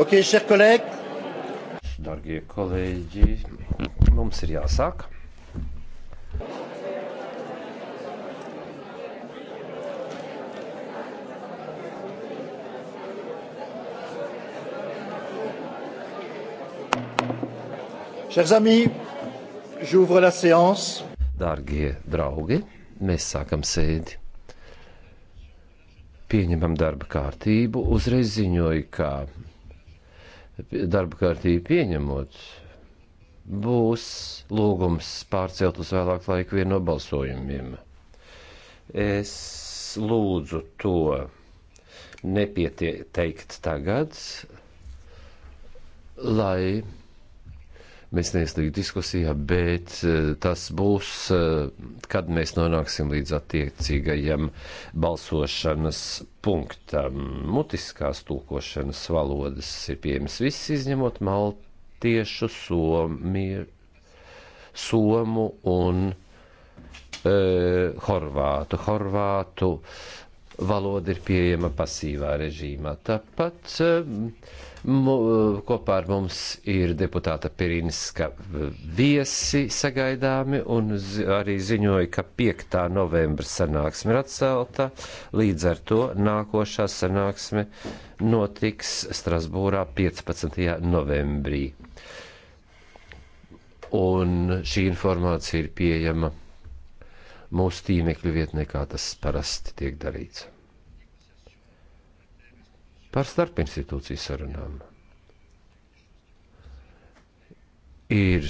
Ok, chers collègues. Darbie kolēģi, mums ir jāsāk. Chers amis, j'ouvre la séance. Darbie draugi, mēs sākam sēdi pieņemam darba kārtību, uzreiz ziņoju, ka darba kārtību pieņemot, būs lūgums pārcelt uz vēlāku laiku vienu no balsojumiem. Es lūdzu to nepieteikt tagad, lai mēs neieslīgam diskusijā, bet eh, tas būs, eh, kad mēs nonāksim līdz attiecīgajam balsošanas punktam. Mutiskās tulkošanas valodas ir pieejamas viss, izņemot maltiešu, somie, somu un e, horvātu. horvātu valoda ir pieejama pasīvā režīmā. Tāpat e, Eh, kopā ar mums ir deputāta Pirinska eh, viesi sagaidāmi un arī ziņoja, ka 5. novembra sanāksme ir atcelta. Līdz ar to nākošā sanāksme notiks Strasbūrā 15. novembrī. Un šī informācija ir pieejama mūsu tīmekļa vietnē, kā tas parasti tiek darīts par starpinstitūciju sarunām. Ir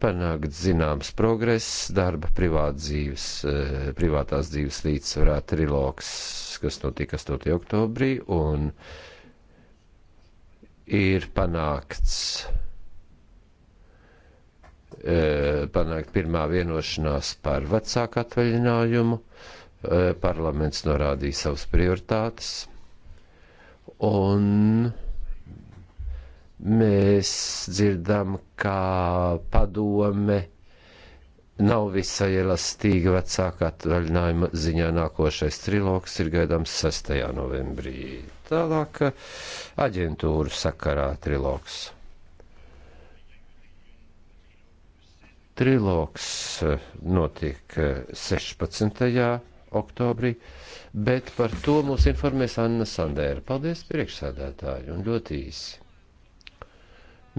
panākt zināms progress, darba, privāt dzīves, eh, privātās dzīves līdzsvarā trilogs, kas notika 8. oktobrī, un ir panākts eh, panākt pirmā vienošanās par vecāku atvaļinājumu, uh, Eh, parlaments norādīja savas prioritātes, un mēs dzirdam, kā padome nav visai elastīga vecākā atvaļinājuma ziņā nākošais trilogs ir gaidāms 6. novembrī. Tālāk eh, aģentūru sakarā trilogs. Trilogs eh, notiek 16. novembrī oktobrī, bet par to mūs informēs Anna Sandēra. Paldies priekšsēdētāji un ļoti īsi.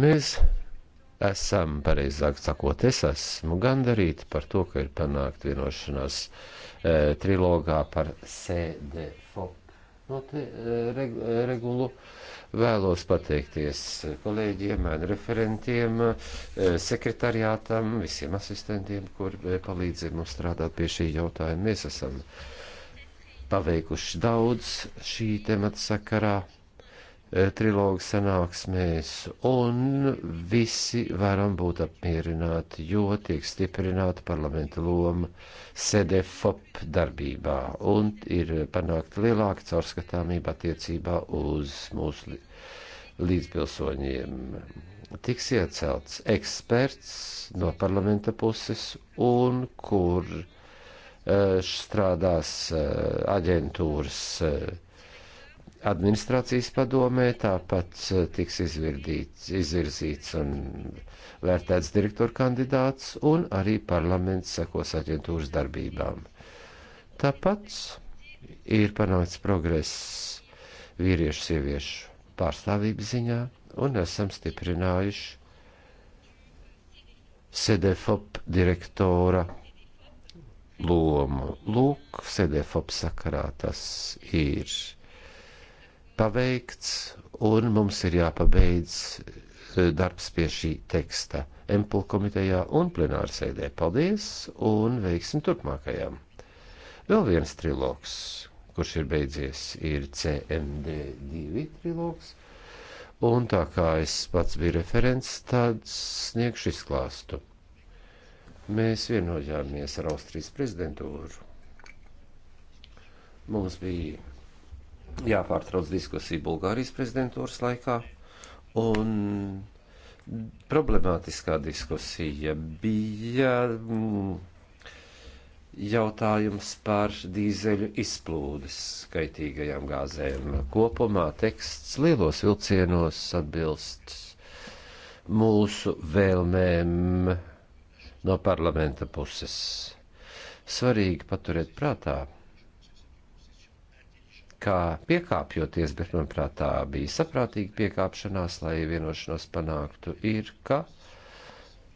Mēs esam, pareizāk sakot, es esmu gandarīti par to, ka ir panākt vienošanās e, trilogā par CDFO no te, e, reg, e, regulu. E, Vēlos pateikties kolēģiem, referentiem, e, sekretariātam, visiem asistentiem, kuri e, palīdzēja mums strādāt pie šī jautājuma. Mēs esam paveikuši daudz šī temata sakarā Eh, trilogu sanāksmēs, un visi varam būt apmierināti, jo tiek stiprināta parlamenta loma SEDEFOP darbībā, un ir panākta lielāka caurskatāmība attiecībā uz mūsu līdzpilsoņiem. Tiks iecelts eksperts no parlamenta puses, un kur uh, strādās uh, aģentūras uh, administrācijas padomē, tāpat eh, tiks izvirzīts un vērtēts direktora kandidāts, un arī parlaments sekos aģentūras darbībām. Tāpat ir panākts progress vīriešu sieviešu pārstāvības ziņā, un esam stiprinājuši SEDEFOP direktora lomu. Lūk, SEDEFOP sakarā tas ir paveikts, un mums ir jāpabeidz e, darbs pie šī teksta MPL komitejā un plenāra sēdē. Paldies un veiksim turpmākajām. Vēl viens trilogs, kurš ir beidzies, ir CMD2 trilogs. Un tā kā es pats biju referents, tad sniegšu izklāstu. Mēs vienojāmies ar Austrijas prezidentūru. Mums bija jāpārtrauc diskusija Bulgārijas prezidentūras laikā. Un problemātiskā diskusija bija mm, jautājums par dīzeļu izplūdes skaitīgajām gāzēm. Kopumā teksts lielos vilcienos atbilst mūsu vēlmēm no parlamenta puses. Svarīgi paturēt prātā, kā piekāpjoties, bet, manuprāt, tā bija saprātīga piekāpšanās, lai vienošanos panāktu, ir, ka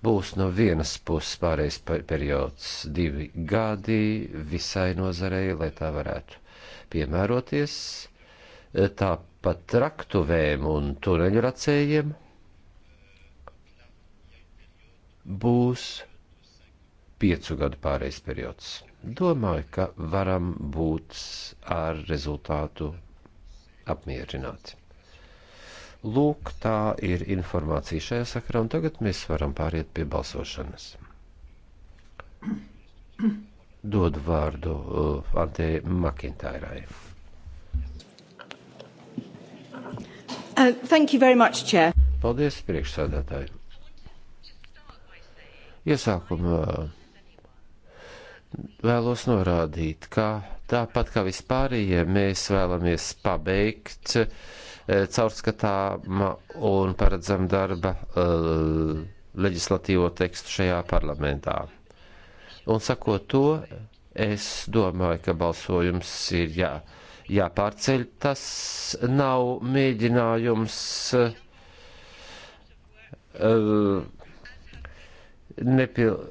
būs no vienas puses pārējais periods divi gadi visai nozarei, lai tā varētu piemēroties e, tāpat traktuvēm un tuneļu racējiem būs piecu gadu pārējais periods. Domāju, ka varam būt ar rezultātu apmierināti. Lūk, tā ir informācija šajā sakarā, un tagad mēs varam pāriet pie balsošanas. Dodu vārdu uh, Antē Makintārai. Uh, thank you very much, Chair. Paldies, priekšsādātāji. Iesākumā. Uh, vēlos norādīt, ka tāpat kā vispārējie, mēs vēlamies pabeigt e, caurskatāma un paredzam darba e, leģislatīvo tekstu šajā parlamentā. Un sakot to, es domāju, ka balsojums ir jā, jāpārceļ. Tas nav mēģinājums. Uh, e, nepil, uh,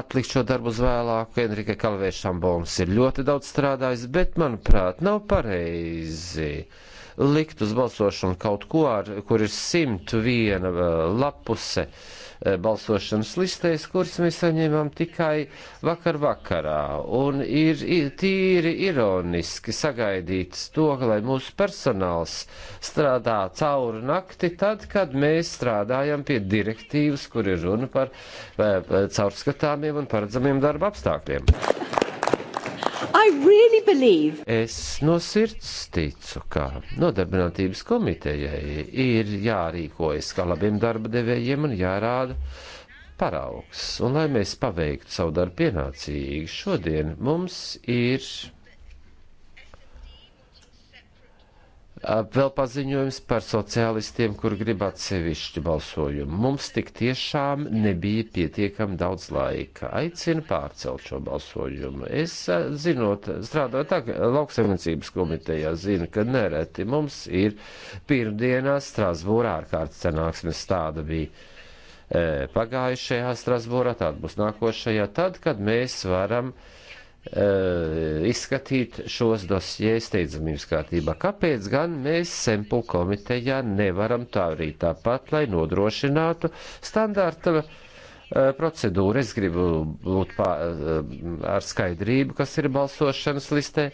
atlikt šo darbu uz vēlāku. Enrika Kalvēšambons ir ļoti daudz strādājis, bet, manuprāt, nav pareizi. Uh, likt uz balsošanu kaut ko, ar, kur ir 101 eh, lapuse eh, balsošanas listēs, kuras mēs saņēmām tikai vakar vakarā. Un ir tīri ironiski sagaidīt to, lai mūsu personāls strādā cauri nakti, tad, kad mēs strādājam pie direktīvas, kur ir runa par eh, caurskatāmiem un paredzamiem darba apstākļiem. Really believe... Es no sirds ticu, ka nodarbinātības komitejai ir jārīkojas kā labiem darba devējiem un jārāda paraugs. Un lai mēs paveiktu savu darbu pienācīgi, šodien mums ir Vēl paziņojums par sociālistiem, kur grib atsevišķu balsojumu. Mums tik tiešām nebija pietiekami daudz laika. Aicinu pārcelt šo balsojumu. Es, zinot, strādāju tā, ka lauksaimniecības komitejā zinu, ka nereti mums ir pirmdienās Strasbūrā ārkārtas sanāksmes tāda bija. E, pagājušajā Strasbūrā, tāda būs nākošajā, tad, kad mēs varam uh, Eh, izskatīt šos dosjē steidzamības kārtībā. Kāpēc gan mēs Sempul komitejā nevaram tā arī tāpat, lai nodrošinātu standārta uh, eh, procedūru? Es gribu būt pā, uh, eh, ar skaidrību, kas ir balsošanas listē.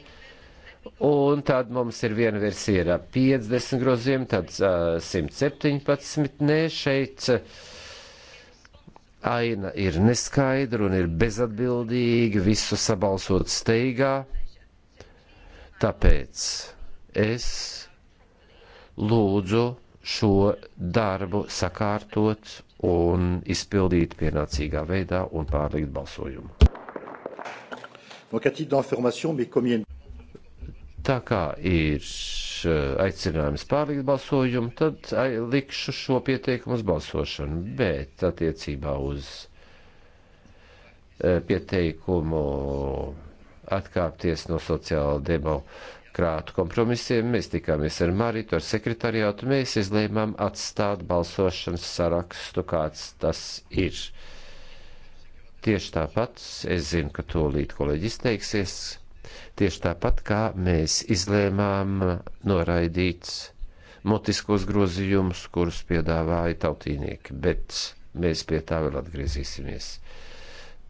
Un tad mums ir viena versija ar 50 groziem, tad uh, 117, nē, šeit. Uh, aina ir neskaidra un ir bezatbildīga, visu sabalsot steigā. Tāpēc es lūdzu šo darbu sakārtot un izpildīt pienācīgā veidā un pārlikt balsojumu. Tā kā ir Eh, aicinājums pārlikt balsojumu, tad eh, likšu šo pieteikumu uz balsošanu. Bet attiecībā uz eh, pieteikumu atkāpties no sociāla demokrātu kompromisiem, mēs tikāmies ar Maritu, ar sekretariātu, mēs izlēmām atstāt balsošanas sarakstu, kāds tas ir. Tieši tāpat es zinu, ka tūlīt kolēģis teiksies Tieši tāpat kā mēs izlēmām noraidīt mutiskos grozījumus, kurus piedāvāja tautīnieki, bet mēs pie tā vēl atgriezīsimies.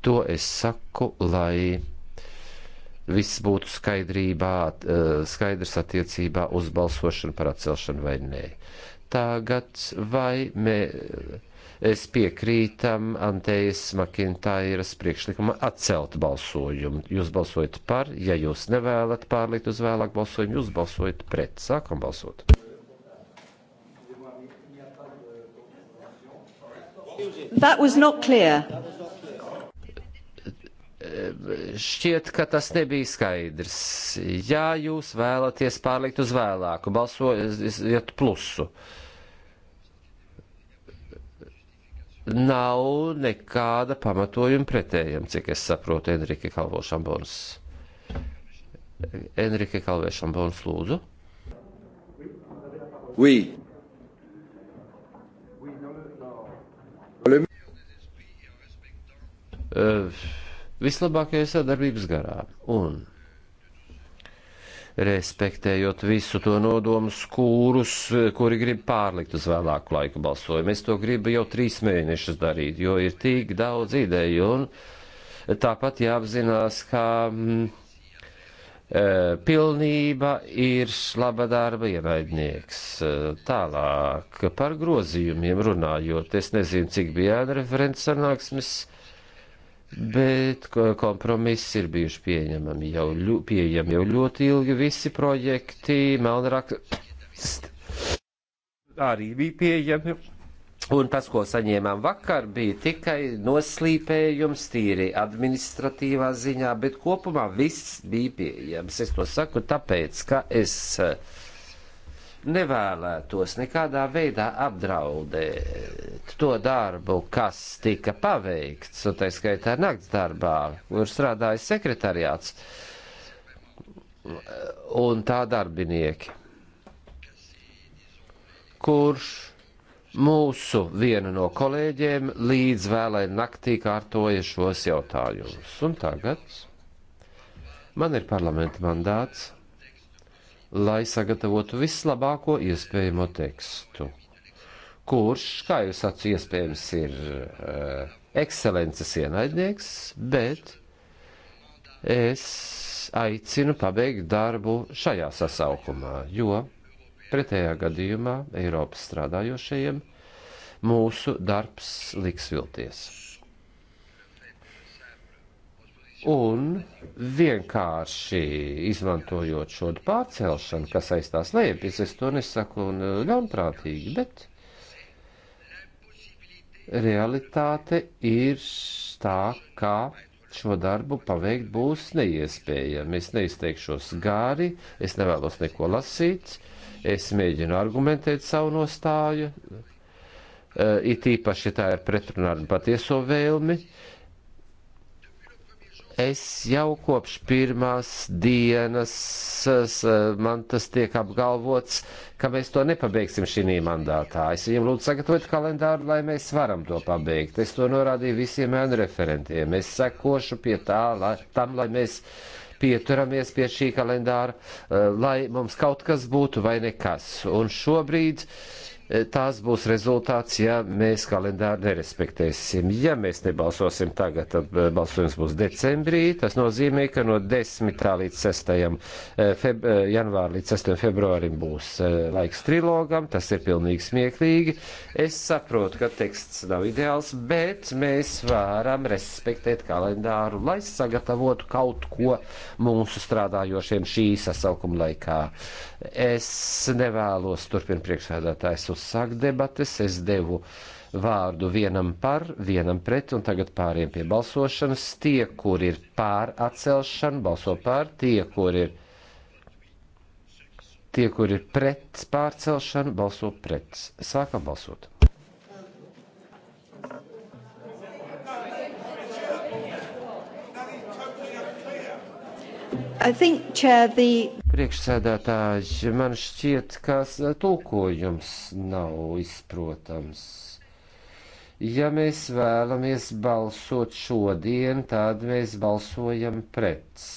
To es saku, lai viss būtu skaidrībā, eh, skaidrs attiecībā uz balsošanu par atcelšanu vai nē. Tagad vai mēs es piekrītam Antejas Makintājas priekšlikuma atcelt balsojumu. Jūs balsojat par, ja jūs nevēlat pārlikt uz vēlāk balsojumu, jūs balsojat pret. Sākam balsot. That was not clear šķiet, ka tas nebija skaidrs. Ja jūs vēlaties pārlikt uz vēlāku, balsojiet plusu. Uh, nav nekāda pamatojuma pretējiem, cik es saprotu, Enrika Kalvošambons. Enrika Kalvošambons, lūdzu. Oui. Eh, Vislabākajā sadarbības garā. Un respektējot visu to nodomus, kurus, kuri grib pārlikt uz vēlāku laiku balsojumu. Es to gribu jau trīs mēnešus darīt, jo ir tik daudz ideju un tāpat jāapzinās, ka mm, e, pilnība ir laba darba ienaidnieks. E, tālāk par grozījumiem runājot, es nezinu, cik bija ēna referents sanāksmes. Uh, bet kompromiss ir bijuši pieņemami jau, ļu, pieejami jau ļoti ilgi. Visi projekti, melnraksts arī bija pieejami. Un tas, ko saņēmām vakar, bija tikai noslīpējums tīri administratīvā ziņā, bet kopumā viss bija pieejams. Es to saku tāpēc, ka es. Uh, nevēlētos nekādā veidā apdraudēt to darbu, kas tika paveikts, un tā skaitā nakts darbā, kur strādāja sekretariāts un tā darbinieki, kurš mūsu viena no kolēģiem līdz vēlai naktī kārtoja šos jautājumus. Un tagad man ir parlamenta mandāts lai sagatavotu vislabāko iespējamo tekstu, kurš, kā jau sacu, iespējams ir uh, ekscelences ienaidnieks, bet es aicinu pabeigt darbu šajā sasaukumā, jo pretējā gadījumā Eiropas strādājošajiem mūsu darbs liks vilties un vienkārši izmantojot šo pārcelšanu, kas aizstās liepjas, es to nesaku un e, ļaunprātīgi, bet realitāte ir tā, ka šo darbu paveikt būs neiespējami. Es neizteikšos gāri, es nevēlos neko lasīt, es mēģinu argumentēt savu nostāju, e, it īpaši tā ir pretrunā ar patieso vēlmi. Uh, Es jau kopš pirmās dienas man tas tiek apgalvots, ka mēs to nepabeigsim šī mandātā. Es viņiem lūdzu sagatavot kalendāru, lai mēs varam to pabeigt. Es to norādīju visiem ēnu referentiem. Es sekošu pie tā, lai, tam, lai mēs pieturamies pie šī kalendāra, eh, lai mums kaut kas būtu vai nekas. Un šobrīd. Uh, Eh, tās būs rezultāts, ja mēs kalendāru nerespektēsim. Ja mēs nebalsosim tagad, tad eh, balsojums būs decembrī. Tas nozīmē, ka no 10. līdz 6. Eh, feb... janvāra līdz 6. februārim būs laiks trilogam. Tas ir pilnīgi smieklīgi. Es saprotu, ka teksts nav ideāls, bet mēs varam respektēt kalendāru, lai sagatavotu kaut ko mūsu strādājošiem šī sasaukuma laikā. Uh, Es nevēlos turpin priekšsēdētājs uzsākt debates, es devu vārdu vienam par, vienam pret, un tagad pāriem pie balsošanas. Tie, kur ir pār atcelšanu, balso pār, tie, kur ir, tie, kur ir pret pārcelšanu, balso pret. Sākam balsot. Think, chair, the... Priekšsēdētāji, man šķiet, ka tulkojums nav izprotams. Ja mēs vēlamies balsot šodien, tad mēs balsojam pret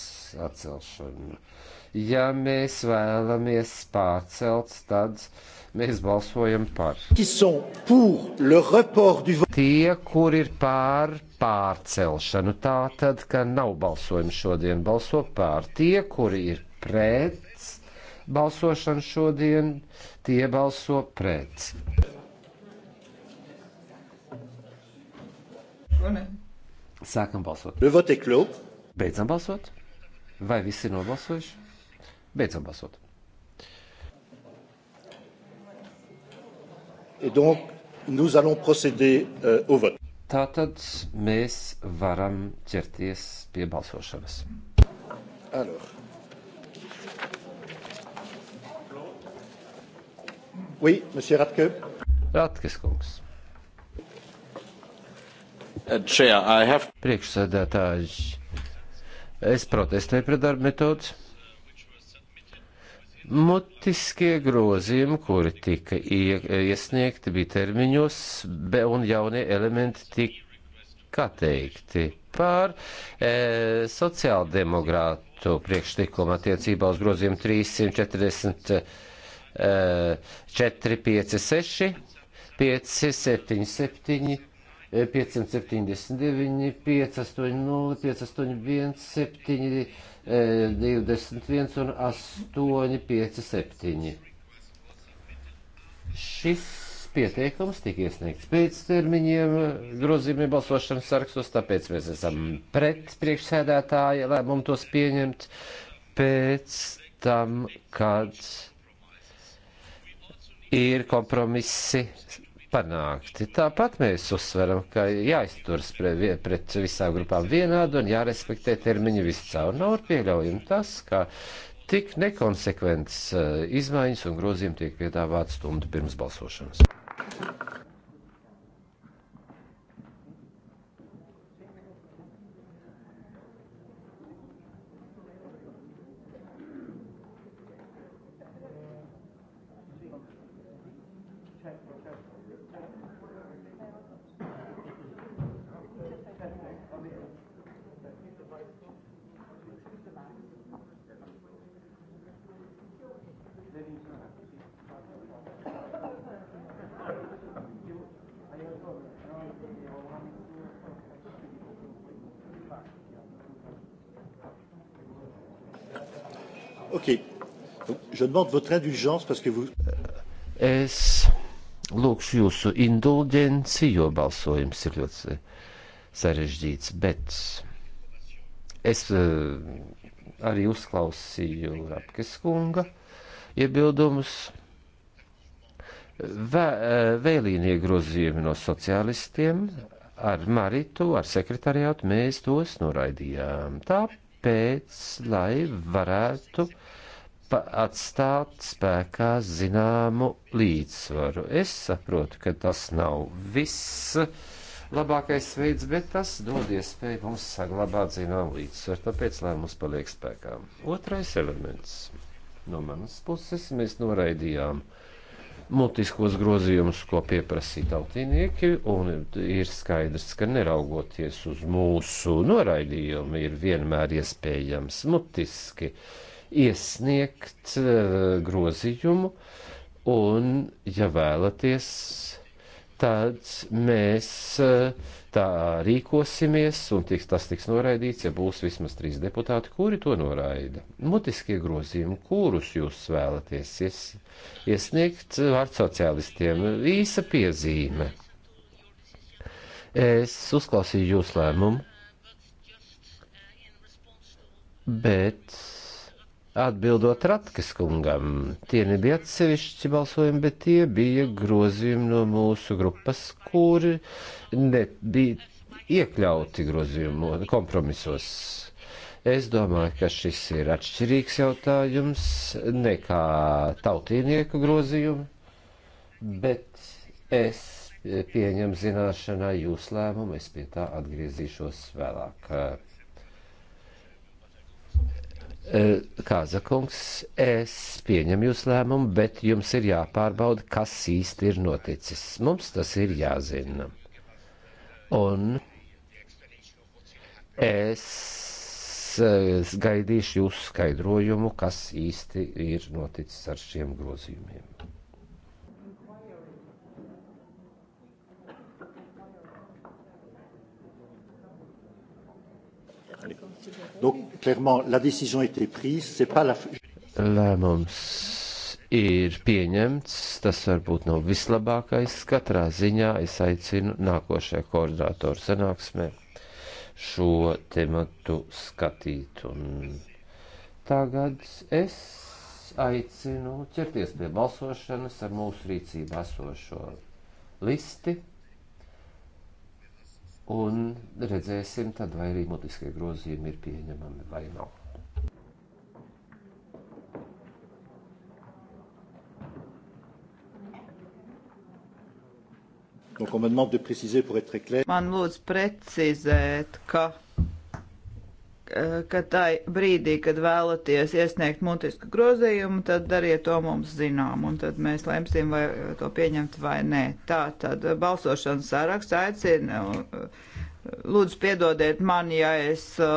atcelšanu. Ja mēs vēlamies pārcelt, tad mēs Mēs balsojam par. Tie, kur ir pār pārcelšanu, tā tad, ka nav balsojumi šodien, balso pār. Tie, kuri ir pret balsošanu šodien, tie balso pret. Sākam balsot. Beidzam balsot. Vai visi ir nobalsojuši? Beidzam balsot. Et donc, nous allons procéder euh, au vote. Tātad mēs varam ķerties pie balsošanas. Alors. Oui, monsieur Ratke. Ratkes kungs. Uh, have... Priekšsēdētājs, es protestēju pret darba metodu. Mutiskie grozījumi, kuri tika iesniegti, bija termiņos, un jaunie elementi tika teikti par e, sociāldemokrātu priekšlikumu attiecībā uz grozījumu 344, e, 456, 577. 579, 580, 581, 7, 21 un 8, 5, 7. Šis pieteikums tika iesniegts pēc termiņiem grozījumi balsošanas sarakstos, tāpēc mēs esam pret priekšsēdētāja lēmumu tos pieņemt pēc tam, kad ir kompromisi panākti. Tāpat mēs uzsveram, ka jāizturas pret, pret visām grupām vienādi un jārespektē termiņi viscaur. Nav pieļaujami tas, ka tik nekonsekvents eh, izmaiņas un grozījumi tiek piedāvāti stundu pirms balsošanas. Es lūkšu jūsu indulģenci, jo balsojums ir ļoti sarežģīts, bet es e, arī uzklausīju Rapkes kunga iebildumus. Vē, e, vēlīnie grozījumi no sociālistiem ar Maritu, ar sekretariātu mēs tos noraidījām. Tāpēc, lai varētu uh, atstāt spēkā zināmu līdzsvaru. Es saprotu, ka tas nav viss labākais veids, bet tas dod iespēju mums saglabāt zināmu līdzsvaru, tāpēc, lai mums paliek spēkā. Otrais elements no manas puses mēs noraidījām mutiskos grozījumus, ko pieprasīja tautinieki, un ir skaidrs, ka neraugoties uz mūsu noraidījumu, ir vienmēr iespējams mutiski uh, iesniegt eh, grozījumu, un, ja vēlaties, tad mēs eh, tā rīkosimies, un tiks, tas tiks noraidīts, ja būs vismaz trīs deputāti, kuri to noraida. Mutiskie grozījumi, kurus jūs vēlaties ies, iesniegt vārds eh, sociālistiem, īsa piezīme. Es uzklausīju jūsu lēmumu, bet Atbildot Ratkes kungam, tie nebija atsevišķi balsojumi, bet tie bija grozījumi no mūsu grupas, kuri nebija iekļauti grozījumu kompromisos. Es domāju, ka šis ir atšķirīgs jautājums nekā tautinieku grozījumi, bet es pieņem zināšanā jūs lēmumu, es pie tā atgriezīšos vēlāk. Eh, Kāzakungs, es pieņemu jūs lēmumu, bet jums ir jāpārbauda, kas īsti ir noticis. Mums tas ir jāzina. Un es gaidīšu jūsu skaidrojumu, kas īsti ir noticis ar šiem grozījumiem. Donc, clairement, la décision a été prise, c'est pas la... Lēmums ir pieņemts, tas varbūt nav vislabākais. Katrā ziņā es aicinu nākošajā koordinātoru sanāksmē šo tematu skatīt. Un tagad es aicinu ķerties pie balsošanas ar mūsu rīcībā esošo listi un redzēsim tad, vai arī mutiskie grozījumi ir pieņemami vai nav. Man lūdzu precizēt, ka Eh, ka tai brīdī, kad vēlaties iesniegt mutisku grozījumu, tad dariet to mums zinām, un tad mēs lemsim, vai to pieņemt vai nē. Tā tad balsošanas saraksts aicina, eh, lūdzu piedodiet man, ja es eh,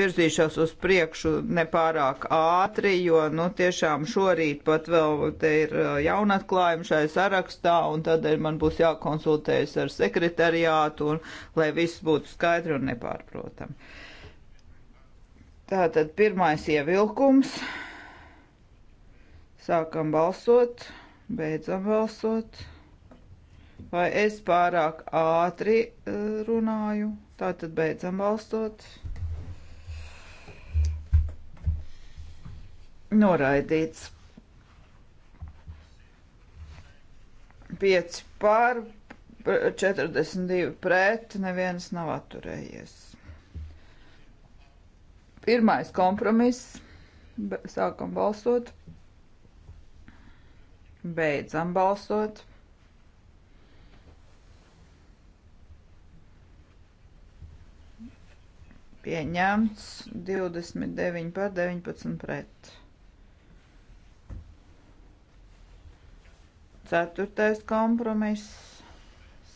virzīšos uz priekšu nepārāk ātri, jo, nu, tiešām šorīt pat vēl te ir jaunatklājumi šai sarakstā, un tad man būs jākonsultējas ar sekretariātu, un, lai viss būtu skaidri un nepārprotami. Tātad pirmais ievilkums. Sākam balsot, beidzam balsot. Vai es pārāk ātri eh, runāju? Tātad beidzam balsot. Noraidīts. 5 pār 42 pret, neviens nav atturējies. Pirmais kompromiss. Sākam balsot. Beidzam balsot. Pieņemts 29 par 19 pret. Ceturtais kompromiss.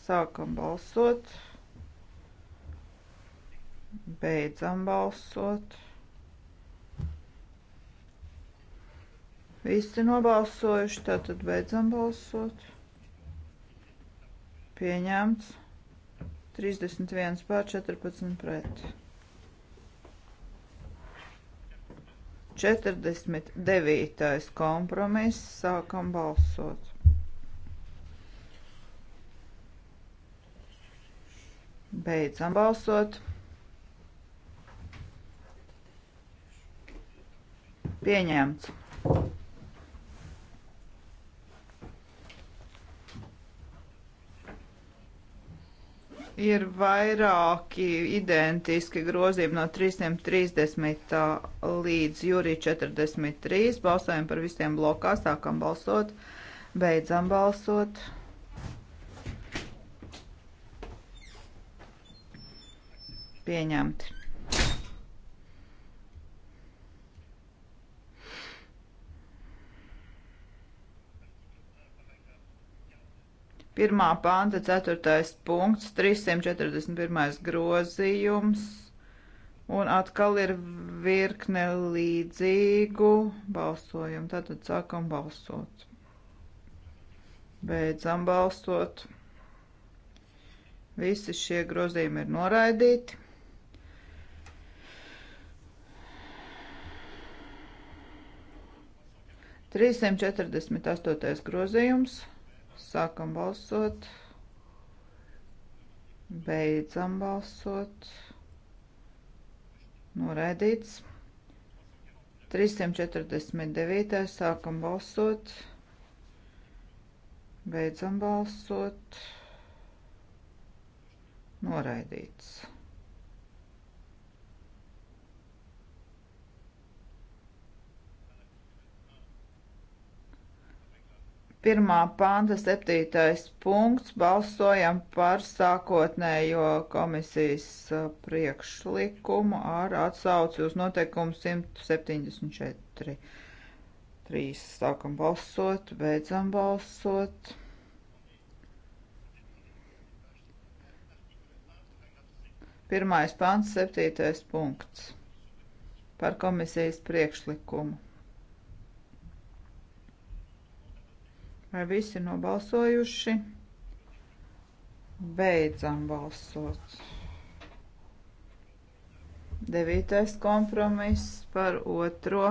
Sākam balsot. Beidzam balsot. Visi nobalsojuši, tātad beidzam balsot. Pieņemts. 31 pār 14 pret. 49. kompromiss. Sākam balsot. Beidzam balsot. Pieņemts. ir vairāki identiski grozījumi no 330 līdz jūrī 43. Balsojam par visiem blokā, sākam balsot, beidzam balsot. Pieņemti. 1. panta 4. punkts, 341. grozījums, un atkal ir virkne līdzīgu balsojumu. Tātad sākam balsot. Beidzam balsot. Visi šie grozījumi ir noraidīti. Trīsdesmit četrdesmit astotais grozījums. Sākam balsot. Beidzam balsot. Noraidīts. 349. Sākam balsot. Beidzam balsot. Noraidīts. pirmā panta septītais punkts balsojam par sākotnējo komisijas uh, priekšlikumu ar atsauci uz noteikumu 174. 3. Sākam balsot, beidzam balsot. Pirmais pants, septītais punkts par komisijas priekšlikumu. Vai visi ir nobalsojuši? Beidzam balsot. Devītais kompromiss par otro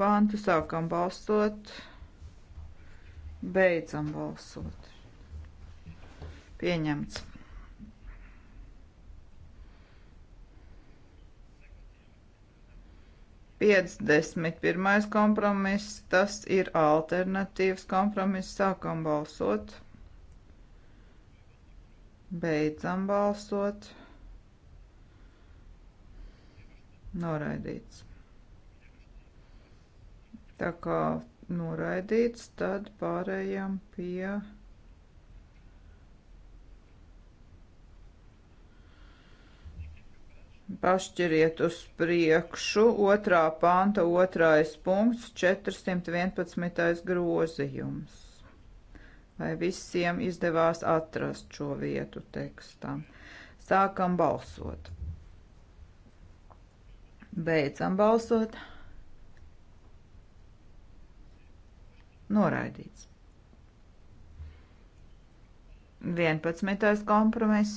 pāntu. Sākam balsot. Beidzam balsot. Pieņemts. 51. kompromiss, tas ir alternatīvs kompromiss, sākam balsot, beidzam balsot, noraidīts. Tā kā noraidīts, tad pārējām pie pašķiriet uz priekšu, otrā panta, otrais punkts, 411. grozījums. Vai visiem izdevās atrast šo vietu tekstam? Sākam balsot. Beidzam balsot. Noraidīts. 11. kompromiss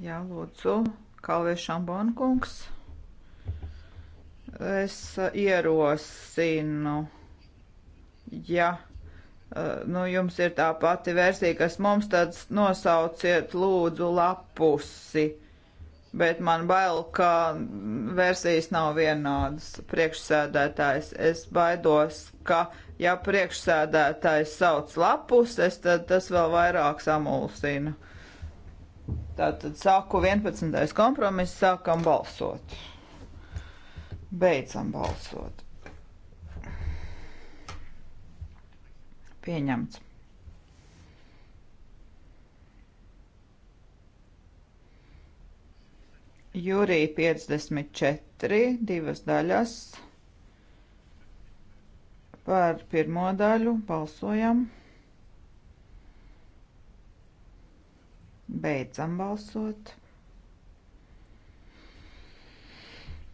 Jā, lūdzu, Kalvē Šambona kungs. Es uh, ierosinu, ja uh, nu, jums ir tā pati versija, kas mums tad nosauciet lūdzu lapusi, bet man bail, ka versijas nav vienādas priekšsēdētājs. Es baidos, ka ja priekšsēdētājs sauc lapus, es tad tas vēl vairāk samulsinu. Tātad sāku 11. kompromiss, sākam balsot. Beidzam balsot. Pieņemts. Jūrija 54, divas daļas. Par pirmo daļu balsojam. Beidzam balsot.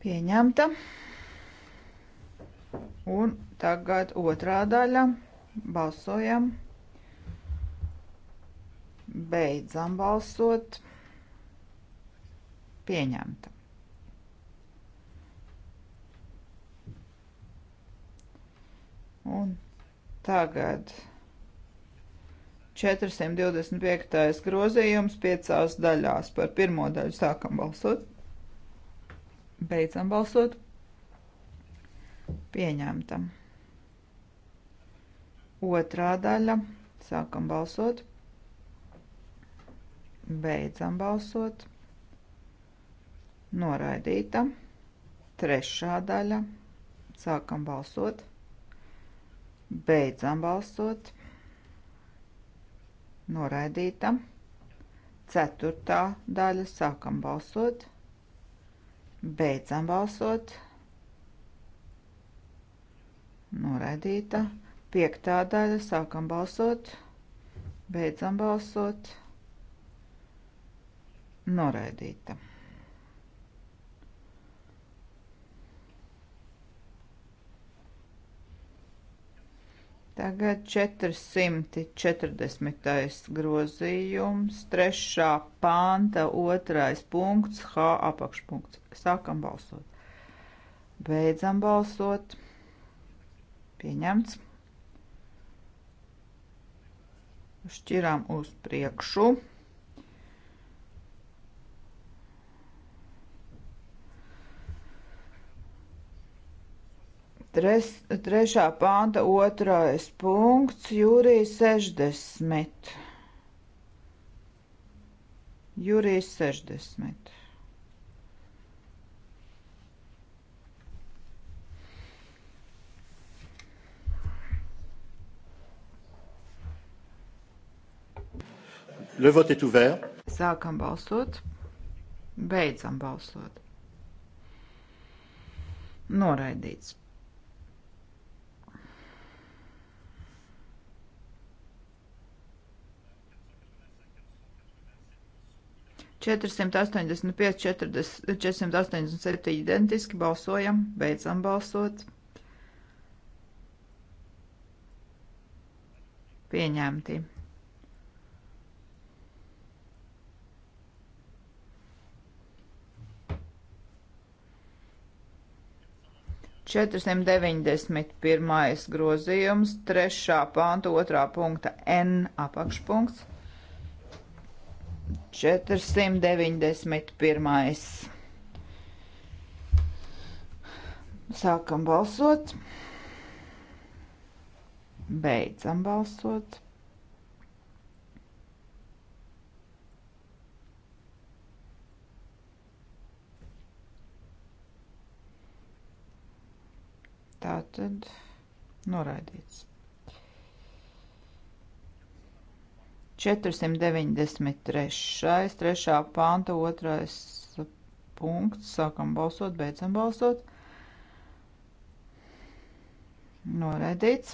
Pieņemta. Un tagad otrā daļa. Balsojam. Beidzam balsot. Pieņemta. Un tagad 425. grozījums piecās daļās. Par pirmo daļu sākam balsot, beidzam balsot, pieņemta. Otrā daļa sākam balsot, beidzam balsot, noraidīta. Trešā daļa sākam balsot, beidzam balsot noraidīta. Ceturtā daļa sākam balsot, beidzam balsot, noraidīta. Piektā daļa sākam balsot, beidzam balsot, noraidīta. Tagad 440. grozījums, 3. panta, 2. punkts, H apakšpunkts. Sākam balsot. Beidzam balsot. Pieņemts. Šķirām uz priekšu. Tres, trešā panta otrais punkts, jūrija 60. Jūrija 60. Le vote est ouvert. Sākam balsot, beidzam balsot. Noraidīts. 485, 40, 487 identiski balsojam, beidzam balsot. Pieņemti. Četrsimt deviņdesmit pirmais grozījums, trešā panta, otrā punkta N apakšpunkts 491. Sākam balsot. Beidzam balsot. Tātad noraidīts. 493. trešā panta otrais punkts. Sākam balsot, beidzam balsot. Noraidīts.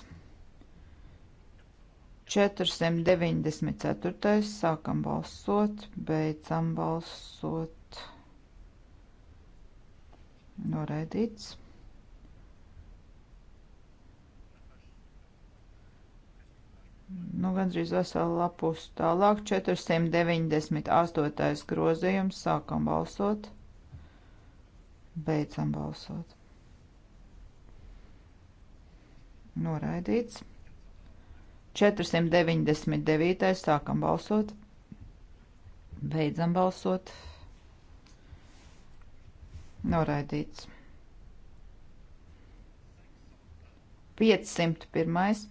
494. sākam balsot, beidzam balsot. Noraidīts. Nu, gandrīz veselu lapus tālāk. 498. grozījums. Sākam balsot. Beidzam balsot. Noraidīts. 499. Sākam balsot. Beidzam balsot. Noraidīts. 501.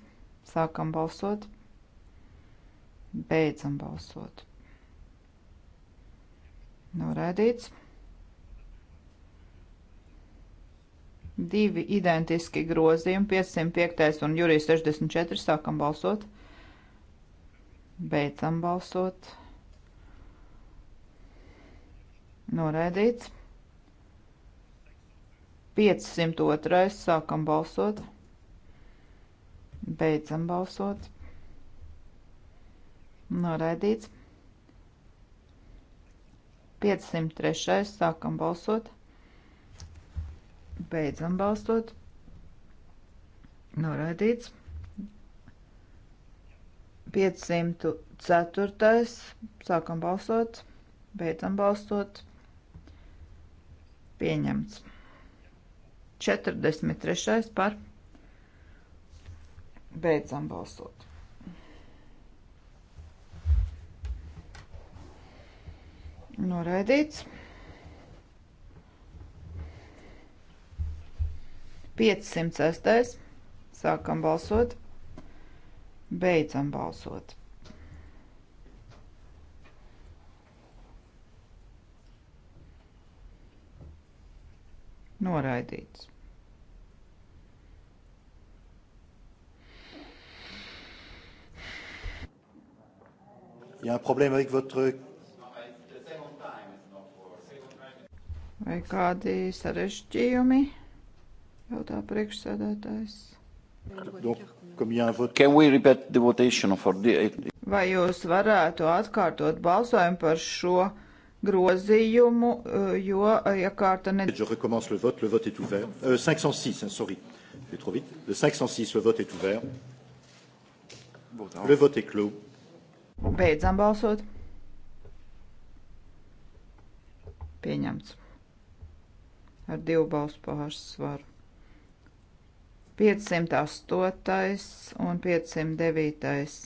Sākam balsot. Beidzam balsot. Norādīts. Divi identiski grozījumi, 505. un jūrijas 64. Sākam balsot. Beidzam balsot. Norādīts. 502. Sākam balsot. Beidzam balsot. Noraidīts. 503. Sākam balsot. Beidzam balsot. Noraidīts. 504. Sākam balsot. Beidzam balsot. Pieņemts. 43. par Beidzam balsot. Noraidīts. 506. Sākam balsot. Beidzam balsot. Noraidīts. Il y a un problème avec votre. Vai kādi sarežģījumi? Jautā priekšsēdētājs. Vai jūs varētu atkārtot balsojumu par šo grozījumu, eh, jo iekārta eh, ne... Je recommence le vote, le vote est ouvert. Euh, 506, hein, sorry, je vais trop vite. Le 506, le vote est ouvert. Le vote est clos. Beidzam balsot. Pieņemts. Ar divu balsu pārsvaru. 508. un 509.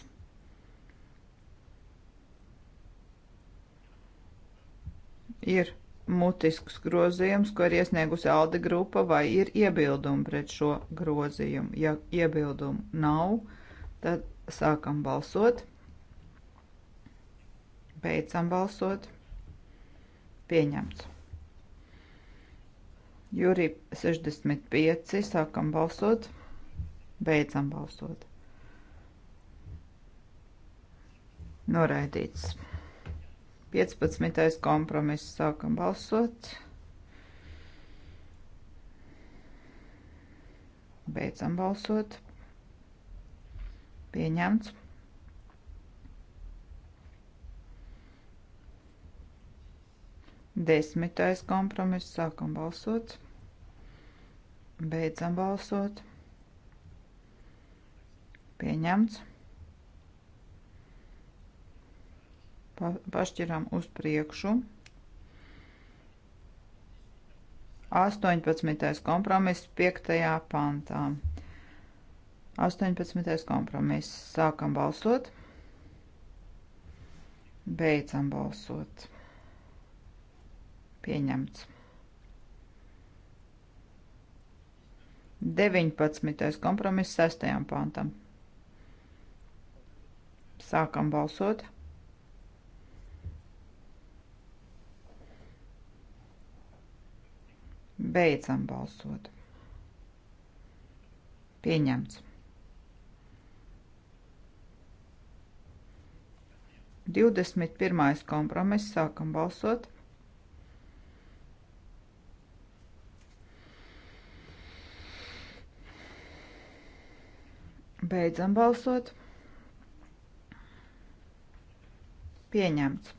Ir mutisks grozījums, ko ir iesniegusi Alde grupa, vai ir iebildumi pret šo grozījumu. Ja iebildumu nav, tad sākam balsot. Beidzam balsot. Pieņemts. Jurī 65. Sākam balsot. Beidzam balsot. Noraidīts. 15. kompromiss. Sākam balsot. Beidzam balsot. Pieņemts. Desmitais kompromiss. Sākam balsot. Beidzam balsot. Pieņemts. Pa, pašķiram uz priekšu. 18. kompromiss 5. pantā. 18. kompromiss. Sākam balsot. Beidzam balsot. Pieņemts. 19. kompromiss 6. pantam. Sākam balsot. Beidzam balsot. Pieņemts. 21. kompromiss sākam balsot. Beidzam balsot. Pieņemts.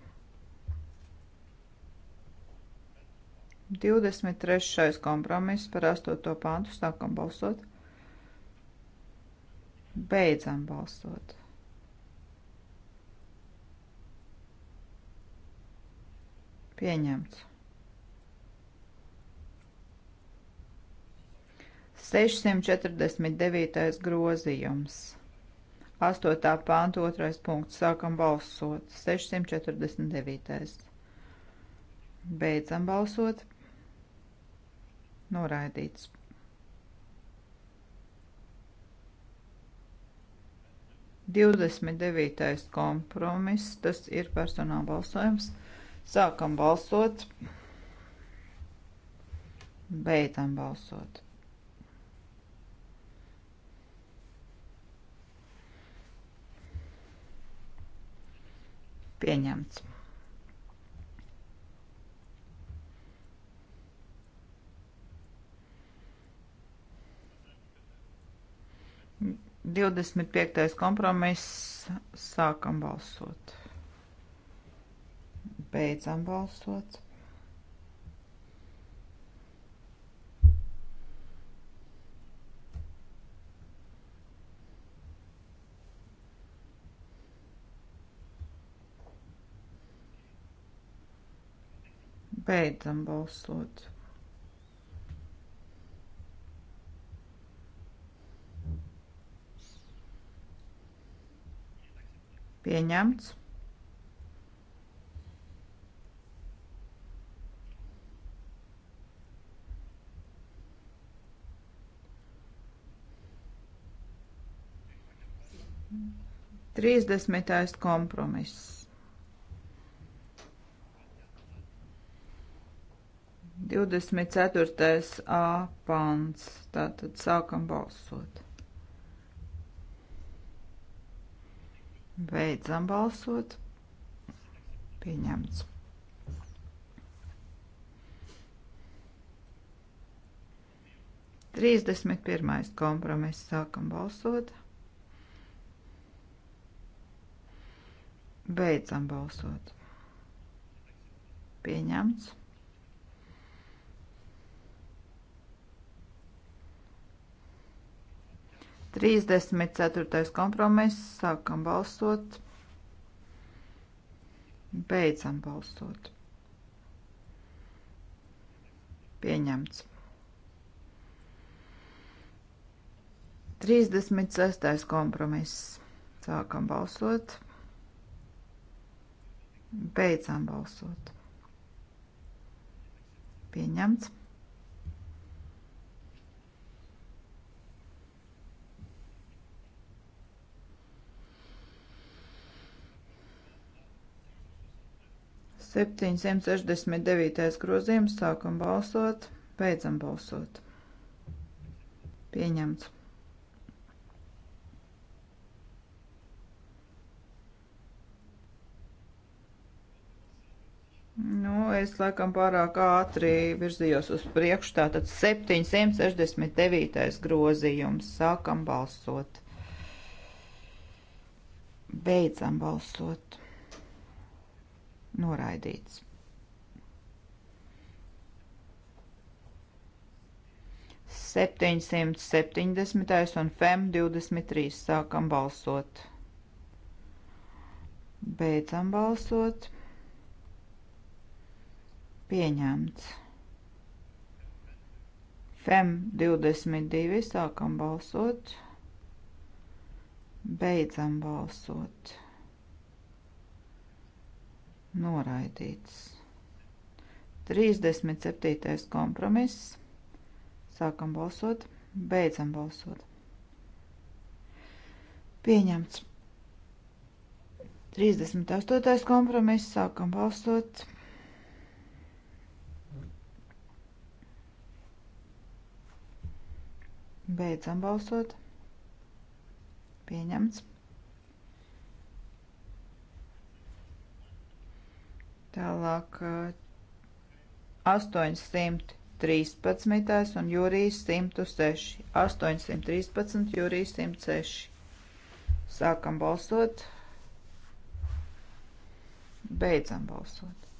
23. kompromiss par 8. pāntu sākam balsot. Beidzam balsot. Pieņemts. 649. grozījums. 8. pānta 2. punkts. Sākam balsot. 649. Beidzam balsot. Noraidīts. Divdesmit devītais kompromiss, tas ir personāla balsojums. Sākam balsot, beidzam balsot. Pieņemts. Divdesmit piektais kompromiss. Sākam balsot. Beidzam balsot. Beidzam balsot. Pieņemts. Trīsdesmitais kompromiss. 24. A pants. Tātad sākam balsot. Beidzam balsot. Pieņemts. Trīsdesmit pirmais kompromiss sākam balsot. Beidzam balsot. Pieņemts. 34. kompromiss. Sākam balsot. Beidzam balsot. Pieņemts. 36. kompromiss. Sākam balsot. Beidzam balsot. Pieņemts. 769. grozījums. Sākam balsot, beidzam balsot. Pieņemts. Nu, es laikam pārāk ātri virzījos uz priekšu. Tātad 769. grozījums. Sākam balsot. Beidzam balsot noraidīts. Septiņsimt septiņdesmitais un FEM 23 sākam balsot. Beidzam balsot. Pieņemts. FEM 22 sākam balsot. Beidzam balsot noraidīts. 37. kompromiss. Sākam balsot, beidzam balsot. Pieņemts. 38. kompromiss. Sākam balsot. Beidzam balsot. Pieņemts. Tālāk 813 un jūrijas 106. 813, jūrijas 106. Sākam balsot. Beidzam balsot.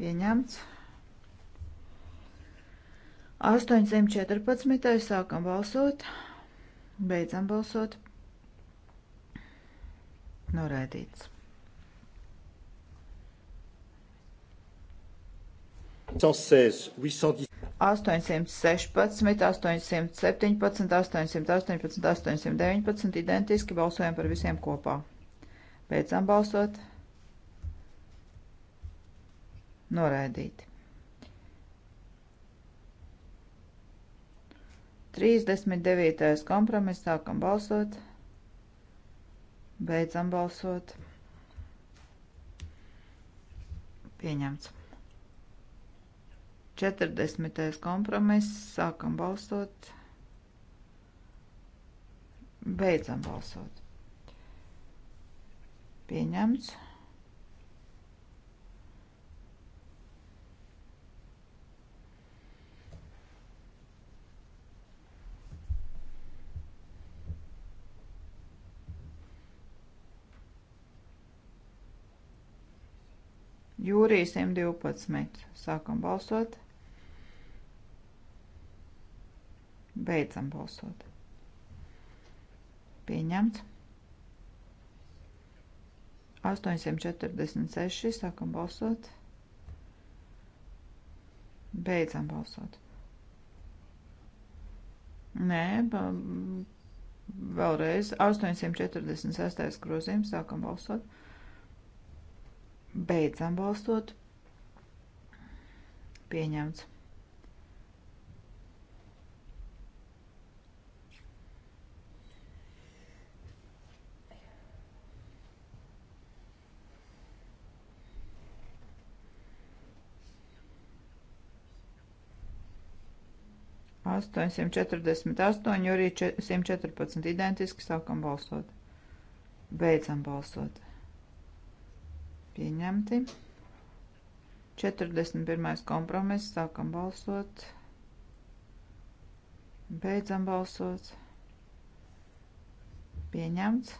Pieņemts. 814. Sākam balsot. Beidzam balsot. Noraidīts. 816, 817, 818, 818, 819 identiski balsojam par visiem kopā. Beidzam balsot. Noraidīti. 39. kompromiss sākam balsot. Beidzam balsot. Pieņemts. 40. kompromiss. Sākam balsot. Beidzam balsot. Pieņemts. Jūrija 112. Sākam balsot. Beidzam balsot. Pieņemts. 846. Sākam balsot. Beidzam balsot. Nē, ba, vēlreiz 846. grozījums. Sākam balsot. Beidzam balsot. Pieņemts. 848, jo arī 114 identiski sākam balsot. Beidzam balsot. Pieņemti. 41. kompromiss sākam balsot. Beidzam balsot. Pieņemts.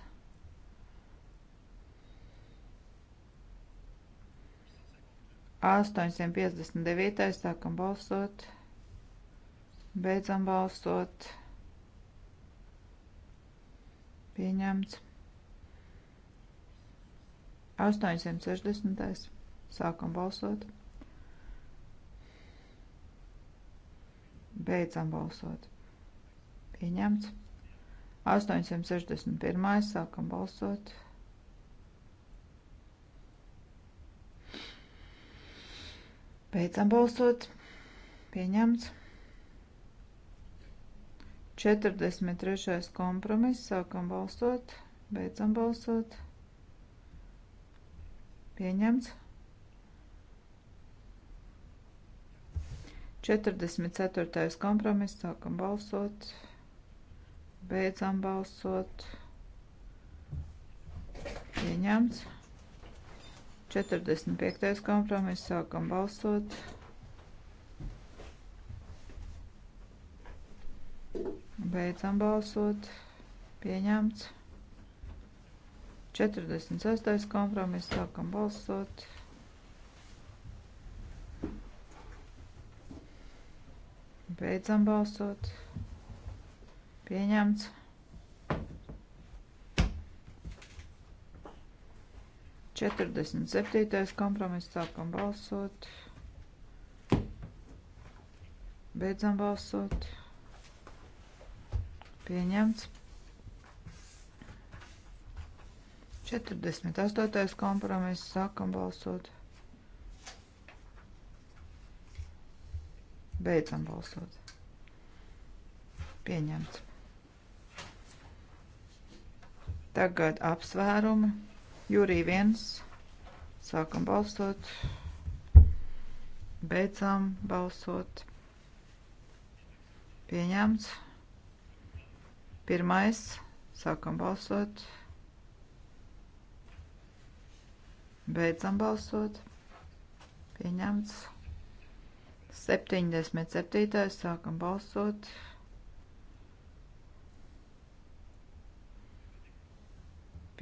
859. sākam balsot. Pieņemts. Beidzam balsot. Pieņemts. 860. Sākam balsot. Beidzam balsot. Pieņemts. 861. Sākam balsot. Beidzam balsot. Pieņemts. 43. kompromiss. Sākam balsot. Beidzam balsot. Pieņemts. 44. kompromiss. Sākam balsot. Beidzam balsot. Pieņemts. 45. kompromiss. Sākam balsot. Pieņemts. Beidzam balsot. Pieņemts. 46. kompromiss. Sākam balsot. Beidzam balsot. Pieņemts. 47. kompromiss. Sākam balsot. Beidzam balsot. Pieņemts. 48. kompromiss. Sākam balsot. Beidzam balsot. Pieņemts. Tagad apsvērumi. Jūrī viens. Sākam balsot. Beidzam balsot. Pieņemts. Pirmais. Sākam balsot. Beidzam balsot. Pieņemts. 77. Sākam balsot.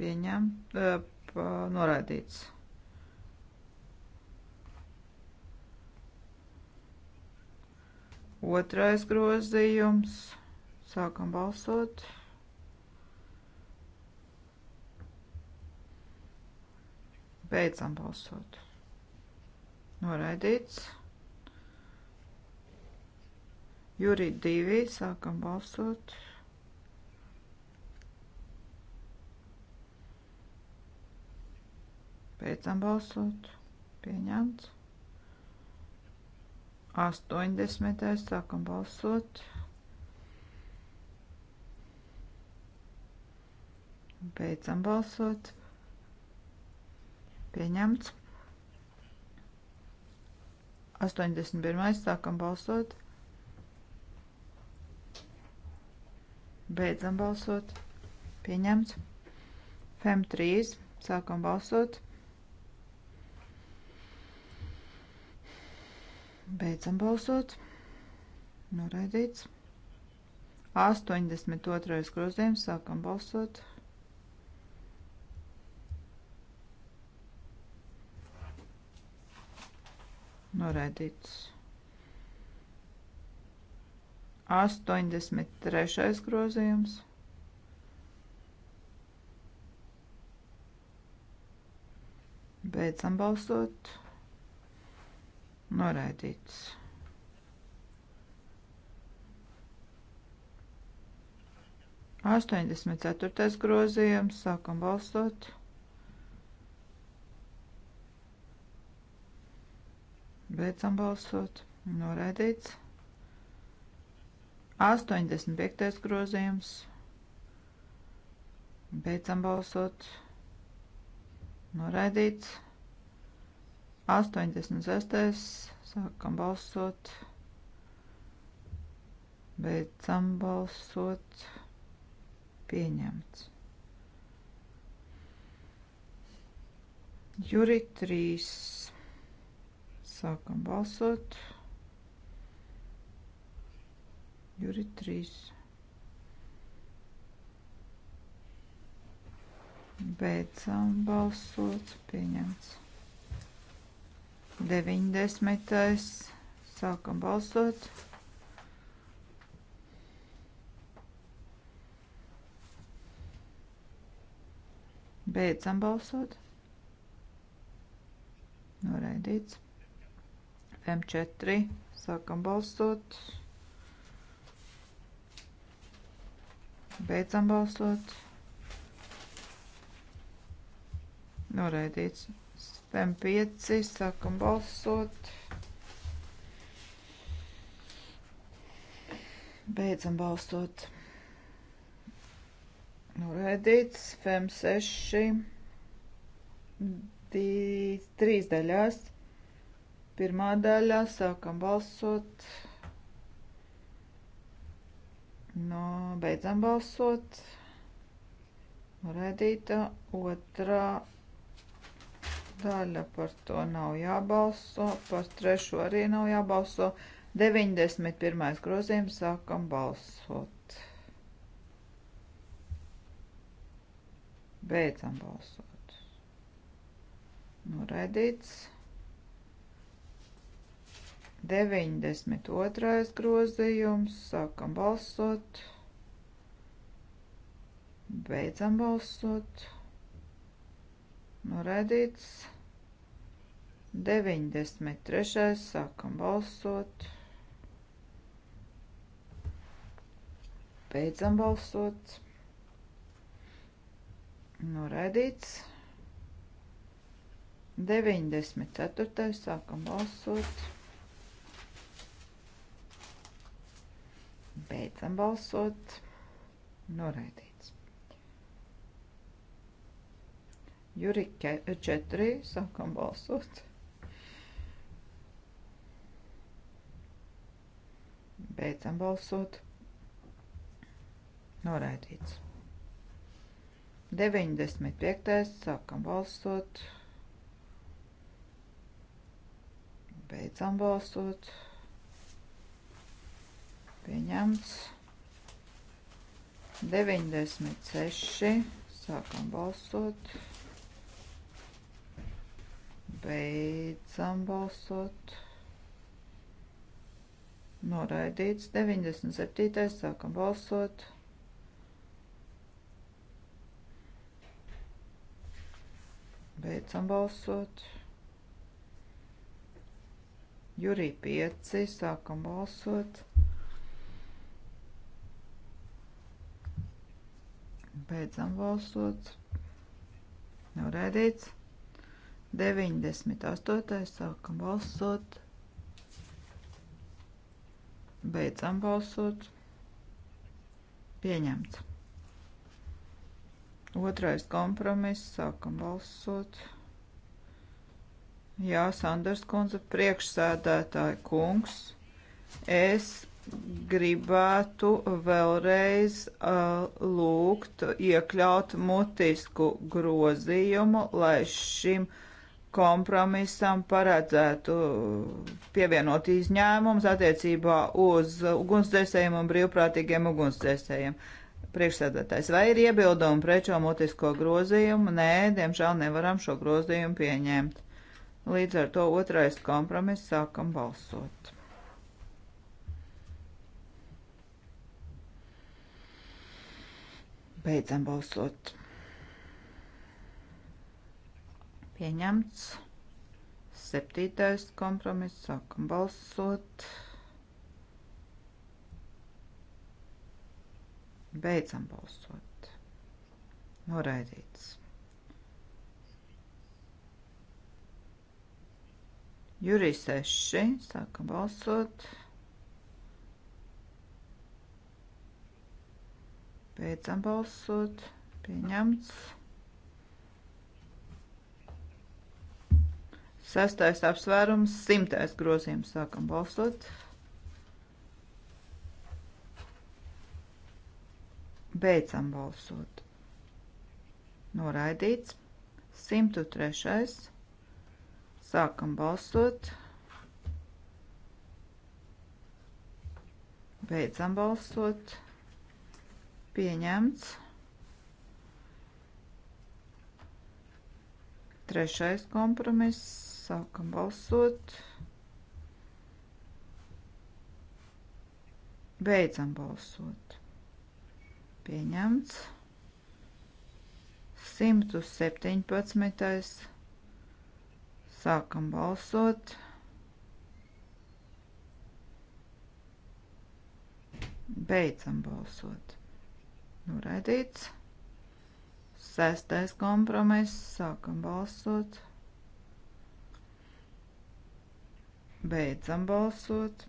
Pieņem. Noraidīts. Otrais grozījums. Sākam balsot. Beidzam balsot. Noraidīts. Jurī 2. Sākam balsot. Beidzam balsot. Pieņemts. 80. Sākam balsot. Pieņemts. Beidzam balsot. Pieņemts. 81. Sākam balsot. Beidzam balsot. Pieņemts. FEM 3. Sākam balsot. Beidzam balsot. Noraidīts. 82. grozījums. Sākam balsot. Pieņemts. noraidīts. 83. grozījums. Beidzam balsot. Noraidīts. Astoņdesmit ceturtais grozījums. Sākam balsot. Beidzam balsot. Noraidīts. 85. grozījums. Beidzam balsot. Noraidīts. 86. Sākam balsot. Beidzam balsot. Pieņemts. Juri 3. Sākam balsot. Juri 3. Beidzam balsot. Pieņemts. 90. Sākam balsot. Beidzam balsot. Noraidīts. M4. Sākam balsot. Beidzam balsot. Noraidīts. M5. Sākam balsot. Beidzam balsot. Noraidīts. M6. Trīs daļās. Pirmā daļā sākam balsot. No, nu, beidzam balsot. Redīta otrā daļa par to nav jābalso, par trešo arī nav jābalso. 91. grozījums sākam balsot. Beidzam balsot. Noraidīts. Nu, 92. grozījums. Sākam balsot. Beidzam balsot. Noraidīts. 93. Sākam balsot. Beidzam balsot. Noraidīts. 94. Sākam balsot. Beidzam balsot. Noraidīts. Juri 4. Sākam balsot. Beidzam balsot. Noraidīts. 95. Sākam balsot. Beidzam balsot pieņemts. 96. Sākam balsot. Beidzam balsot. Noraidīts. 97. Sākam balsot. Beidzam balsot. Jurī 5. Sākam balsot. Beidzam balsot. Beidzam balsot. Noraidīts. 98. Sākam balsot. Beidzam balsot. Pieņemts. Otrais kompromiss. Sākam balsot. Jā, Sanders kundze, priekšsēdētāji kungs. Es gribētu vēlreiz uh, lūgt iekļaut mutisku grozījumu, lai šim kompromisam paredzētu pievienot izņēmums attiecībā uz ugunsdzēsējiem un brīvprātīgiem ugunsdzēsējiem. Priekšsēdētājs, vai ir iebildumi pret šo mutisko grozījumu? Nē, diemžēl nevaram šo grozījumu pieņemt. Līdz ar to otrais kompromiss sākam balsot. Beidzam balsot. Pieņemts. Septītais kompromiss. Sākam balsot. Beidzam balsot. Noraidīts. Jurij 6. Sākam balsot. Balsot. Beidzam balsot. Pieņemts. Sestais apsvērums, simtais grozījums. Sākam balsot. Beidzam balsot. Noraidīts. 103. Sākam balsot. Beidzam balsot pieņemts. Trešais kompromiss. Sākam balsot. Beidzam balsot. Pieņemts. 117. Sākam balsot. Beidzam balsot. Noraidīts. Sestais kompromiss. Sākam balsot. Beidzam balsot.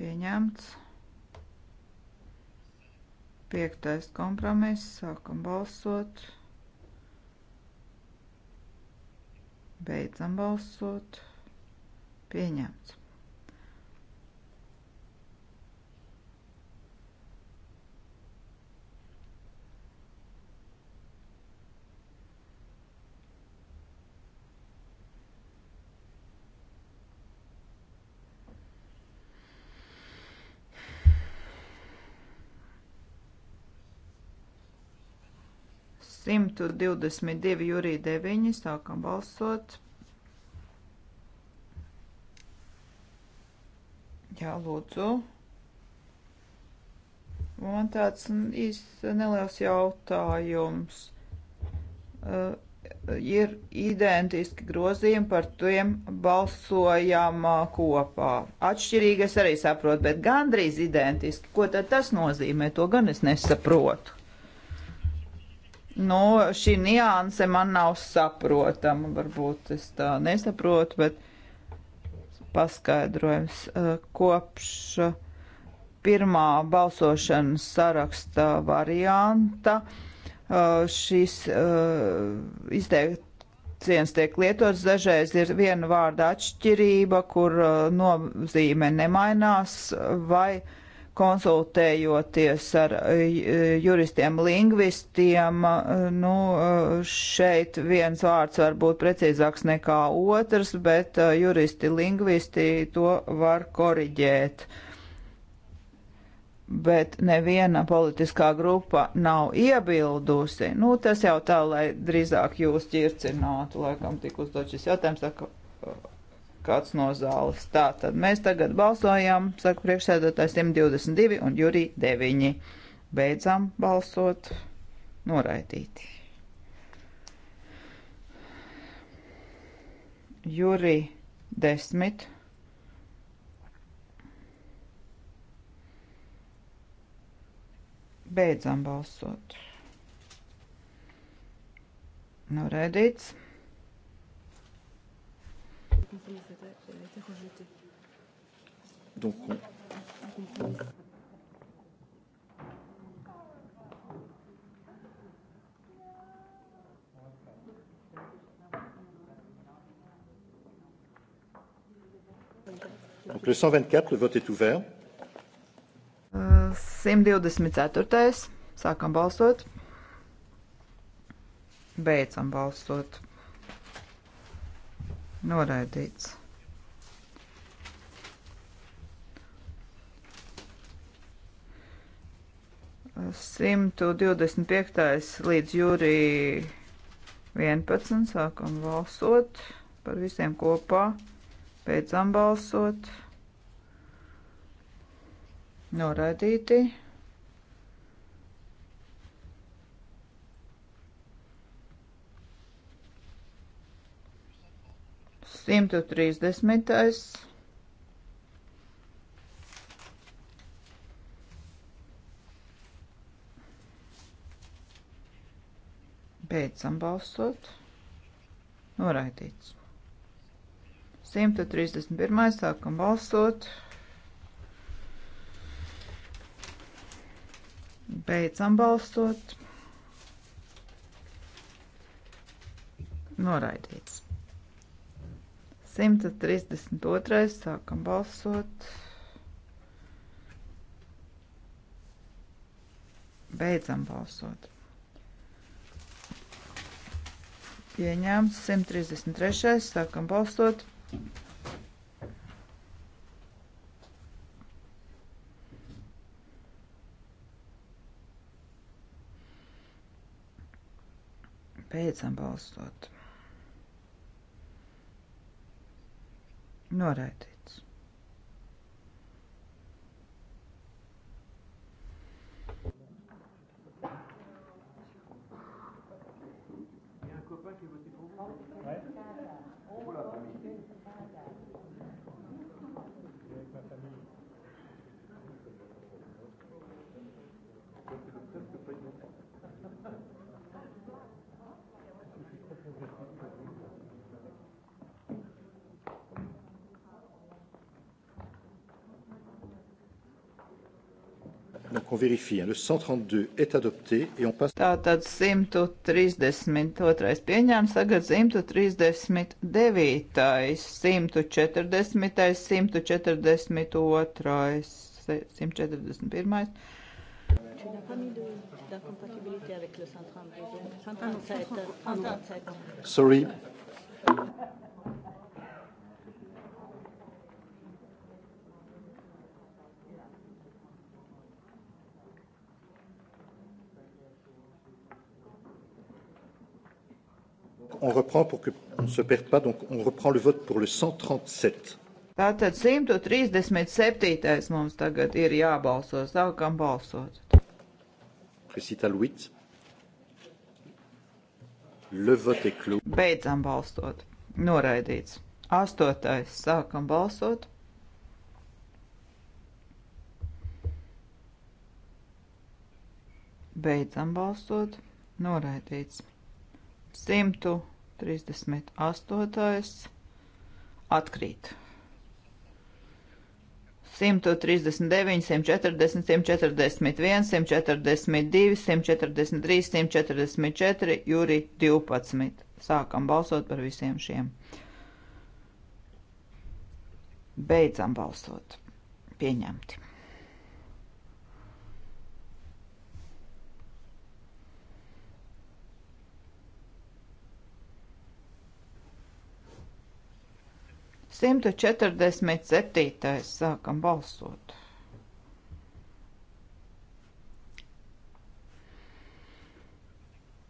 Pieņemts. Piektais kompromiss. Sākam balsot. Beidzam balsot. Pieņemts. 122 jūrī 9. Sākam balsot. Jā, lūdzu. Man tāds īsts neliels jautājums. Uh, ir identiski grozījumi, par tiem balsojām uh, kopā. Atšķirīgi es arī saprotu, bet gandrīz identiski. Ko tad tas nozīmē? To gan es nesaprotu nu, šī nianse man nav saprotama. Varbūt es tā nesaprotu, bet paskaidrojums eh, kopš eh, pirmā balsošanas saraksta varianta eh, šis izteikts tiek lietots. Dažreiz ir viena vārda atšķirība, kur nozīme nemainās vai nemainās konsultējoties ar eh, juristiem, lingvistiem, eh, nu, eh, šeit viens vārds var būt precīzāks nekā otrs, bet juristi, lingvisti to var koriģēt. Bet neviena politiskā grupa nav iebildusi. Nu, tas jau tā, lai drīzāk jūs ķircinātu, laikam tik uzdot šis jautājums, saka kāds no zāles. Tā tad mēs tagad balsojam, saka priekšsēdētājs 122 un Jurī 9. Beidzam balsot noraidīti. Jurī 10. Beidzam balsot. Noraidīts. Donc on... Donc le 124, le vote est ouvert. 124. Euh, Sākam balsot. Beidzam balsot. Noraidīts. Simtu divdesmit piektais līdz jūrī 11. Sākam balsot par visiem kopā. Beidzam balsot. Noraidīti. 130. Beidzam balsot. Noraidīts. 131. sākam balsot. Beidzam balsot. Noraidīts. 132. sākam balsot. Beidzam balsot. Pieņēmts 133. sākam balsot. Beidzam balsot. Noraidīts. vérifie. Hein. Le 132 est adopté et on passe. Tātad 132 pieņēmts, tagad 139, 140, 142, 141. Tu n'as pas mis d'incompatibilité avec le 132. 137. 137. Sorry. on reprend pour qu'on ne se perde pas, donc on reprend le vote pour le 137. Tātad 137. mums tagad ir jābalso. Sākam balsot. Récital 8. Le vote est clos. Beidzam balsot. Noraidīts. Astotais. Sākam balsot. Beidzam balsot. Noraidīts. 138. atkrīt. 139, 140, 141, 142, 143, 144, jūri 12. Sākam balsot par visiem šiem. Beidzam balsot. Pieņemti. 147. sākam balsot.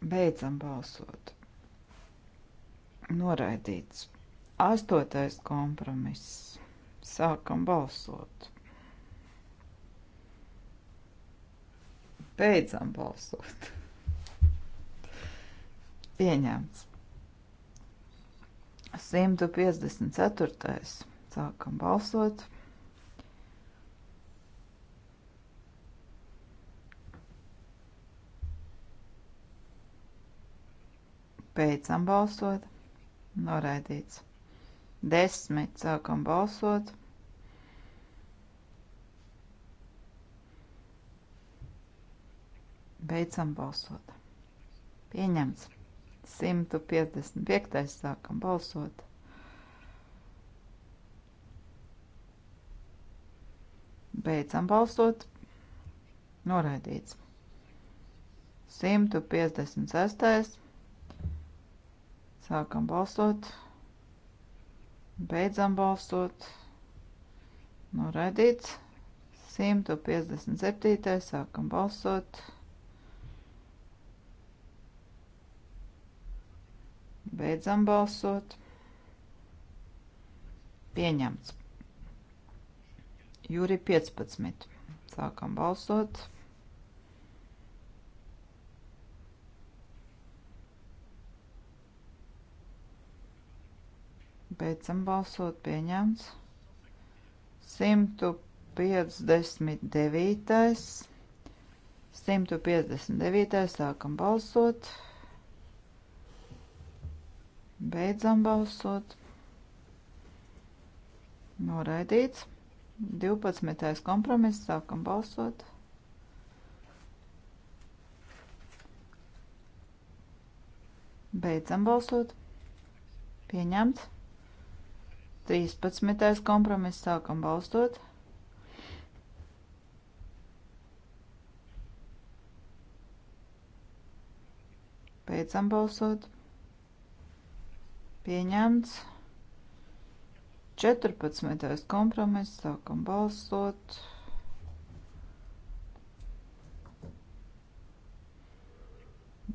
Beidzam balsot. Noraidīts. Astotais kompromiss. Sākam balsot. Beidzam balsot. Pieņemts. 154. Sākam balsot. Beidzam balsot. Noraidīts. 10. Sākam balsot. Beidzam balsot. Pieņemts. 155. sākam balsot. Beidzam balsot. Noraidīts. 156. Sākam balsot. Beidzam balsot. Noraidīts. 157. Sākam balsot. Beidzam balsot. Pieņemts. Jūri 15. Sākam balsot. Beidzam balsot. Pieņemts. 159. 159. Sākam balsot. Pieņemts. Beidzam balsot. Noraidīts. 12. kompromiss. Sākam balsot. Beidzam balsot. Pieņemts. 13. kompromiss. Sākam balsot. Beidzam balsot. Pieņemts. 14. kompromiss. Sākam balsot.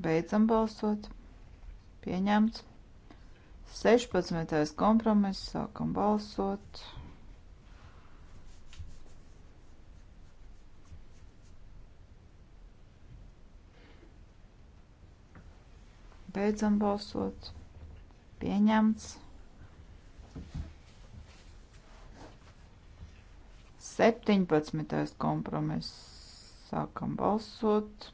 Beidzam balsot. Pieņemts. 16. kompromiss. Sākam balsot. Beidzam balsot. Pieņemts. Septiņpadsmitais kompromiss. Sākam balsot.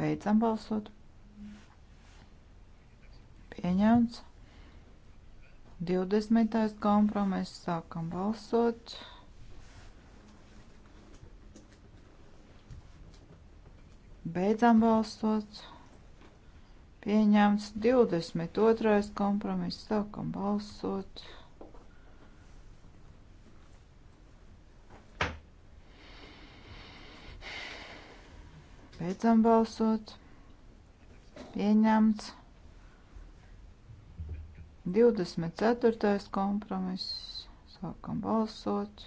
Beidzam balsot. Pieņemts. 20. kompromiss. Sākam balsot. Beidzam balsot. Pieņemts 22. kompromiss. Sākam balsot. Beidzam balsot. Pieņemts 24. kompromiss. Sākam balsot.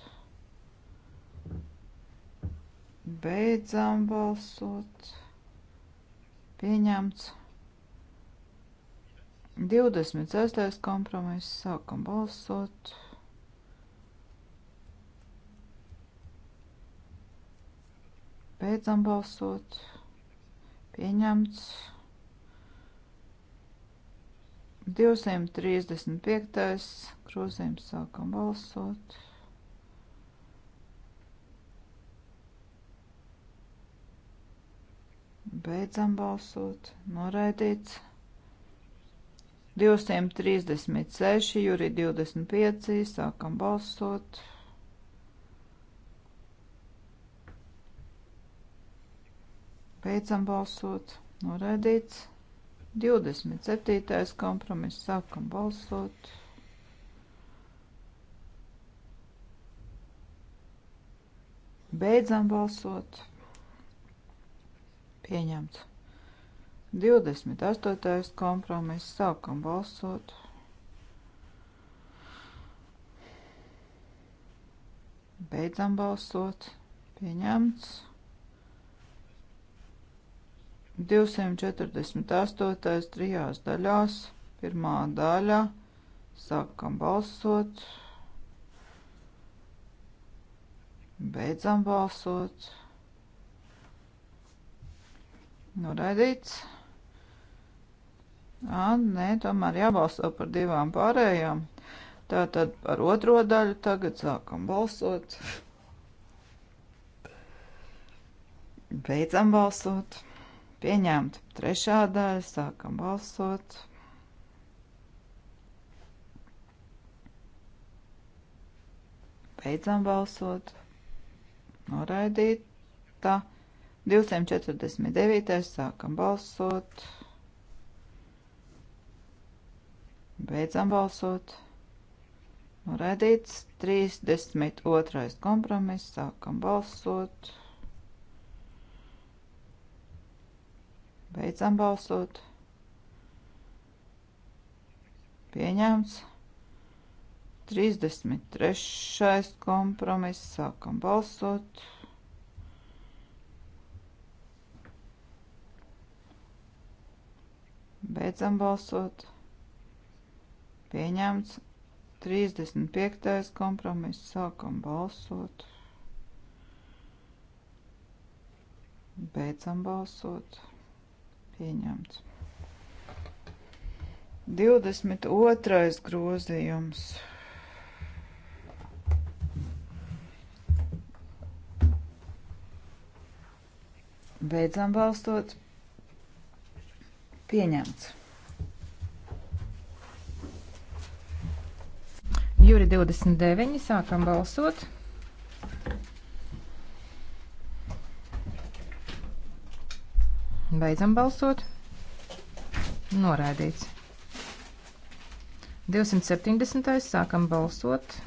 Beidzām balsot. Pieņemts. 26. kompromiss. Sākam balsot. Beidzam balsot. Pieņemts. 235. grozījums. Sākam balsot. Beidzam balsot. Noraidīts. 236, jūri 25, sākam balsot. Beidzam balsot. Noraidīts. 27. kompromiss, sākam balsot. Beidzam balsot pieņemts. 28. kompromiss. Sākam balsot. Beidzam balsot. Pieņemts. 248. trijās daļās. Pirmā daļa. Sākam balsot. Beidzam balsot. Noraidīts. Ā, nē, tomēr jābalso par divām pārējām. Tātad par otro daļu tagad sākam balsot. Beidzam balsot. Pieņemt trešā daļa, sākam balsot. Beidzam balsot. Noraidīta. 249. sākam balsot. Beidzam balsot. Redīts 32. kompromiss. Sākam balsot. Beidzam balsot. Pieņemts. 33. kompromiss. Sākam balsot. Beidzam balsot. Pieņemts 35. kompromiss. Sākam balsot. Beidzam balsot. Pieņemts. 22. grozījums. Beidzam balstot. Pieņemts. Juri 29. Sākam balsot. Beidzam balsot. Noraidīts. 270. Sākam balsot.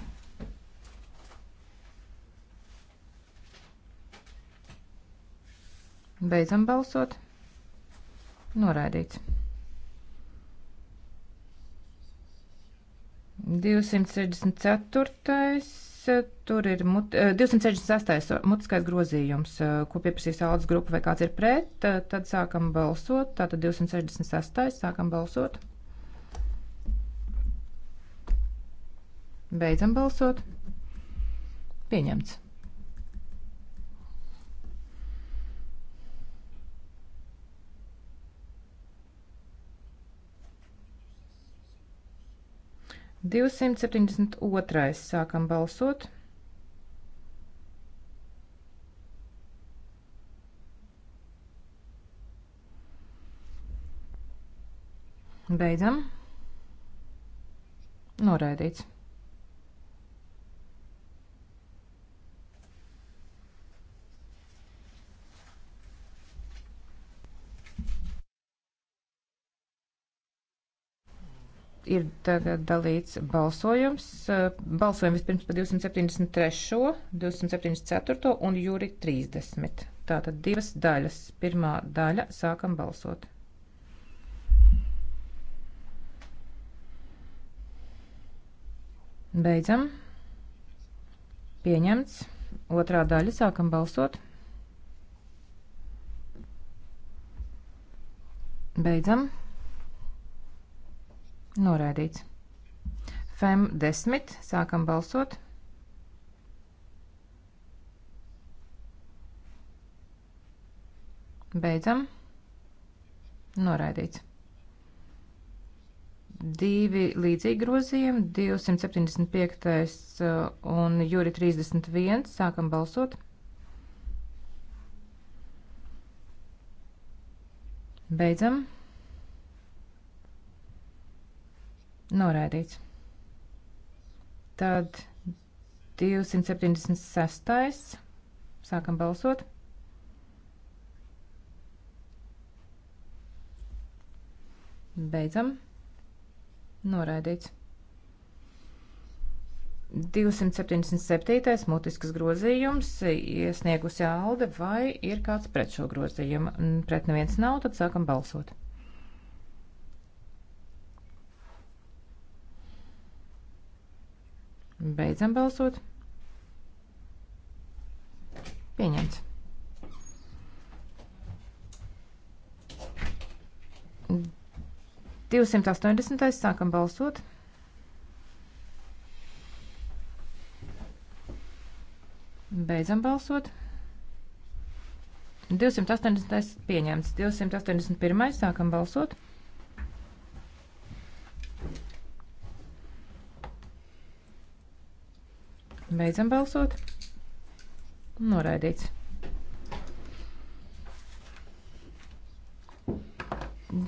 Beidzam balsot. Noraidīts. 264. Eh, tur ir mut, 268. Eh, eh, mutiskais grozījums, ko pieprasīs Aldis grupa vai kāds ir pret. Tad sākam balsot. Tātad 268. sākam balsot. Beidzam balsot. Pieņemts. 272. Sākam balsot. Beidzam. Noraidīts. ir tagad dalīts balsojums. Eh, balsojam vispirms par 273, 274 un jūri 30. Tātad divas daļas. Pirmā daļa sākam balsot. Beidzam. Pieņemts. Otrā daļa sākam balsot. Beidzam. Noraidīts. FEM 10. Sākam balsot. Beidzam. Noraidīts. Divi līdzīgi grozījumi - 275. Uh, un jūri 31. Sākam balsot. Beidzam. Noraidīts. Tad 276. Sākam balsot. Beidzam. Noraidīts. 277. mutiskas grozījums iesniegusi Alde vai ir kāds pret šo grozījumu? Pret neviens nav, tad sākam balsot. Beidzam balsot. Pieņemts. 280. sākam balsot. Beidzam balsot. 280. pieņemts. 281. sākam balsot. 281. Beidzam balsot. Noraidīts.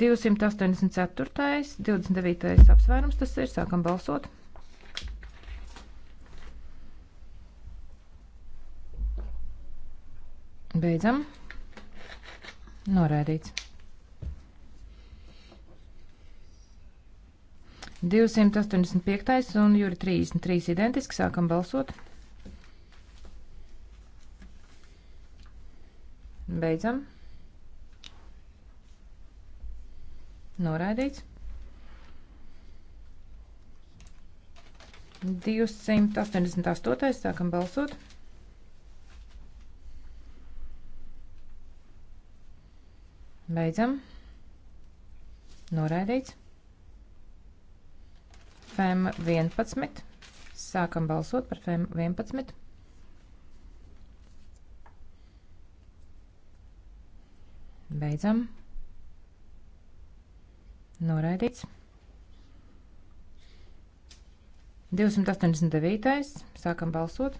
284. 29. apsvērums tas ir. Sākam balsot. Beidzam. Noraidīts. 285. un jūri 33 identiski. Sākam balsot. Beidzam. Noraidīts. 288. Sākam balsot. Beidzam. Noraidīts. FEM 11. Sākam balsot par FEM 11. Beidzam. Noraidīts. 289. Sākam balsot.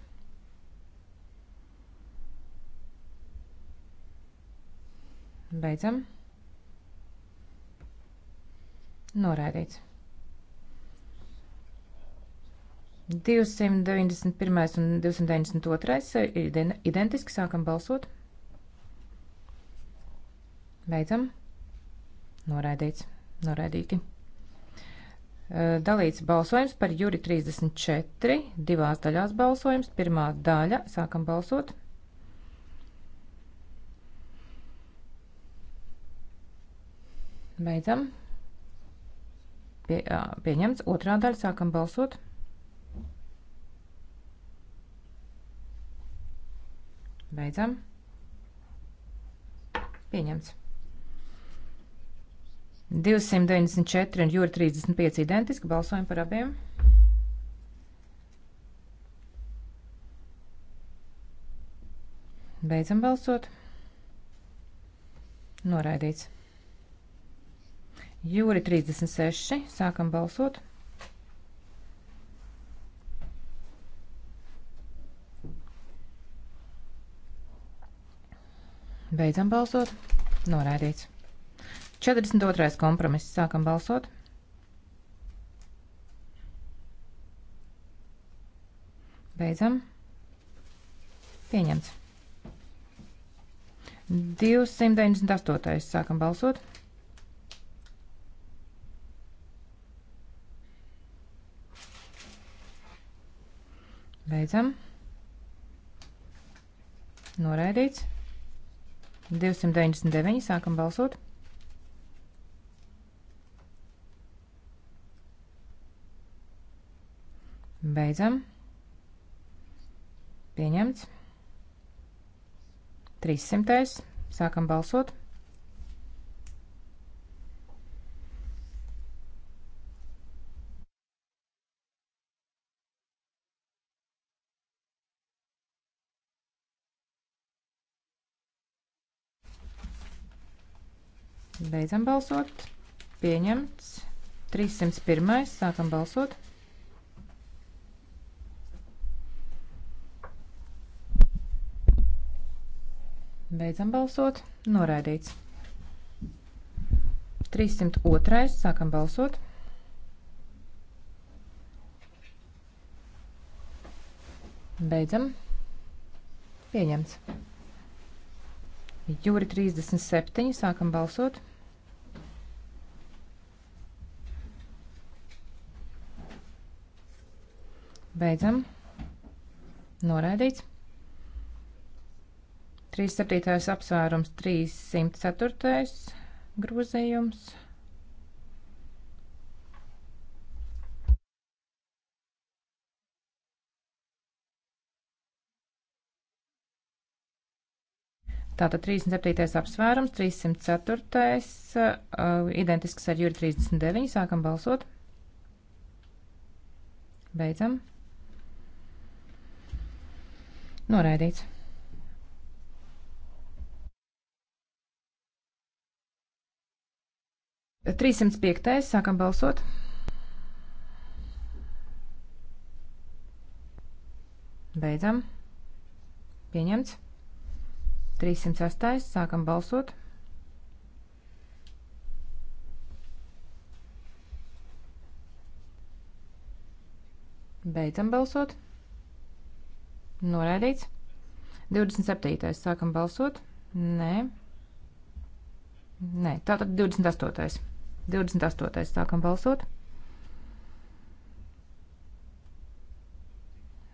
Beidzam. Noraidīts. 291 un 292 ir identiski. Sākam balsot. Beidzam. Noraidīts. Noraidīti. Dalīts balsojums par Juri 34. Divās daļās balsojums. Pirmā daļa. Sākam balsot. Beidzam. Pie, pieņemts. Otrā daļa. Sākam balsot. Balsot. Beidzam. Pieņemts. 294 un jūra 35 identiski. Balsojam par abiem. Beidzam balsot. Noraidīts. Jūri 36. Sākam balsot. Beidzam balsot. Norādīts. 42. kompromiss. Sākam balsot. Beidzam. Pieņemts. 298. Sākam balsot. Beidzam. Noraidīts. 299. Sākam balsot. Beidzam. Pieņemts. 300. Sākam balsot. Beidzam balsot. Pieņemts. 301. Sākam balsot. Beidzam balsot. Noraidīts. 302. Sākam balsot. Beidzam. Pieņemts. Jūri 37. Sākam balsot. Beidzam. Beidzam. Noraidīts. 37. apsvērums 304. grozījums. Tātad 37. apsvērums, 304. Uh, identisks ar jūri 39. Sākam balsot. Beidzam. Noraidīts. Trīsimts piektais, sākam balsot. Beidzam. Pieņemts. 308. Sākam balsot. Beidzam balsot. Noraidīts. 27. Sākam balsot. Nē. Nē, tātad 28. 28. Sākam balsot.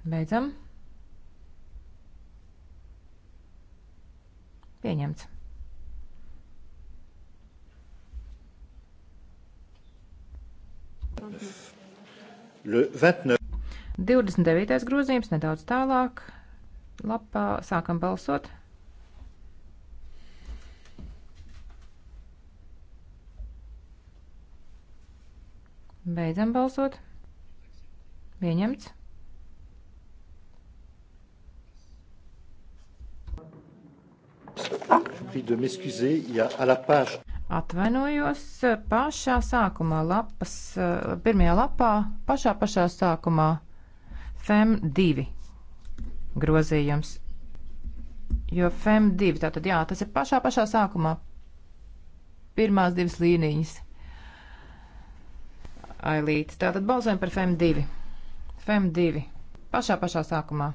Beidzam. Pieņemts. Le 29. 29. grozījums nedaudz tālāk. Lapā sākam balsot. Beidzam balsot. Pieņemts. Atvainojos pašā sākumā, lapas, pirmajā lapā, pašā pašā sākumā FEM2 grozījums. Jo FEM2, tātad jā, tas ir pašā pašā sākumā. Pirmās divas līnijas. Ailīte. Tātad balsojam par FEM2. FEM2. Pašā pašā sākumā.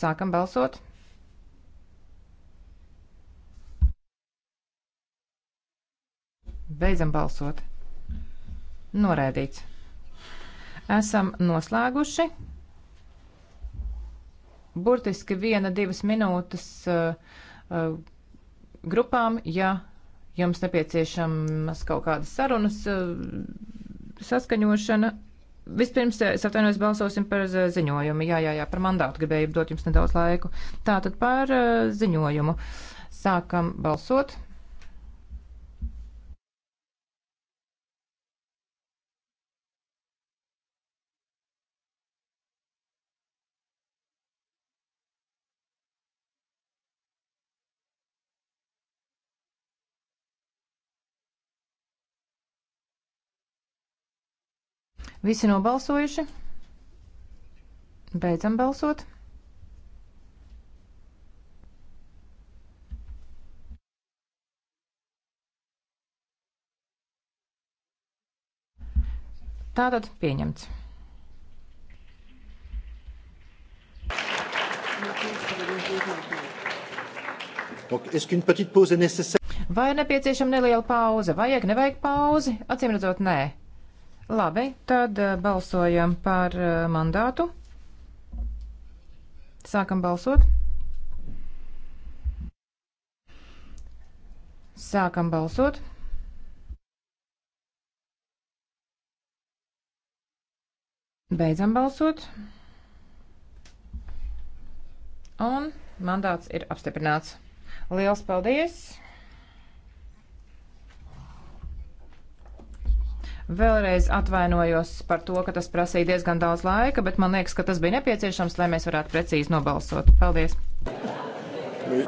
Sākam balsot. Beidzam balsot. Noraidīts esam noslēguši. Burtiski viena, divas minūtes uh, uh, grupām, ja jums nepieciešamas kaut kādas sarunas uh, saskaņošana. Vispirms, es atvainojos, balsosim par uh, ziņojumu. Jā, jā, jā, par mandātu gribēju dot jums nedaudz laiku. Tātad par uh, ziņojumu. Sākam balsot. Visi nobalsojuši? Beidzam balsot. Tātad pieņemts. Vai nepieciešama neliela pauze? Vajag, nevajag pauzi? Acīm redzot, nē. Labi, tad eh, balsojam par eh, mandātu. Sākam balsot. Sākam balsot. Beidzam balsot. Un mandāts ir apstiprināts. Liels paldies! Vēlreiz atvainojos par to, ka tas prasīja diezgan daudz laika, bet man liekas, ka tas bija nepieciešams, lai mēs varētu precīzi nobalsot. Paldies! Oui.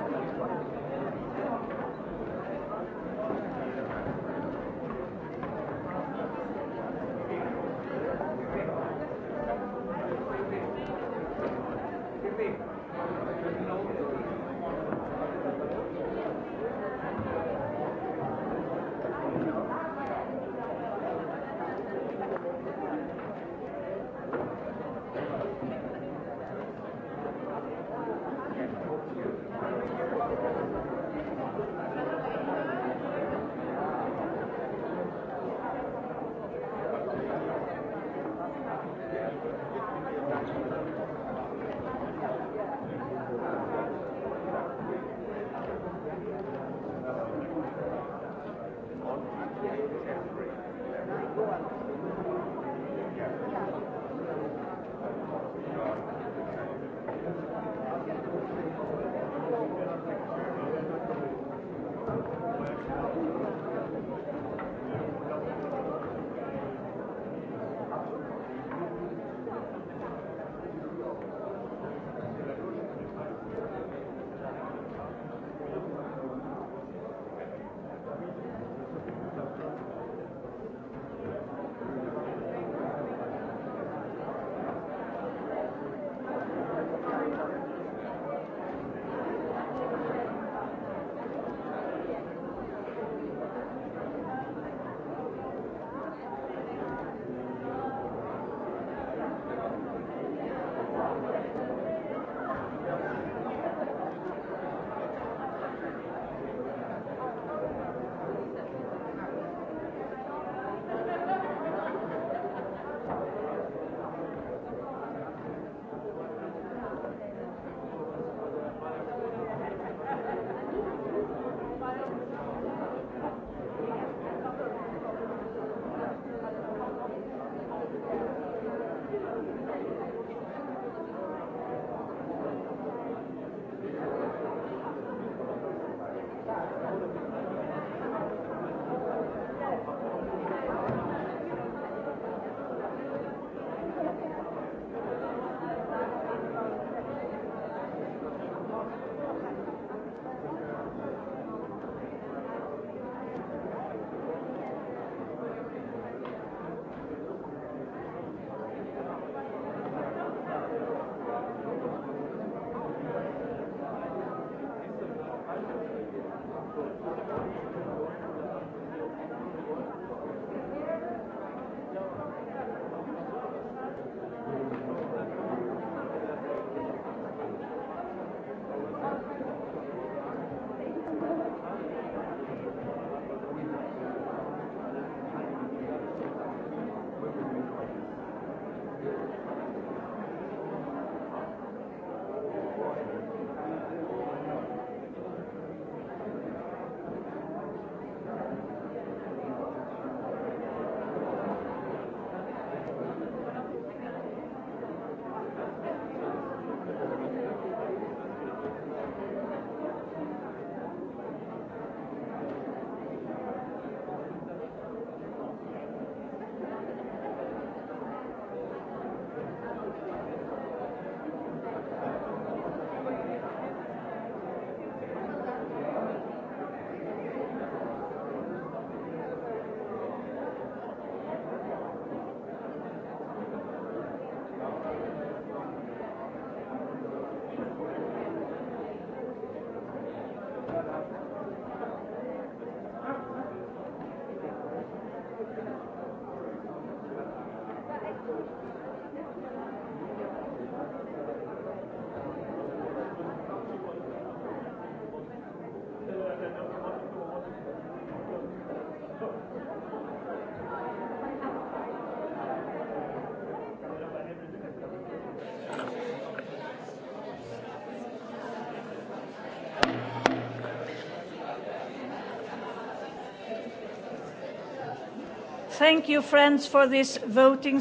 Thank you, friends, for this voting.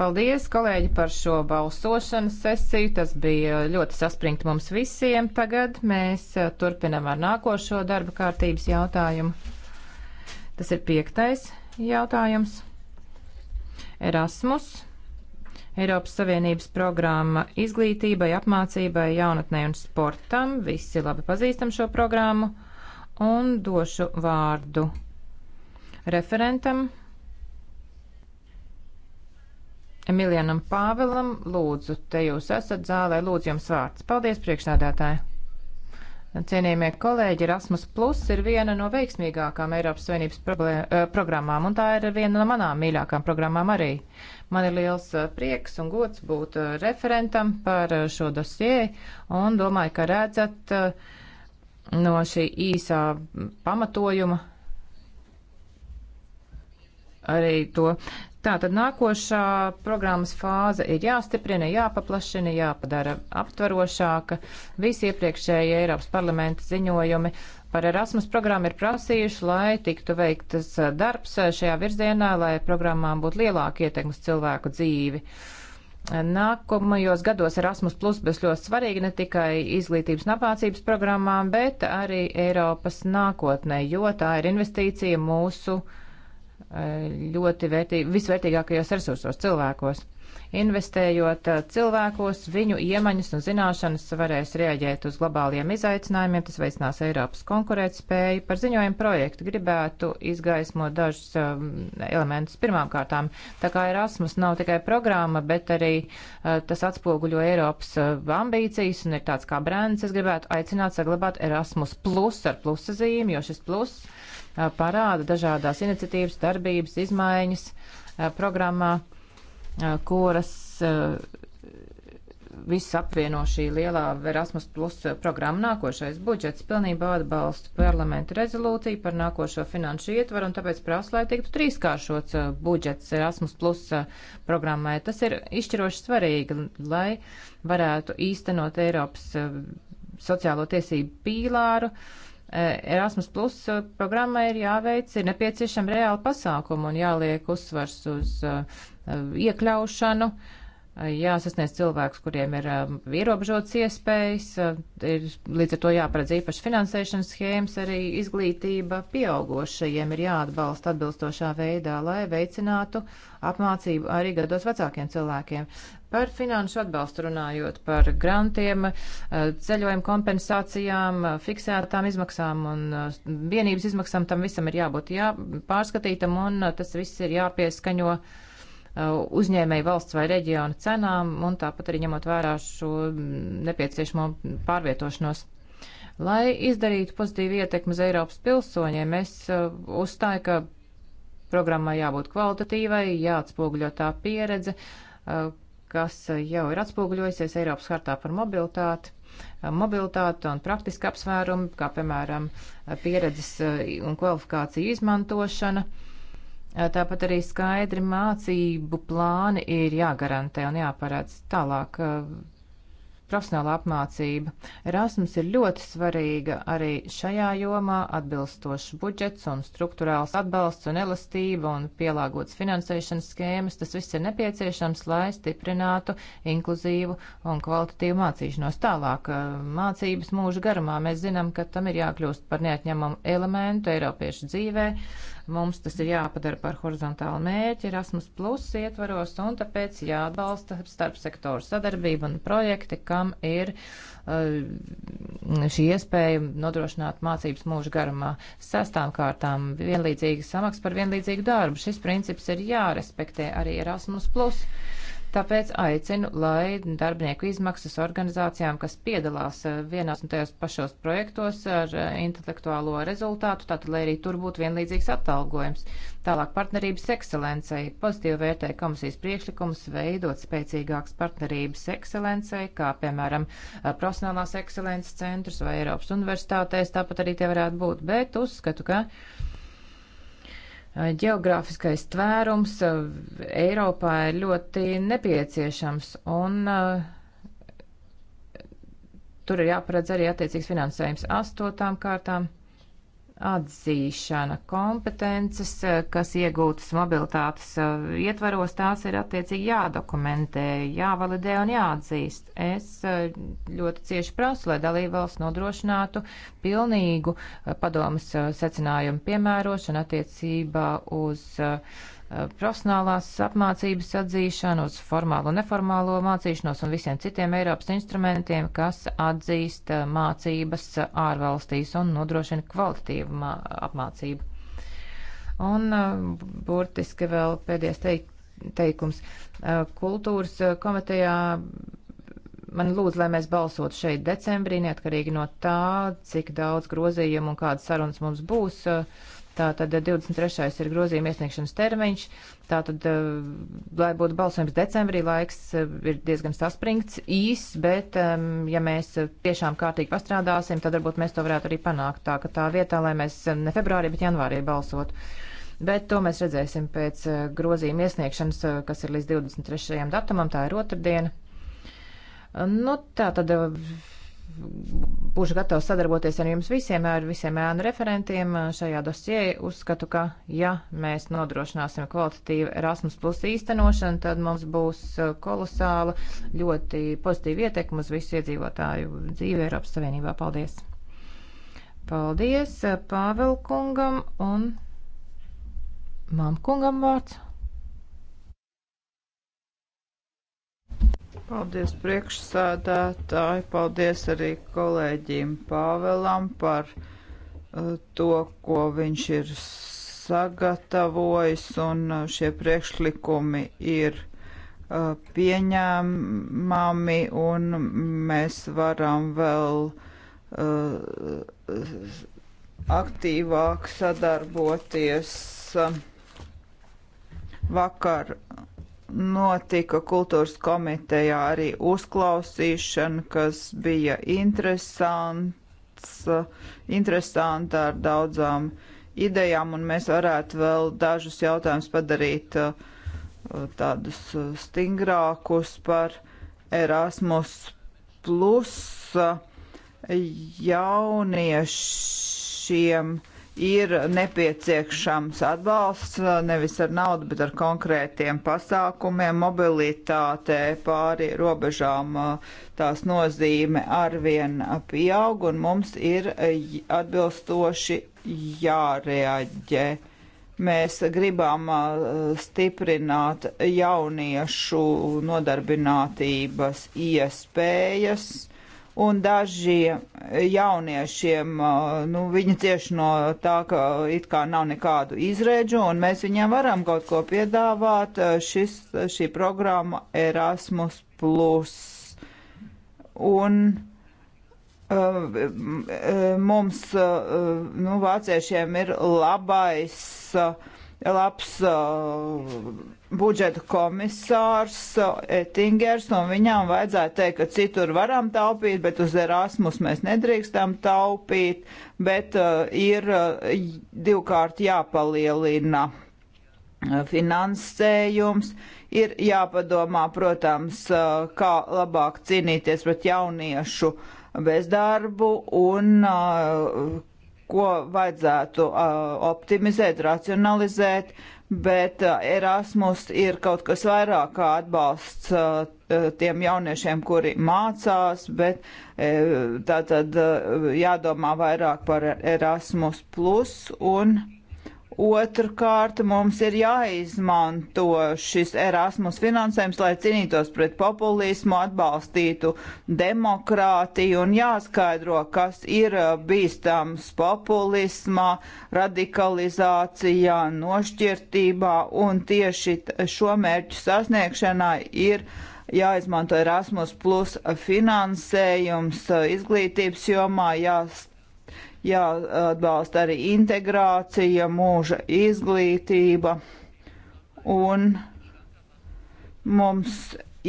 Paldies, kolēģi, par šo balsošanas sesiju. Tas bija ļoti saspringti mums visiem. Tagad mēs eh, turpinam ar nākošo darba kārtības jautājumu. Tas ir piektais jautājums. Erasmus. Eiropas Savienības programma izglītībai, apmācībai, jaunatnē un sportam. Visi labi pazīstam šo programmu un došu vārdu referentam Emilianam Pāvelam. Lūdzu, te jūs esat zālē, lūdzu jums vārds. Paldies, priekšsēdētāji! Cienījamie kolēģi, Erasmus Plus ir viena no veiksmīgākām Eiropas Savienības eh, programmām, un tā ir viena no manām mīļākām programmām arī. Man ir liels eh, prieks un gods būt eh, referentam par šo dosie, un domāju, ka redzat no šī īsā pamatojuma arī to, Tātad nākošā programmas fāze ir jāstiprina, jāpaplašina, jāpadara aptvarošāka. Visi iepriekšēji Eiropas parlamenta ziņojumi par Erasmus programmu ir prasījuši, lai tiktu veiktas darbs šajā virzienā, lai programmām būtu lielāka ietekmes cilvēku dzīvi. Nākamajos gados Erasmus Plus būs ļoti svarīgi ne tikai izglītības un apmācības programmām, bet arī Eiropas nākotnē, jo tā ir investīcija mūsu uh, Eh, ļoti vērtīgi, visvērtīgākajos resursos cilvēkos. Investējot eh, cilvēkos, viņu iemaņas un zināšanas varēs reaģēt uz globāliem izaicinājumiem, tas veicinās Eiropas konkurētspēju. Par ziņojumu projektu gribētu izgaismot dažus um, elementus pirmām kārtām. Tā kā Erasmus nav tikai programma, bet arī uh, tas atspoguļo Eiropas uh, ambīcijas un ir tāds kā brands, es gribētu aicināt saglabāt Erasmus plus ar plusa zīmi, jo šis plus parāda dažādās iniciatīvas, darbības, izmaiņas programmā, kuras viss apvieno šī lielā Erasmus Plus programma nākošais budžets pilnībā atbalsta parlamentu rezolūciju par nākošo finanšu ietvaru un tāpēc prasa, lai tiktu trīskāršots budžets Erasmus Plus programmai. Tas ir izšķiroši svarīgi, lai varētu īstenot Eiropas sociālo tiesību pīlāru Erasmus Plus uh, programmai ir jāveic, ir nepieciešama reāla pasākuma un jāliek uzsvars uz uh, uh, iekļaušanu. Uh, jāsasniedz cilvēks, kuriem ir um, ierobežots iespējas, uh, ir līdz ar to jāparedz īpaši finansēšanas schēmas, arī izglītība pieaugošajiem ir jāatbalsta atbilstošā veidā, lai veicinātu apmācību arī gados vecākiem cilvēkiem. Par finanšu atbalstu runājot, par grantiem, uh, ceļojumu kompensācijām, uh, fiksētām izmaksām un uh, vienības izmaksām, tam visam ir jābūt jāpārskatītam un uh, tas viss ir jāpieskaņo. Uh, Uh, uzņēmēju valsts vai reģiona cenām un tāpat arī ņemot vērā šo nepieciešamo pārvietošanos. Lai izdarītu pozitīvu ietekmi uz Eiropas pilsoņiem, es uh, uzstāju, ka programmai jābūt kvalitatīvai, jāatspoguļo tā pieredze, uh, kas jau ir atspoguļojusies Eiropas hartā par mobilitāti mobilitāte un praktiska apsvērumi, kā piemēram pieredzes un kvalifikāciju izmantošana. Uh, Tāpat arī skaidri mācību plāni ir jāgarantē un jāparāds tālāk. Profesionāla apmācība. Erasmus ir ļoti svarīga arī šajā jomā - atbilstošs budžets un struktūrāls atbalsts un elastība un pielāgots finansēšanas skēmas. Tas viss ir nepieciešams, lai stiprinātu inkluzīvu un kvalitatīvu mācīšanos. Tālāk mācības mūža garumā mēs zinām, ka tam ir jākļūst par neatņemamu elementu Eiropiešu dzīvē. Uh, Mums tas ir jāpadara par horizontālu mērķi Erasmus Plus ietvaros, un tāpēc jāatbalsta starp sektoru sadarbību un projekti, kam ir uh, šī iespēja nodrošināt mācības mūža garumā sastām kārtām vienlīdzīga samaks par vienlīdzīgu darbu. Šis princips ir jārespektē arī Erasmus Plus. Tāpēc aicinu, lai darbinieku izmaksas organizācijām, kas piedalās eh, vienās un tajos pašos projektos ar eh, intelektuālo rezultātu, tātad, lai arī tur būtu vienlīdzīgs atalgojums. Tālāk partnerības ekscelencei pozitīvi vērtē komisijas priekšlikums veidot spēcīgākas partnerības ekscelencei, kā piemēram eh, profesionālās ekscelences centrus vai Eiropas universitātēs, tāpat arī tie varētu būt, bet uzskatu, ka. Uh, Eh, geogrāfiskais tvērums eh, Eiropā ir ļoti nepieciešams, un eh, tur ir jāparedz arī attiecīgs finansējums astotām kārtām atzīšana kompetences, eh, kas iegūtas mobilitātes eh, ietvaros, tās ir attiecīgi jādokumentē, jāvalidē un jāatzīst. Es eh, ļoti cieši prasu, lai dalībvalsts nodrošinātu pilnīgu padomas secinājumu piemērošanu attiecībā uz uh, Eh, profesionālās apmācības atzīšanu, uz formālo un neformālo mācīšanos un visiem citiem Eiropas instrumentiem, kas atzīst eh, mācības ārvalstīs un nodrošina kvalitatīvu apmācību. Un eh, burtiski vēl pēdējais teik teikums. Kultūras komitejā man lūdzu, lai mēs balsotu šeit decembrī, neatkarīgi no tā, cik daudz grozījumu un kādas sarunas mums būs. Uh, Tātad 23. Eh, ir grozījuma iesniegšanas termiņš, tātad, eh, lai būtu balsojums decembrī, laiks eh, ir diezgan saspringts, īs, bet ja mēs tiešām kārtīgi pastrādāsim, tad varbūt mēs to varētu arī panākt tā, ka tā vietā, lai mēs ne februārī, bet janvārī balsotu. Bet to mēs redzēsim pēc grozījuma iesniegšanas, kas ir līdz 23. datumam, tā ir otrdiena. Nu, tā tad būšu gatavs sadarboties ar jums visiem, ar visiem ēnu referentiem šajā dosijē. Uzskatu, ka ja mēs nodrošināsim kvalitatīvu Erasmus plus īstenošanu, tad mums būs uh, kolosāla, ļoti pozitīva ietekma uz visu iedzīvotāju dzīvi Eiropas Savienībā. Paldies! Paldies uh, Pāvelkungam un Mamkungam vārds. Paldies priekšsādātāji, paldies arī kolēģim Pāvelam par uh, to, ko viņš ir sagatavojis, un uh, šie priekšlikumi ir uh, pieņēmami, un mēs varam vēl uh, aktīvāk sadarboties uh, vakar notika kultūras komitejā arī uzklausīšana, kas bija interesants, interesanta ar daudzām idejām, un mēs varētu vēl dažus jautājumus padarīt uh, tādus uh, stingrākus par Erasmus plus uh, jauniešiem ir nepieciešams atbalsts nevis ar naudu, bet ar konkrētiem pasākumiem. Mobilitāte pāri robežām tās nozīme arvien pieaug un mums ir atbilstoši jāreaģē. Mēs gribam uh, stiprināt jauniešu nodarbinātības iespējas un dažiem jauniešiem, nu, viņi cieši no tā, ka it kā nav nekādu izrēģu, un mēs viņiem varam kaut ko piedāvāt. Šis, šī programma Erasmus Plus. Un mums, nu, vāciešiem ir labais, labs budžeta komisārs Ettingers, un viņam vajadzēja teikt, ka citur varam taupīt, bet uz Erasmus mēs nedrīkstam taupīt, bet uh, ir uh, divkārt jāpalielina uh, finansējums. Ir jāpadomā, protams, uh, kā labāk cīnīties pret jauniešu bezdarbu un uh, ko vajadzētu uh, optimizēt, racionalizēt. Uh, bet uh, Erasmus ir kaut kas vairāk kā atbalsts uh, uh, tiem jauniešiem, kuri mācās, bet tā tad jādomā vairāk par Erasmus plus un Otrkārt, mums ir jāizmanto šis Erasmus finansējums, lai cīnītos pret populismu, atbalstītu demokrātiju un jāskaidro, kas ir uh, bīstams populismā, radikalizācijā, nošķirtībā un tieši šo mērķu sasniegšanā ir jāizmanto Erasmus plus finansējums uh, izglītības jomā, jāstāv jāatbalsta arī integrācija, mūža izglītība, un mums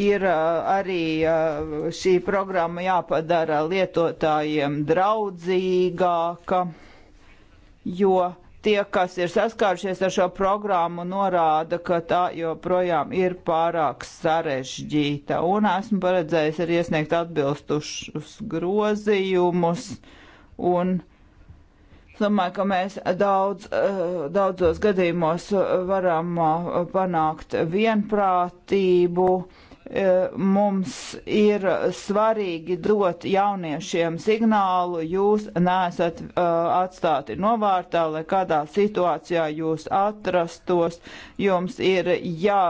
ir uh, arī uh, šī programma jāpadara lietotājiem draudzīgāka, jo tie, kas ir saskārušies ar šo programmu, norāda, ka tā joprojām ir pārāk sarežģīta. Un esmu paredzējis arī iesniegt atbilstušus grozījumus un Domāju, ka mēs daudz, eh, daudzos gadījumos varam eh, panākt vienprātību. Eh, mums ir svarīgi dot jauniešiem signālu, jūs neesat atstāti novārtā, lai kādā situācijā jūs atrastos, jums ir jā,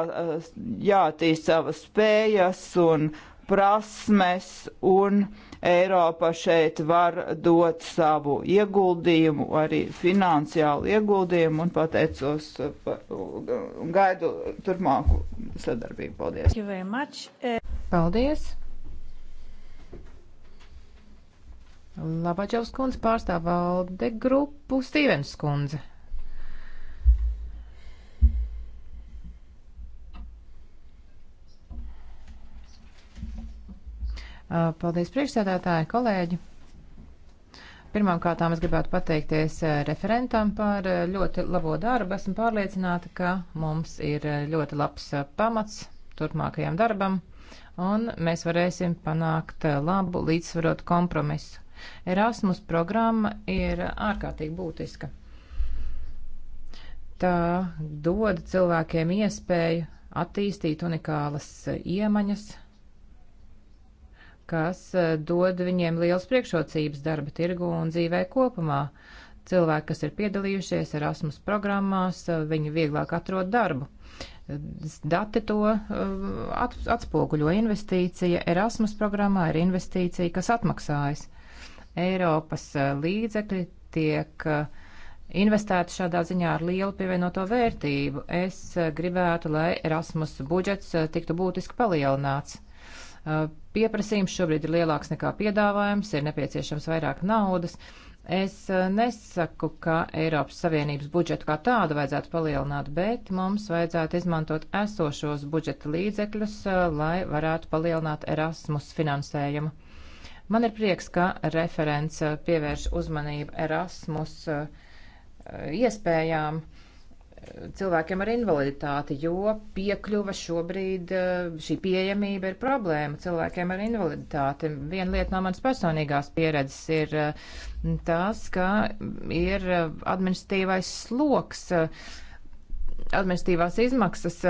jātīst savas spējas un prasmes un uh, Eiropa šeit var dot savu ieguldījumu, arī finansiālu ieguldījumu, un pateicos uh, uh, un gaidu turpmāku sadarbību. Paldies! Eh, Paldies! Labačevs kundze pārstāv valde grupu Stīvens kundze. Uh, paldies priekšsēdētāji, kolēģi! Pirmkārt, es gribētu pateikties uh, referentam par uh, ļoti labo darbu. Esmu pārliecināta, ka mums ir ļoti labs pamats turpmākajam darbam, un mēs varēsim panākt labu līdzsvarotu kompromisu. Erasmus programma ir ārkārtīgi būtiska. Tā dod cilvēkiem iespēju attīstīt unikālas iemaņas, kas eh, dod viņiem liels priekšrocības darba tirgu un dzīvē kopumā. Cilvēki, kas ir piedalījušies Erasmus programmās, eh, viņi vieglāk atrod darbu. Dati to eh, atspoguļo. Investīcija Erasmus programmā ir investīcija, kas atmaksājas. Eiropas līdzekļi tiek uh, investētu šādā ziņā ar lielu pievienoto vērtību. Es gribētu, lai Erasmus budžets tiktu būtiski palielināts. Pieprasījums šobrīd ir lielāks nekā piedāvājums, ir nepieciešams vairāk naudas. Es eh, nesaku, ka Eiropas Savienības budžetu kā tādu vajadzētu palielināt, bet mums vajadzētu izmantot esošos budžeta līdzekļus, eh, lai varētu palielināt Erasmus finansējumu. Man ir prieks, ka referents eh, pievērš uzmanību Erasmus iespējām. Uh, cilvēkiem ar invaliditāti, jo piekļuva šobrīd eh, šī pieejamība ir problēma cilvēkiem ar invaliditāti. Viena lieta no manas personīgās pieredzes ir eh, tas, ka ir eh, administratīvais sloks, administratīvās izmaksas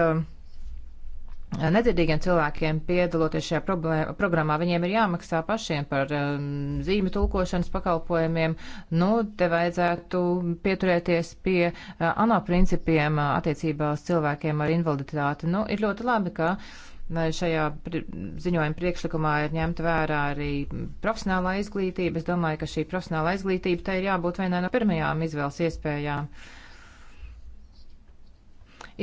nedzirdīgiem cilvēkiem piedaloties šajā problēma, programmā, viņiem ir jāmaksā pašiem par um, zīmju tulkošanas pakalpojumiem. Nu, te vajadzētu pieturēties pie uh, ANO principiem uh, attiecībā uz cilvēkiem ar invaliditāti. Nu, ir ļoti labi, ka uh, šajā pri ziņojuma priekšlikumā ir ņemta vērā arī profesionālā izglītība. Es domāju, ka šī profesionālā izglītība tai ir jābūt vienai no pirmajām izvēles iespējām. Uh,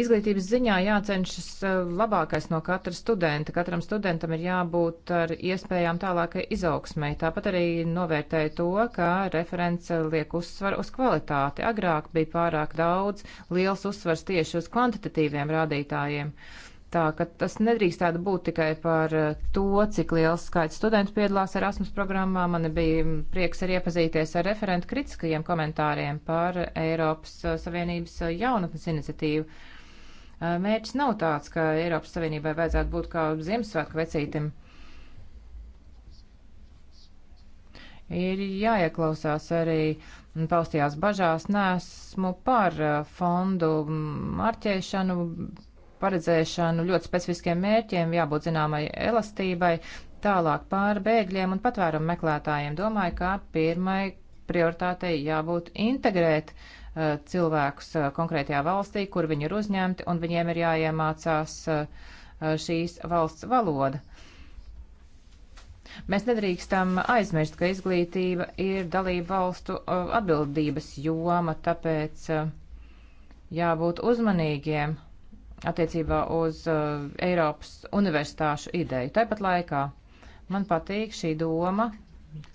Izglītības ziņā jācenšas eh, labākais no katra studenta. Katram studentam ir jābūt ar iespējām tālākai izaugsmai. Tāpat arī novērtēja to, ka referents liek uzsvaru uz kvalitāti. Agrāk bija pārāk daudz liels uzsvars tieši uz kvantitatīviem rādītājiem. Tā ka tas nedrīkstētu būt tikai par eh, to, cik liels skaits studentu piedalās Erasmus programmā. Man bija prieks arī iepazīties ar referentu kritiskajiem komentāriem par Eiropas eh, Savienības jaunatnes iniciatīvu. Mērķis nav tāds, ka Eiropas Savienībai vajadzētu būt kā Ziemassvētku vecītim. Ir jāieklausās arī paustījās bažās. Nesmu par fondu marķēšanu, paredzēšanu ļoti specifiskiem mērķiem, jābūt zināmai elastībai, tālāk pār bēgļiem un patvērumu meklētājiem. Domāju, kā pirmai prioritātei jābūt integrēt uh, Eh, cilvēkus eh, konkrētajā valstī, kur viņi ir uzņemti, un viņiem ir jāiemācās eh, šīs valsts valoda. Mēs nedrīkstam aizmirst, ka izglītība ir dalību valstu atbildības joma, tāpēc jābūt uzmanīgiem attiecībā uz Eiropas universitāšu ideju. Tāpat laikā man patīk šī doma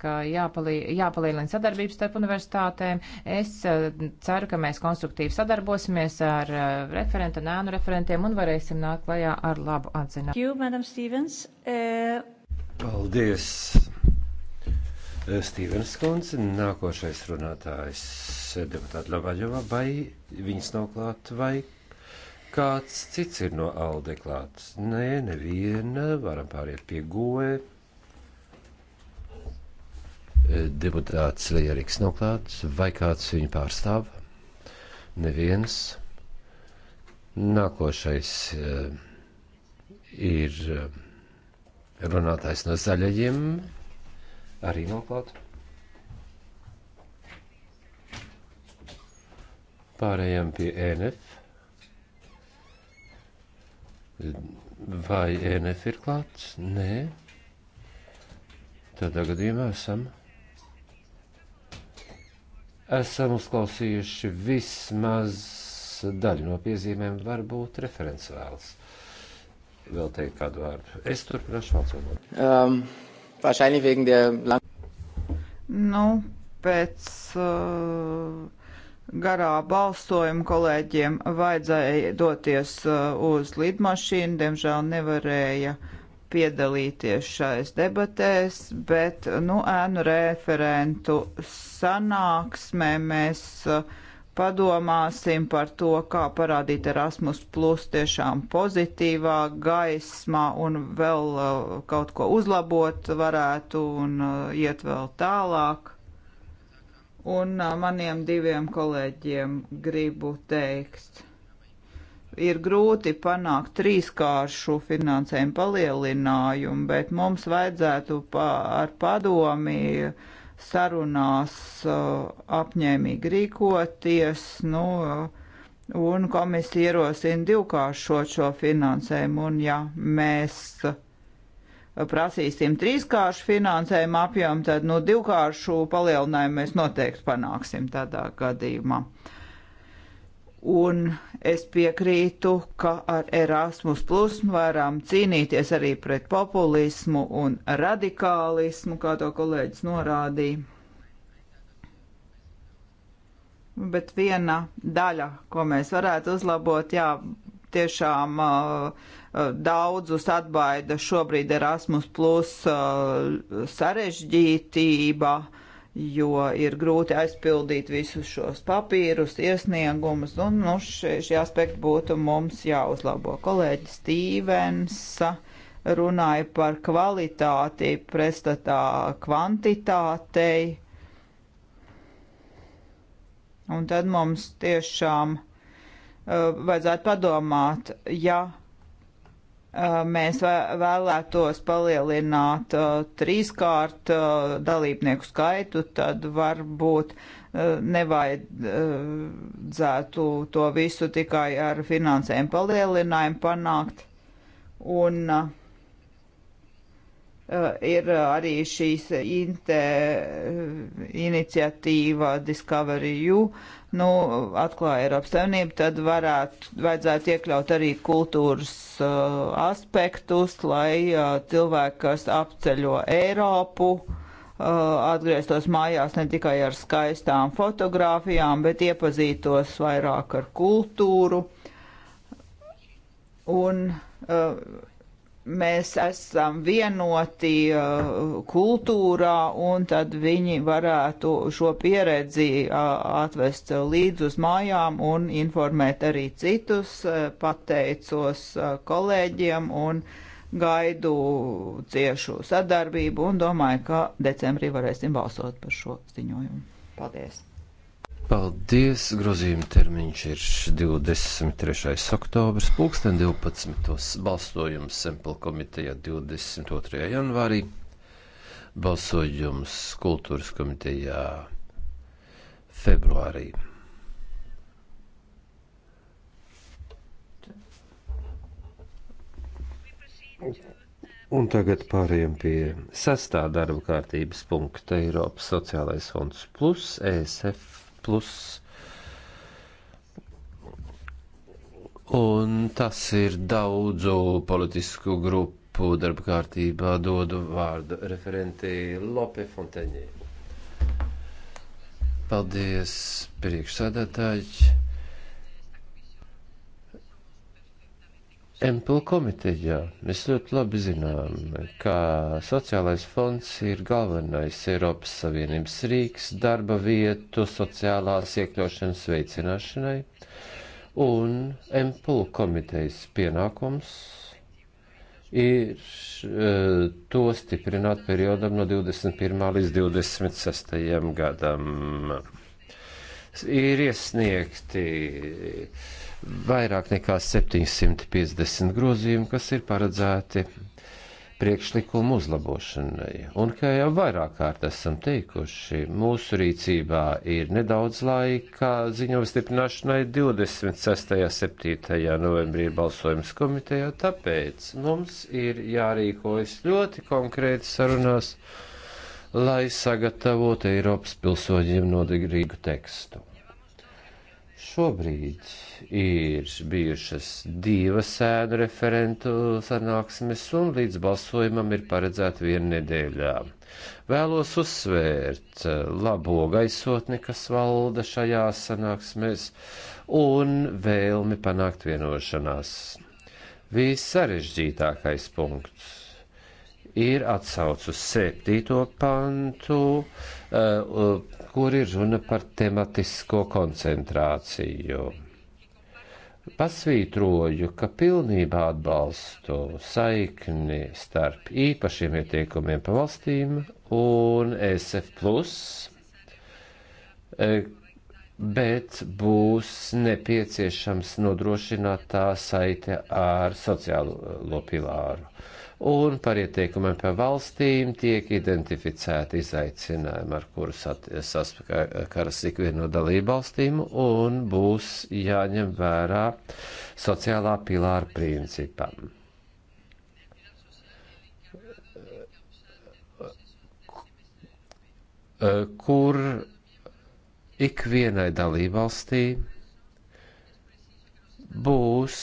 ka jāpalī, jāpalielina sadarbības starp universitātēm. Es eh, ceru, ka mēs konstruktīvi sadarbosimies ar eh, referentu, nēnu referentiem un varēsim nākt klajā ar labu atzināšanu. Eh, Paldies, Stīvens Kunds. Nākošais runātājs deputāta Labaļova, vai viņas nav klāt, vai kāds cits ir no Alde klāts? Nē, neviena, varam pāriet pie goja deputāts Lieriks nav klāts, vai kāds viņu pārstāv? Neviens. Nākošais eh, ir eh, runātājs no zaļajiem, arī nav klāts. Pārējām pie ENF. Vai ENF ir klāts? Nē. Tādā gadījumā esam esam uzklausījuši vismaz daļu no piezīmēm, varbūt referents vēlas. Vēl teikt kādu vārdu. Es turpināšu vācu valodu. Um, wegen der lang... Nu, pēc uh, garā balsojuma kolēģiem vajadzēja doties uh, uz lidmašīnu, diemžēl nevarēja uh, piedalīties šais debatēs, bet, nu, ēnu referentu sanāksmē mēs uh, padomāsim par to, kā parādīt Erasmus Plus tiešām pozitīvā gaismā un vēl uh, kaut ko uzlabot varētu un uh, iet vēl tālāk. Un maniem diviem kolēģiem gribu teikt ir grūti panākt trīskāršu finansējumu palielinājumu, bet mums vajadzētu pa, ar padomi sarunās uh, apņēmīgi rīkoties, nu, uh, un komisija ierosina divkāršot šo finansējumu, un ja mēs uh, prasīsim trīskāršu finansējumu apjomu, tad, nu, divkāršu palielinājumu mēs noteikti panāksim tādā gadījumā. Uh, Un es piekrītu, ka ar Erasmus Plus varam cīnīties arī pret populismu un radikālismu, kā to kolēģis norādīja. Bet viena daļa, ko mēs varētu uzlabot, jā, tiešām uh, uh daudzus atbaida šobrīd Erasmus Plus uh, sarežģītība. Uh, jo ir grūti aizpildīt visus šos papīrus, iesniegumus, un nu, šie, šie aspekti būtu mums jāuzlabo. Kolēģis Stīvens runāja par kvalitāti prestatā kvantitātei, un tad mums tiešām uh, vajadzētu padomāt, ja Uh, mēs vēlētos palielināt uh, trīskārt uh, dalībnieku skaitu, tad varbūt nevajadzētu to visu tikai ar finansēm palielinājumu panākt. Un uh, Eh, ir eh, arī šīs inte eh, iniciatīva Discovery U, nu, atklāja Eiropas Savienību, tad varētu, vajadzētu iekļaut arī kultūras uh, aspektus, lai uh, cilvēki, kas apceļo Eiropu, uh, atgrieztos mājās ne tikai ar skaistām fotogrāfijām, bet iepazītos vairāk ar kultūru. Un uh, mēs esam vienoti uh, kultūrā, un tad viņi varētu šo pieredzi uh, atvest līdz uz mājām un informēt arī citus. Uh, pateicos kolēģiem un gaidu ciešu sadarbību un domāju, ka decembrī varēsim balsot par šo ziņojumu. Paldies! Paldies! Grozījuma termiņš ir 23. oktobris, pulksten 12. balsojums Sempla komitejā 22. janvārī, balsojums kultūras komitejā februārī. Un tagad pāriem pie sastā darba kārtības punkta Eiropas sociālais fonds plus ESF plus. Un tas ir daudzu politisku grupu darba kārtībā dodu vārdu referentī Lope Fonteņē. Paldies, priekšsēdētāji! MPL komitejā mēs ļoti labi zinām, ka sociālais fonds ir galvenais Eiropas Savienības rīks darba vietu sociālās iekļaušanas veicināšanai, un MPL komitejas pienākums ir e, to stiprināt periodam no 21. līdz 26. gadam. Ir iesniegti vairāk nekā 750 grozījumu, kas ir paredzēti priekšlikumu uzlabošanai. Un kā jau vairāk kārt esam teikuši, mūsu rīcībā ir nedaudz laika ziņojuma stiprināšanai 26. un 7. novembrī ir balsojums komitejā, tāpēc mums ir jārīkojas ļoti konkrēti sarunās, lai sagatavotu Eiropas pilsoņiem nodegrīgu tekstu. Šobrīd ir bijušas divas sēdu referentu sanāksmes, un līdz balsojumam ir paredzēta viena nedēļā. Vēlos uzsvērt eh, labo gaisotni, kas valda šajās sanāksmēs, un vēlmi panākt vienošanās. Viss sarežģītākais punkts ir atsauc uz septīto pantu, uh, kur ir runa par tematisko koncentrāciju. Pasvītroju, ka pilnībā atbalstu saikni starp īpašiem ieteikumiem pa valstīm un e SF, plus, eh, bet būs nepieciešams nodrošināt tā saite ar sociālo pilāru un par ieteikumiem par valstīm tiek identificēti izaicinājumi, ar kuru saskaras ikviena no dalību valstīm, un būs jāņem vērā sociālā pilāra principam. kur ikvienai dalībvalstī būs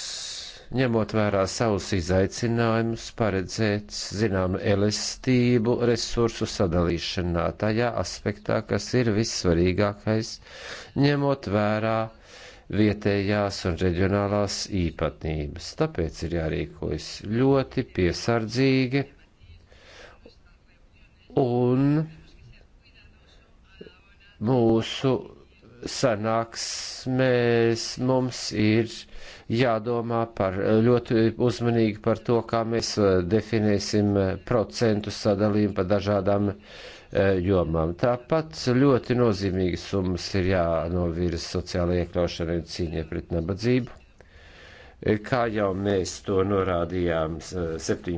ņemot vērā savus izaicinājumus, paredzēt zināmu elastību resursu sadalīšanā tajā aspektā, kas ir vissvarīgākais, ņemot vērā vietējās un reģionālās īpatnības. Tāpēc ir jārīkojas ļoti piesardzīgi un mūsu sanāksmēs mums ir jādomā par ļoti uzmanīgi par to, kā mēs eh, definēsim eh, procentu sadalījumu pa dažādām eh, jomām. Tāpat ļoti nozīmīgi summas ir jānovirza sociālajai iekļaušanai un cīņai pret nabadzību. Kā jau mēs to norādījām 17.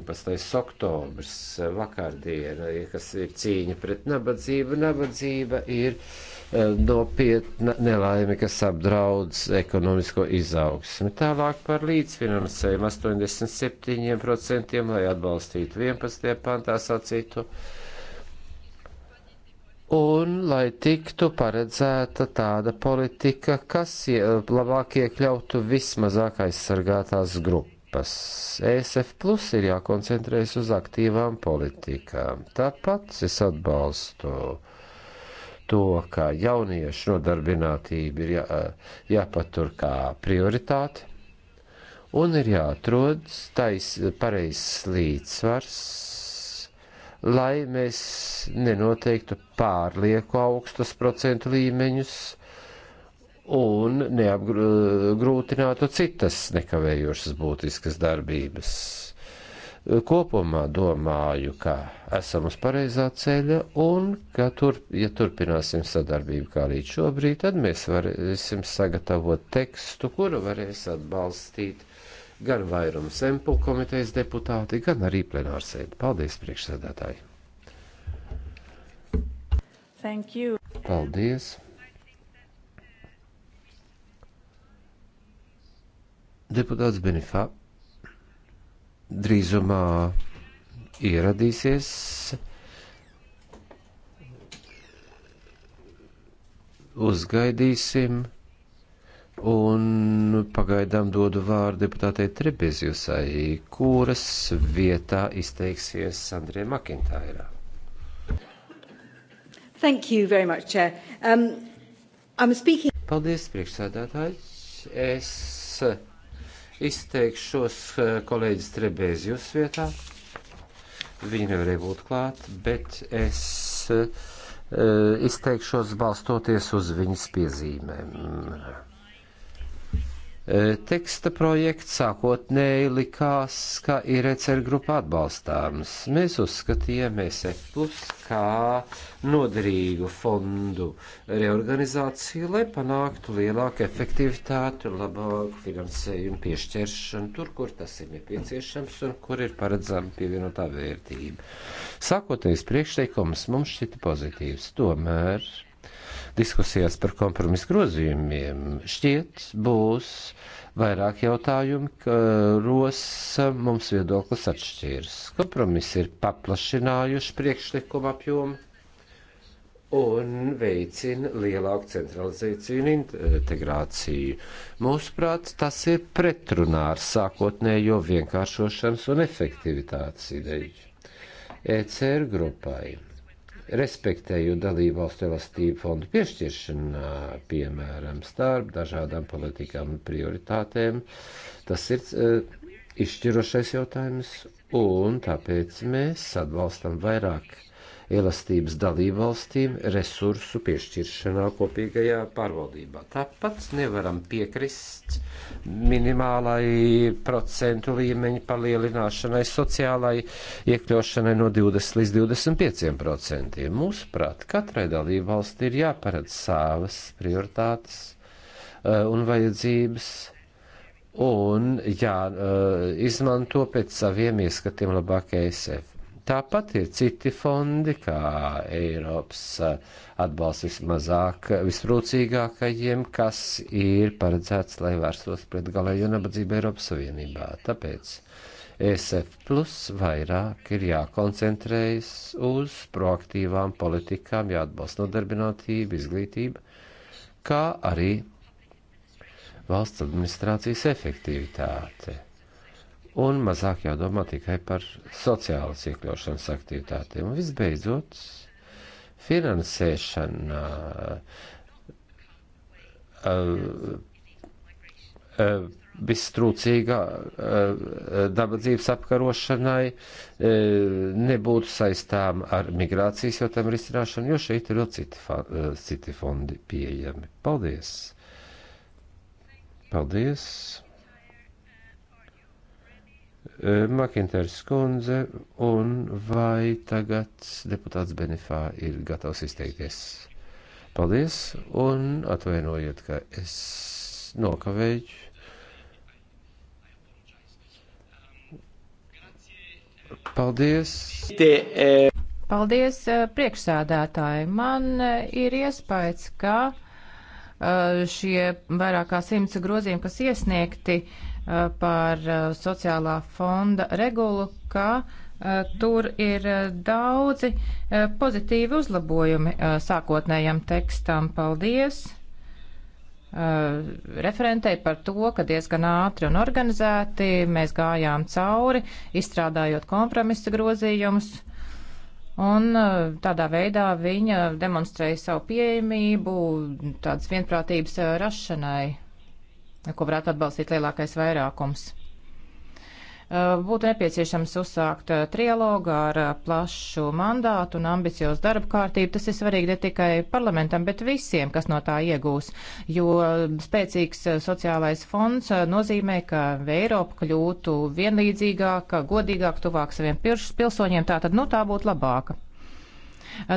oktobrs vakardienā, kas ir cīņa pret nabadzību, nabadzība ir uh, Eh, nopietna nelaime, kas apdraudz ekonomisko izaugsmi. Tālāk par līdzfinansējumu 87%, lai atbalstītu 11. pantā sacītu, un lai tiktu paredzēta tāda politika, kas labāk iekļautu vismazāk aizsargātās grupas grupas. E ESF plus ir jākoncentrējas uz aktīvām politikām. Tāpat es atbalstu to, ka jauniešu nodarbinātība ir jā, eh, jāpatur kā prioritāte un ir jāatrod tais pareizs līdzsvars, lai mēs nenoteiktu pārlieku augstus procentu līmeņus un neapgrūtinātu citas nekavējošas būtiskas darbības kopumā domāju, ka esam uz pareizā ceļa un ka, tur, ja turpināsim sadarbību kā līdz šobrīd, tad mēs varēsim sagatavot tekstu, kuru varēs atbalstīt gan vairums Empul komitejas deputāti, gan arī plenārsēdi. Paldies, priekšsēdētāji! Thank you. Paldies! Deputāts Benifā drīzumā ieradīsies. Uzgaidīsim un pagaidām dodu vārdu deputātei Trebezjusai, kuras vietā izteiksies Andrija Makintairā. Thank you very much, Chair. Um, I'm speaking... Paldies, priekšsēdētājs. Es Izteikšos eh, kolēģis Trebēzijus vietā. Viņa nevarēja būt klāt, bet es eh, izteikšos balstoties uz viņas piezīmēm teksta projekts sākotnēji likās, ka ir ECR grupa atbalstāms. Mēs uzskatījām ECR e plus kā noderīgu fondu reorganizāciju, lai panāktu lielāku efektivitāti un labāku finansējumu piešķiršanu tur, kur tas ir nepieciešams un kur ir paredzama pievienotā vērtība. Sākotnējs priekšteikums mums šķita pozitīvs, tomēr diskusijās par kompromisu grozījumiem šķiet būs vairāk jautājumu, ka ros mums viedoklis atšķiras. Kompromiss ir paplašinājuši priekšlikuma apjomu un veicina lielāku centralizāciju un integrāciju. Mūsuprāt, tas ir pretrunā ar sākotnējo vienkāršošanas un efektivitātes ideju. ECR grupai respektējot dalību valstu elastību fondu piešķiršanā, piemēram, starp dažādām politikām un prioritātēm. Tas ir uh, izšķirošais jautājums, un tāpēc mēs atbalstam vairāk elastības dalībvalstīm resursu piešķiršanā kopīgajā pārvaldībā. Tāpat nevaram piekrist minimālai procentu līmeņa palielināšanai sociālai iekļaušanai no 20 līdz 25 procentiem. Mūsuprāt, katrai dalībvalsti ir jāparedz savas prioritātes uh, un vajadzības un jāizmanto uh, pēc saviem ieskatiem labākais e efekts Tāpat ir citi fondi, kā Eiropas eh, atbalsts vismazāk, visprūcīgākajiem, kas ir paredzēts, lai vērstos pret galējo nabadzību Eiropas Savienībā. Tāpēc ESF plus vairāk ir jākoncentrējas uz proaktīvām politikām, jāatbalsta nodarbinātība, izglītība, kā arī valsts administrācijas efektivitāte un mazāk jādomā tikai par sociālas iekļaušanas aktivitātēm. Un visbeidzot, finansēšana. Uh, eh, uh, eh, Bistrūcīgā uh, eh, dabadzības apkarošanai nebūtu saistām ar migrācijas jautājumu risināšanu, jo šeit ir vēl citi, citi fondi pieejami. Paldies! Paldies! Eh, Makintērs kundze, un vai tagad deputāts Benifā ir gatavs izteikties? Paldies, un atvainojiet, ka es nokavēju. Paldies! Paldies eh, priekšsādātāji. Man eh, ir iespējas, ka šie vairāk kā simts grozījumi, kas iesniegti, uh, Eh, par eh, sociālā fonda regulu, ka eh, tur ir daudzi pozitīvi uzlabojumi sākotnējam tekstam. Paldies! Referentei par to, ka diezgan ātri un organizēti mēs gājām cauri, izstrādājot kompromisa grozījumus. Un tādā veidā viņa demonstrēja savu pieejamību tādas vienprātības rašanai ko varētu atbalstīt lielākais vairākums. Uh, būtu nepieciešams uzsākt uh, trialogu ar uh, plašu mandātu un ambiciozu darba kārtību. Tas ir svarīgi ne tikai parlamentam, bet visiem, kas no tā iegūs, jo spēcīgs sociālais fonds nozīmē, ka Eiropa kļūtu vienlīdzīgāka, godīgāka, tuvāk saviem pilsoņiem. Tā tad, nu, tā būtu labāka.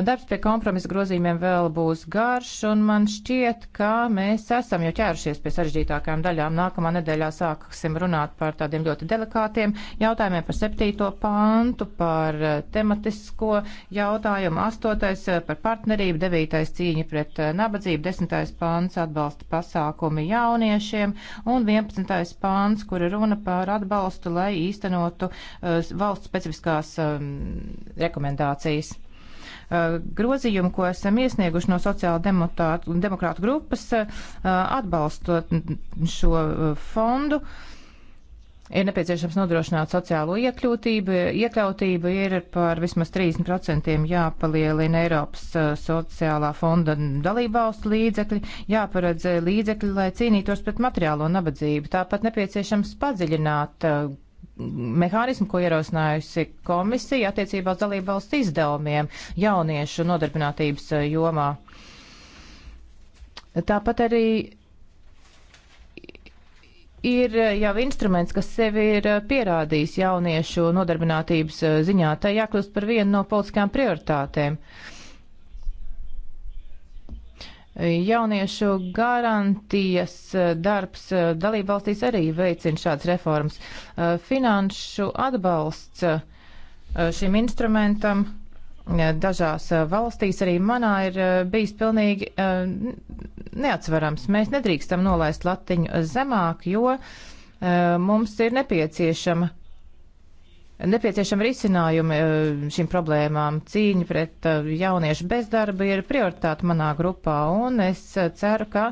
Darbs pie kompromisa grozījumiem vēl būs garš, un man šķiet, ka mēs esam jau ķērušies pie sarežģītākām daļām. Nākamā nedēļā sāksim runāt par tādiem ļoti delikātiem jautājumiem par septīto pāntu, par eh, tematisko jautājumu, astotais eh, par partnerību, devītais cīņa pret eh, nabadzību, desmitais pāns atbalsta pasākumi jauniešiem, un vienpadsmitais pāns, kura runa par atbalstu, lai īstenotu uh, valsts specifiskās um, rekomendācijas. Eh, grozījumu, ko esam iesnieguši no sociāla demokrātu grupas, eh, atbalstot šo eh, fondu. Ir nepieciešams nodrošināt sociālo iekļūtību. Iekļautība ir par vismaz 30% jāpalielina Eiropas sociālā fonda dalībvalstu līdzekļi, jāparedz līdzekļi, lai cīnītos pret materiālo nabadzību. Tāpat nepieciešams padziļināt mehānismu, ko ierosinājusi komisija attiecībā uz dalību valsts izdevumiem jauniešu nodarbinātības eh, jomā. Tāpat arī ir eh, jau instruments, kas sevi ir eh, pierādījis jauniešu nodarbinātības ziņā. Tā jākļūst par vienu no politiskajām prioritātēm. Uh, Jauniešu garantijas eh, darbs eh, dalībvalstīs arī veicina šādas reformas. Eh, finanšu atbalsts šim instrumentam dažās valstīs, arī manā, ir bijis pilnīgi neatsvarams. Mēs nedrīkstam nolaist latiņu zemāk, jo mums ir nepieciešama nepieciešami risinājumi e, šīm problēmām. Cīņa pret e, jauniešu bezdarbu ir prioritāte manā grupā, un es e, ceru, ka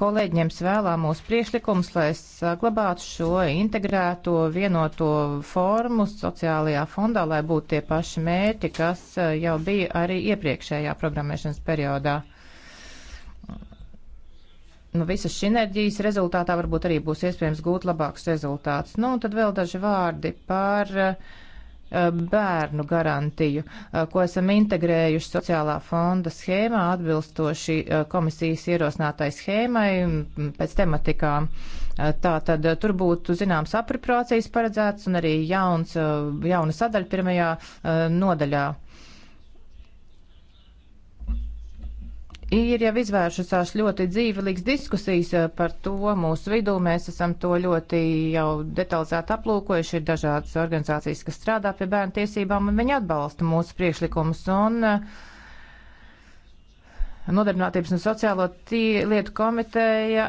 kolēģi ņems vēlā mūsu priešlikums, lai saglabātu šo integrēto vienoto formu sociālajā fondā, lai būtu tie paši mērķi, kas jau bija arī iepriekšējā programmēšanas periodā nu, visas sinerģijas rezultātā varbūt arī būs iespējams gūt labāks rezultāts. Nu, un tad vēl daži vārdi par eh, bērnu garantiju, eh, ko esam integrējuši sociālā fonda schēmā atbilstoši eh, komisijas ierosinātai schēmai pēc tematikām. Tā tad tur būtu zināms apriprācijas paredzēts un arī jauns, jauna sadaļa pirmajā nodaļā Ir jau izvēršusās ļoti dzīvelīgas diskusijas eh, par to mūsu vidū. Mēs esam to ļoti jau detalizēti aplūkojuši. Ir dažādas organizācijas, kas strādā pie bērnu tiesībām, un viņi atbalsta mūsu priekšlikumus. Un eh, Nodarbinātības un sociālo lietu komiteja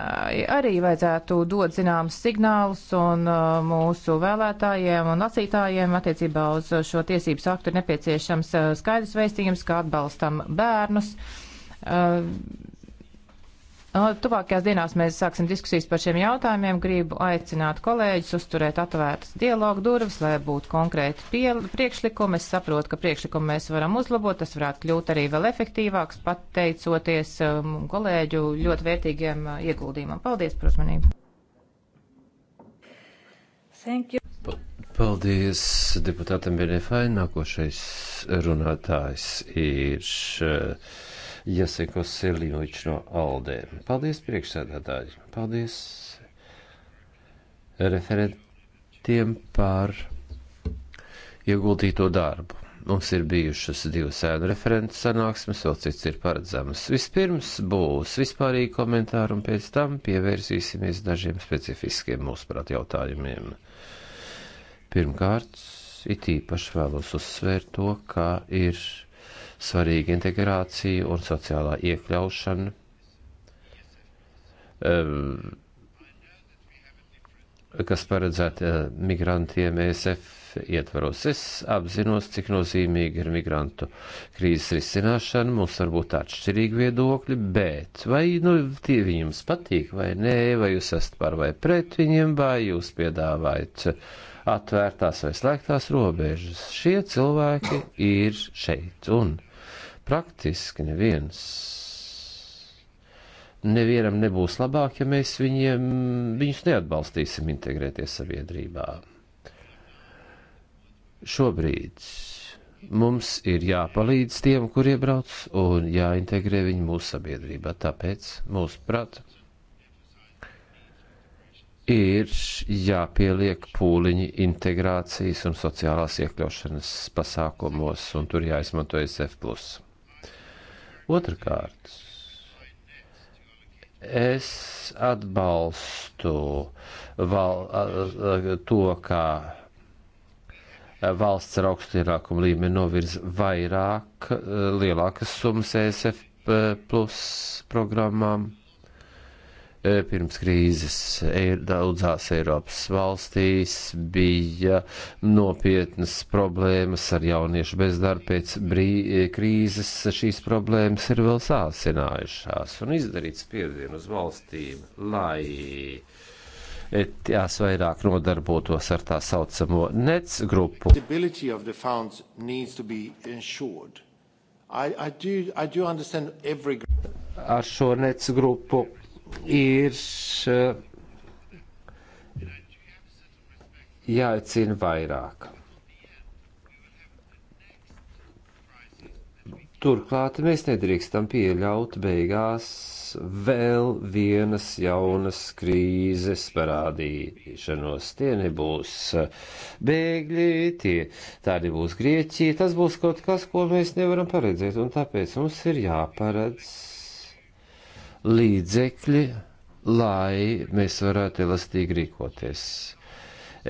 arī vajadzētu dot zināmas signālus un eh, mūsu vēlētājiem un lasītājiem attiecībā uz šo tiesības aktu ir nepieciešams skaidrs veistījums, kā atbalstam bērnus Uh, tuvākajās dienās mēs sāksim diskusijas par šiem jautājumiem. Gribu aicināt kolēģis uzturēt atvērtas dialogu durvis, lai būtu konkrēti pie, priekšlikumi. Es saprotu, ka priekšlikumu mēs varam uzlabot, tas varētu kļūt arī vēl efektīvāks, pateicoties um, kolēģu ļoti vērtīgiem uh, ieguldījumam. Paldies par uzmanību! Thank you. Paldies deputātam Benefai. Nākošais runātājs ir. Uh, Jasekos Selimovičs no Aldē. Paldies, priekšsēdētāji! Paldies referentiem par ieguldīto darbu. Mums ir bijušas divas sēnu referents sanāksmes, vēl cits ir paredzamas. Vispirms būs vispārīgi komentāri un pēc tam pievērsīsimies dažiem specifiskiem mūsuprāt jautājumiem. Pirmkārt, it īpaši vēlos uzsvērt to, kā ir svarīga integrācija un sociālā iekļaušana. Um, kas paredzēta eh, migrantiem ESF ietvaros. Es apzinos, cik nozīmīgi ir migrantu krīzes risināšana. Mums var būt atšķirīgi viedokļi, bet vai nu, tie jums patīk vai nē, vai jūs esat par vai pret viņiem, vai jūs piedāvājat atvērtās vai slēgtās robežas. Šie cilvēki ir šeit un Praktiski neviens. Nevienam nebūs labāk, ja mēs viņiem, viņus neatbalstīsim integrēties sabiedrībā. Šobrīd mums ir jāpalīdz tiem, kur iebrauc, un jāintegrē viņi mūsu sabiedrībā. Tāpēc, mūsuprāt, ir jāpieliek pūliņi integrācijas un sociālās iekļaušanas pasākumos, un tur jāizmanto SF. Otrakārt, es atbalstu val, to, kā valsts ar augstu ienākumu līmeni novirz vairāk e, lielākas summas ESF e, plus programmām. E, pirms krīzes daudzās Eiropas valstīs bija nopietnas problēmas ar jauniešu bezdarbu pēc brī, e, krīzes. Šīs problēmas ir vēl sāsinājušās un izdarīts spiedienu uz valstīm, lai tās vairāk nodarbotos ar tā saucamo NEC grupu. I, I do, I do every... Ar šo NEC grupu ir eh, jāicina vairāk. Turklāt mēs nedrīkstam pieļaut beigās vēl vienas jaunas krīzes parādīšanos. Tie nebūs eh, bēgļi, tie tā nebūs Grieķija, tas būs kaut kas, ko mēs nevaram paredzēt, un tāpēc mums ir jāparedz līdzekļi, lai mēs varētu elastīgi rīkoties.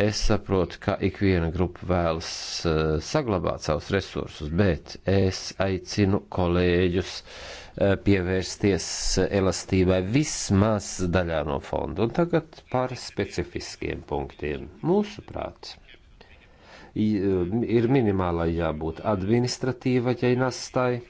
Es saprotu, ka ikviena grupa vēlas uh, saglabāt savus resursus, bet es aicinu kolēģus uh, pievērsties elastībai vismaz daļā no fonda. Un tagad par specifiskiem punktiem. Mūsuprāt, eh, ir minimālai jābūt administratīvai nastai. Ja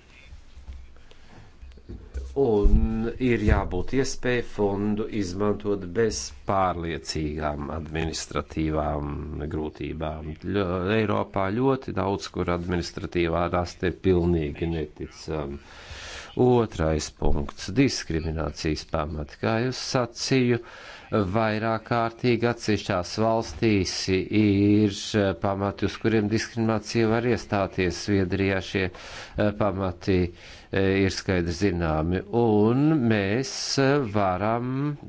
un ir jābūt iespēja fondu izmantot bez pārliecīgām administratīvām grūtībām. Ļo, Eiropā ļoti daudz, kur administratīvā rasta ir pilnīgi neticama. Otrais punkts - diskriminācijas pamati. Kā jūs sacīju, vairāk kārtīgi atsevišķās valstīs ir pamati, uz kuriem diskriminācija var iestāties. Sviedrijā šie eh, pamati uh, E, ir skaidri zināmi, un mēs varam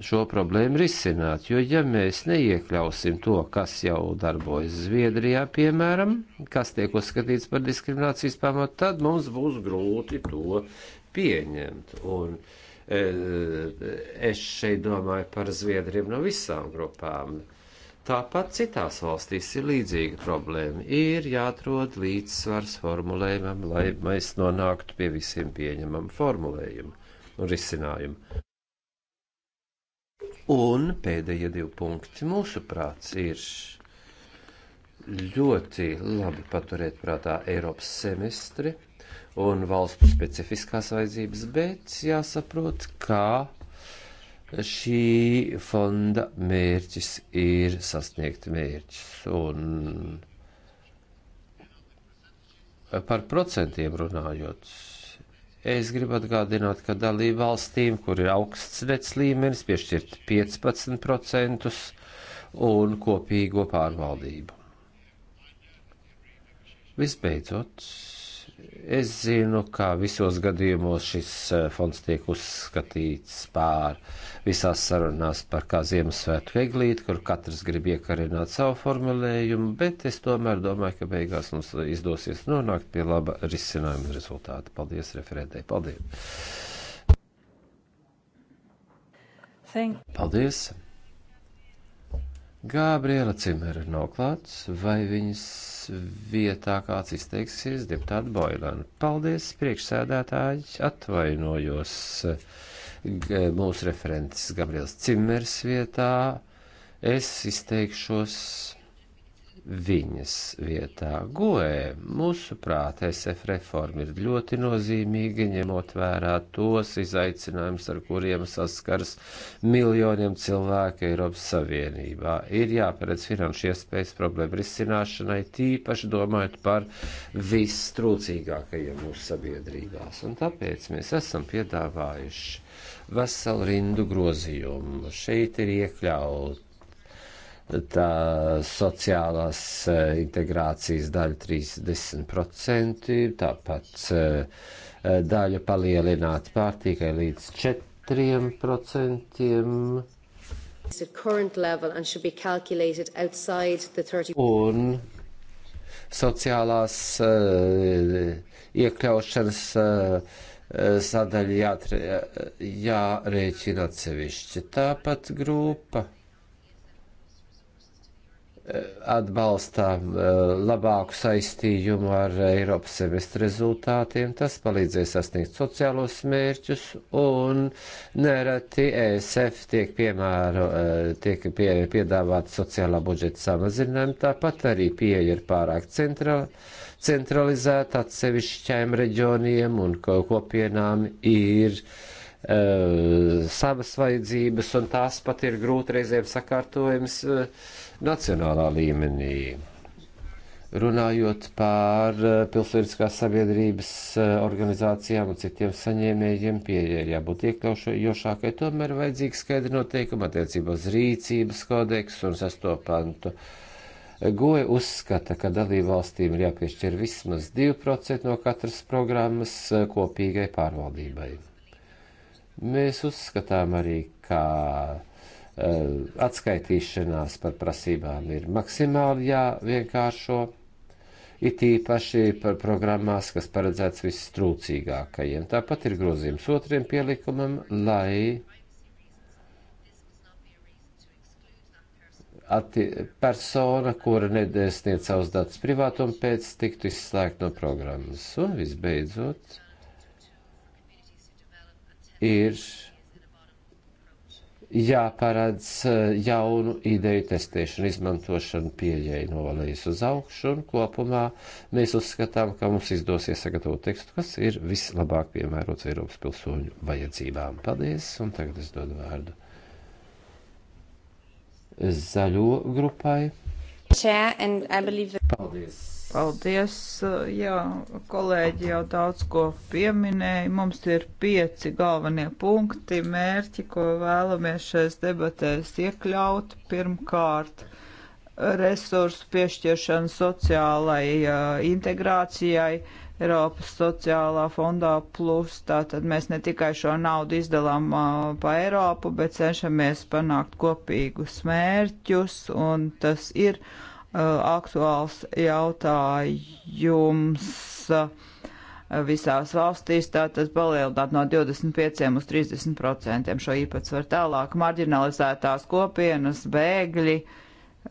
šo problēmu risināt, jo ja mēs neiekļausim to, kas jau darbojas Zviedrijā, piemēram, kas tiek uzskatīts par diskriminācijas pamatu, tad mums būs grūti to pieņemt. Un, e, Es šeit domāju par zviedriem no visām grupām. Uh, Tāpat citās valstīs ir līdzīga problēma. Ir jāatrod līdzsvars formulējumam, lai mēs nonāktu pie visiem pieņemamu formulējumu un risinājumu. Un pēdējie divi punkti mūsu prāts ir ļoti labi paturēt prātā Eiropas semestri un valstu specifiskās vajadzības, bet jāsaprot, kā šī fonda mērķis ir sasniegt mērķis. Un par procentiem runājot, es gribu atgādināt, ka dalību valstīm, kur ir augsts redzes līmenis, piešķirt 15% un kopīgo pārvaldību. Visbeidzot, Es zinu, ka visos gadījumos šis eh, fonds tiek uzskatīts pār visās sarunās par kā Ziemassvētku eglīti, kur katrs grib iekarināt savu formulējumu, bet es tomēr domāju, ka beigās mums izdosies nonākt pie laba risinājuma rezultāta. Paldies referentei, paldies! Thank. Paldies! Gabriela Cimera nav klāts, vai viņas vietā kāds izteiksies deputāta Boilana. Paldies, priekšsēdētāji, atvainojos mūsu referents Gabriels Cimers vietā. Es izteikšos viņas vietā. Goē, mūsuprāt, SF reforma ir ļoti nozīmīga, ņemot vērā tos izaicinājumus, ar kuriem saskars miljoniem cilvēku Eiropas Savienībā. Ir jāparedz finanšu iespējas problēmu risināšanai, tīpaši domājot par vistrūcīgākajiem mūsu sabiedrībās. Un tāpēc mēs esam piedāvājuši veselu rindu grozījumu. Šeit ir iekļaut tā sociālās e, integrācijas daļa 30%, tāpat e, e, daļa palielināta pārtīkai līdz 4%. Un sociālās uh, iekļaušanas uh, sadaļa jātre, jārēķina atsevišķi. Tāpat grupa atbalstām eh, labāku saistījumu ar Eiropas semestra rezultātiem. Tas palīdzēs sasniegt sociālos mērķus un nereti ESF tiek, piemēro, eh, tiek pie, piedāvāt sociālā budžeta samazinājumu. Tāpat arī pieeja ir pārāk centrala, centralizēta atsevišķiem reģioniem un kopienām ir uh, savas vajadzības un tās pat ir grūti reizēm sakārtojums. Uh, nacionālā līmenī. Runājot par eh, pilsoniskās sabiedrības eh, organizācijām un citiem saņēmējiem, pieejai jābūt iekļaujošākai, tomēr vajadzīgi skaidri noteikumi attiecībā uz rīcības kodeksu un sastopantu. Goja uzskata, ka dalībvalstīm ir jāpiešķir vismaz 2% no katras programmas eh, kopīgai pārvaldībai. Mēs uzskatām arī, ka Eh, atskaitīšanās par prasībām ir maksimāli jāvienkāršo, it īpaši par programmās, kas paredzēts vistrūcīgākajiem. Tāpat ir grozījums otriem pielikumam, lai atti, persona, kura nedēsniet savus datus privātumu pēc, tiktu izslēgt no programmas. Un visbeidzot, ir jāparedz eh, jaunu ideju testēšanu, izmantošanu pieejai no lejas uz augšu, un kopumā mēs uzskatām, ka mums izdosies sagatavot tekstu, kas ir vislabāk piemērots Eiropas pilsoņu vajadzībām. Paldies, un tagad es dodu vārdu zaļo grupai. Paldies! Paldies, uh, jā, kolēģi jau daudz ko pieminēja. Mums ir pieci galvenie punkti, mērķi, ko vēlamies šais debatēs iekļaut. Pirmkārt, resursu piešķiršana sociālai uh, integrācijai Eiropas sociālā fondā plus. Tātad mēs ne tikai šo naudu izdalām uh, pa Eiropu, bet cenšamies panākt kopīgus mērķus, un tas ir Uh, aktuāls jautājums uh, visās valstīs, tātad palielināt no 25 uz 30 procentiem šo īpatsvaru. Tālāk marginalizētās kopienas, bēgļi uh,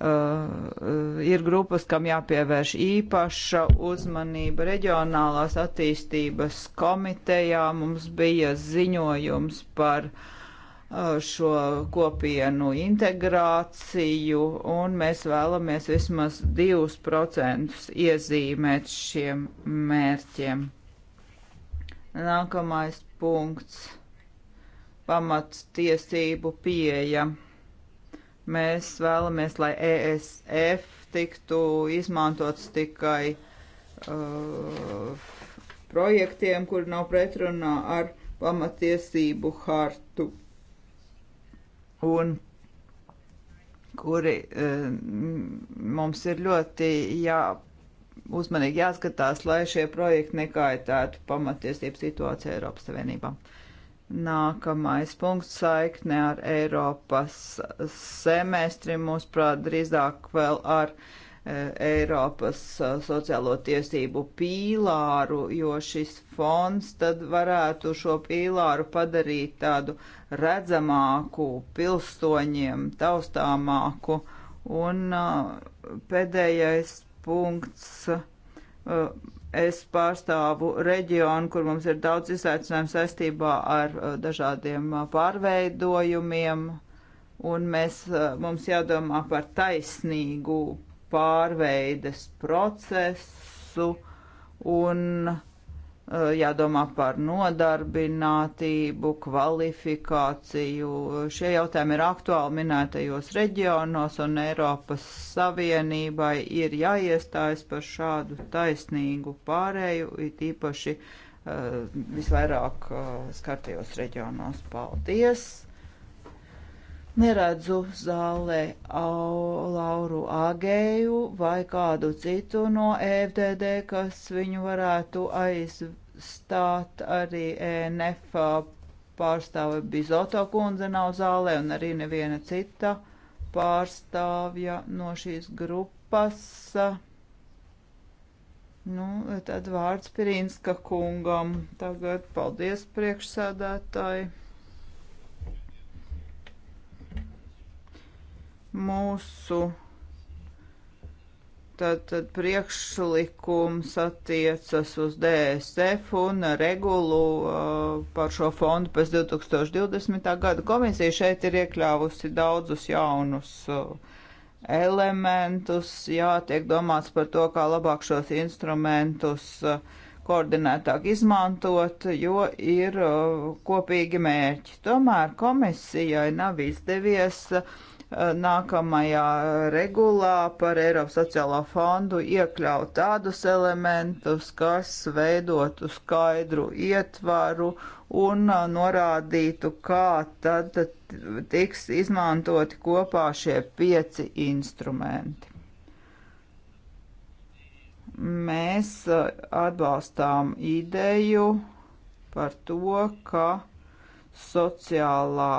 uh, ir grupas, kam jāpievērš īpaša uzmanība reģionālās attīstības komitejā. Mums bija ziņojums par uh, šo kopienu integrāciju, un mēs vēlamies vismaz 2% iezīmēt šiem mērķiem. Nākamais punkts - pamatstiesību pieeja. Mēs vēlamies, lai ESF tiktu izmantots tikai uh, projektiem, kur nav pretrunā ar pamatiesību hartu un kuri eh, mums ir ļoti jā, uzmanīgi jāskatās, lai šie projekti nekaitētu pamatiesību situāciju Eiropas Savienībā. Nākamais punkts saikne ar Eiropas semestri, mūsuprāt, drīzāk vēl ar uh, Eiropas uh, sociālo tiesību pīlāru, jo šis fonds tad varētu šo pīlāru padarīt tādu redzamāku pilsoņiem, taustāmāku. Un uh, pēdējais punkts. Uh, es pārstāvu reģionu, kur mums ir daudz izaicinājumu saistībā ar dažādiem pārveidojumiem, un mēs, mums jādomā par taisnīgu pārveides procesu un eh, jādomā par nodarbinātību, kvalifikāciju. Šie jautājumi ir aktuāli minētajos reģionos, un Eiropas Savienībai ir jāiestājas par šādu taisnīgu pārēju, it īpaši eh, visvairāk eh, skartajos reģionos. Paldies! Neredzu zālē au, Lauru Agēju vai kādu citu no EFDD, kas viņu varētu aizstāt arī ENF pārstāve Bizoto kundze nav zālē un arī neviena cita pārstāvja no šīs grupas. Nu, tad vārds Pirinska kungam. Tagad paldies priekšsēdētāji. mūsu tad, tad priekšlikums attiecas uz DSF un regulu uh, par šo fondu pēc 2020. gada. Komisija šeit ir iekļāvusi daudzus jaunus uh, elementus, jā, tiek domāts par to, kā labāk šos instrumentus uh, koordinētāk izmantot, jo ir kopīgi mērķi. Tomēr komisijai nav izdevies uh, nākamajā regulā par Eiropas sociālo fondu iekļaut tādus elementus, kas veidotu skaidru ietvaru un norādītu, kā tad tiks izmantoti kopā šie pieci instrumenti. Mēs uh, atbalstām ideju par to, ka sociālā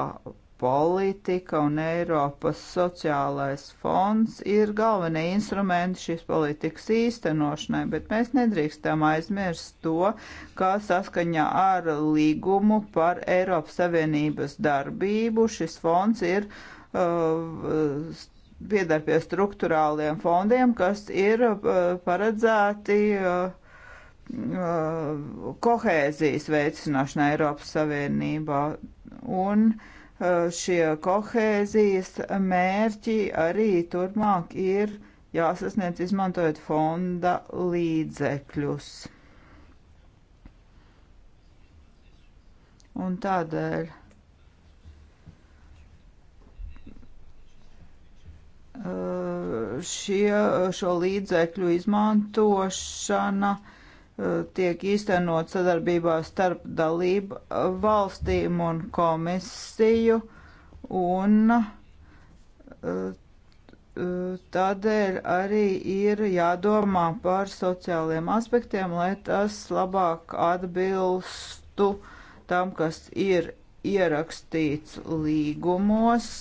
politika un Eiropas sociālais fonds ir galvenie instrumenti šīs politikas īstenošanai, bet mēs nedrīkstam aizmirst to, ka saskaņā ar līgumu par Eiropas Savienības darbību šis fonds ir uh, piedar pie struktūrāliem fondiem, kas ir uh, paredzēti uh, uh kohēzijas veicināšana Eiropas Savienībā. Un uh, Eh, šie kohēzijas mērķi arī turpmāk ir jāsasniedz izmantojot fonda līdzekļus. Un tādēļ eh, šie, šo līdzekļu izmantošana uh, tiek īstenot sadarbībā starp dalību valstīm un komisiju, un eh, tādēļ arī ir jādomā par sociāliem aspektiem, lai tas labāk atbilstu tam, kas ir ierakstīts līgumos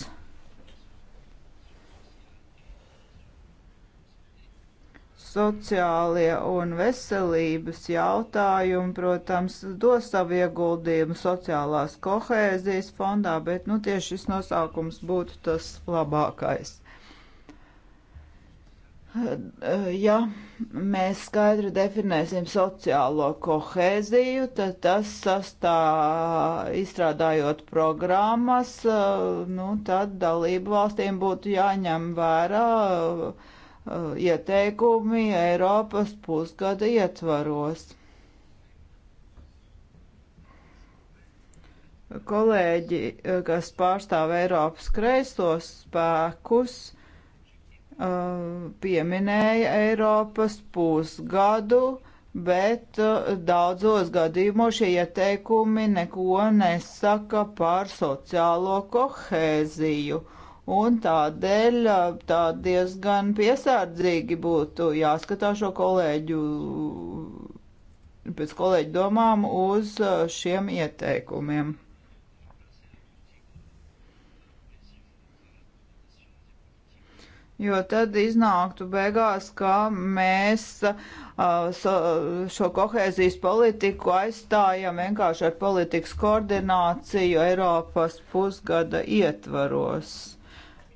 sociālie un veselības jautājumi, protams, dos savu ieguldījumu sociālās kohēzijas fondā, bet nu, tieši šis nosaukums būtu tas labākais. Ja mēs skaidri definēsim sociālo kohēziju, tad tas sastā, izstrādājot programmas, nu, tad dalību valstīm būtu jāņem vērā uh, Uh, ieteikumi Eiropas pusgada ietvaros. Kolēģi, uh, kas pārstāv Eiropas kreisos spēkus, uh, pieminēja Eiropas pusgadu, bet daudzos gadījumos šie ieteikumi neko nesaka par sociālo kohēziju. Uh, un tādēļ tā diezgan piesardzīgi būtu jāskatā šo kolēģu, pēc kolēģu domām uz šiem ieteikumiem. Jo tad iznāktu beigās, ka mēs šo kohēzijas politiku aizstājam vienkārši ar politikas koordināciju Eiropas pusgada ietvaros.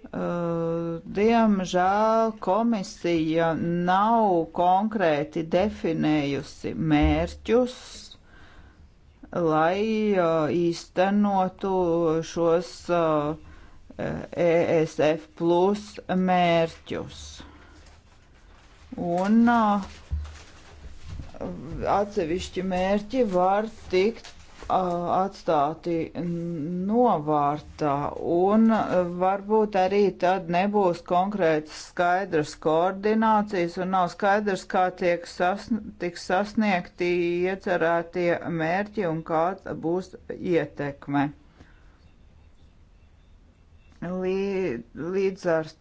Uh, diemžēl komisija nav konkrēti definējusi mērķus, lai uh, īstenotu šos uh, ESF plus mērķus. Un atsevišķi mērķi var tikt atstāti novārtā un varbūt arī tad nebūs konkrētas skaidras koordinācijas un nav skaidrs, kā tiek sasn tiks sasniegti iecerētie mērķi un kāda būs ietekme. Līdz ar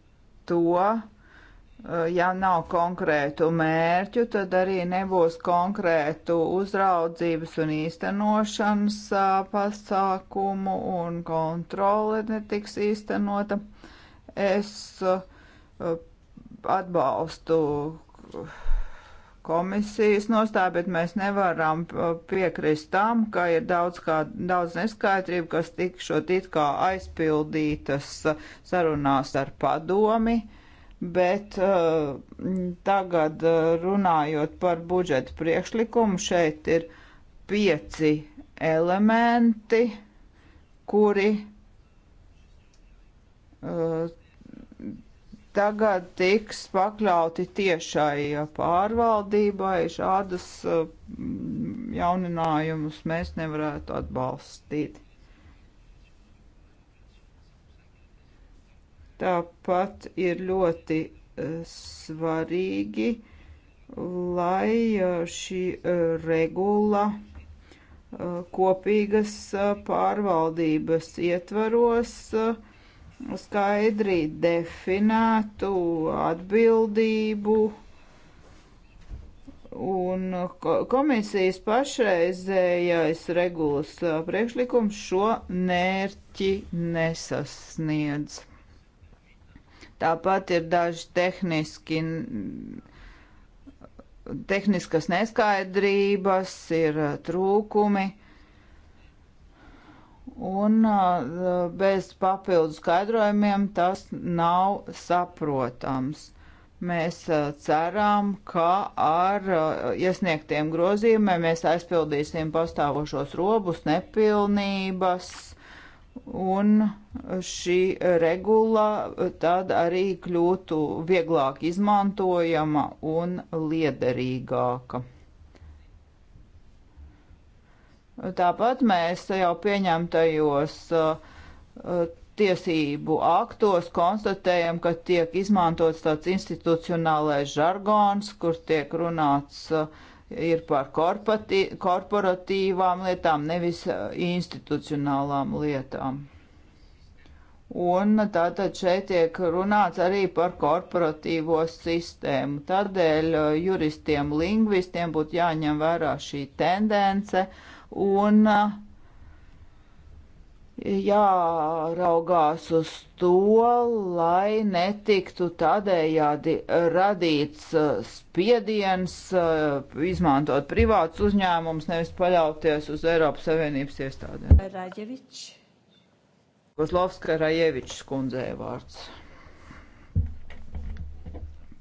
to Eh, ja nav konkrētu mērķu, tad arī nebūs konkrētu uzraudzības un īstenošanas eh, pasākumu un kontrole netiks īstenota. Es eh, atbalstu komisijas nostāju, bet mēs nevaram piekrist tam, ka ir daudz, kā, daudz neskaidrību, kas tikšot it kā aizpildītas sarunās ar padomi. Uh, bet uh, tagad uh, runājot par budžeta priekšlikumu, šeit ir pieci elementi, kuri uh, tagad tiks pakļauti tiešai pārvaldībai. Šādas uh, jauninājumus mēs nevarētu atbalstīt. Tāpat ir ļoti e, svarīgi, lai e, šī e, regula kopīgas pārvaldības ietvaros skaidri definētu atbildību un komisijas pašreizējais regulas priekšlikums šo mērķi nesasniedz. Tāpat ir daži tehniski, tehniskas neskaidrības, ir trūkumi. Un bez papildu skaidrojumiem tas nav saprotams. Mēs ceram, ka ar iesniegtiem grozījumiem mēs aizpildīsim pastāvošos robus, nepilnības un šī regula tad arī kļūtu vieglāk izmantojama un liederīgāka. Tāpat mēs jau pieņemtajos uh, tiesību aktos konstatējam, ka tiek izmantots tāds institucionālais žargons, kur tiek runāts uh, ir par korporatīvām lietām, nevis institucionālām lietām. Un tātad šeit tiek runāts arī par korporatīvo sistēmu. Tādēļ juristiem, lingvistiem būtu jāņem vērā šī tendence un uh, jāraugās uz to, lai netiktu tādējādi radīts uh, spiediens, uh, izmantot privātus uzņēmumus, nevis paļauties uz Eiropas Savienības iestādēm. Rajevič. Kozlovska Rajevičs kundzē vārds.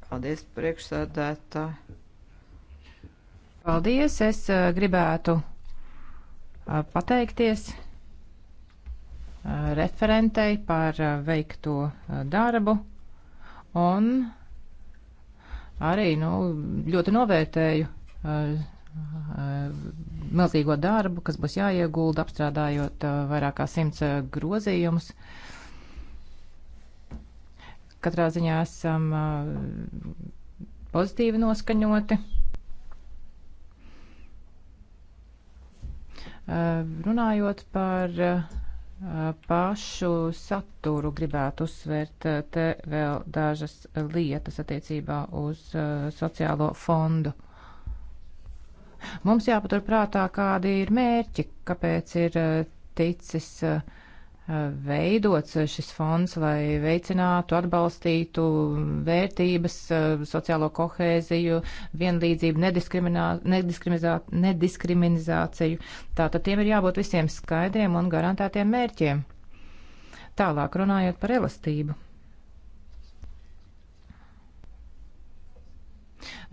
Paldies, priekšsēdētāji. Paldies, es uh, gribētu pateikties referentei par eh, veikto eh, darbu un arī nu, ļoti novērtēju eh, milzīgo darbu, kas būs jāiegulda apstrādājot vairāk kā simts grozījumus. Katrā ziņā esam pozitīvi noskaņoti. Runājot par pašu saturu gribētu uzsvērt eh, te vēl dažas lietas attiecībā uz eh, sociālo fondu. Mums jāpatur prātā, kādi ir mērķi, kāpēc ir eh, ticis uh, veidots šis fonds, lai veicinātu, atbalstītu vērtības, sociālo kohēziju, vienlīdzību, nediskriminizāciju. Tātad tiem ir jābūt visiem skaidriem un garantētiem mērķiem. Tālāk runājot par elastību.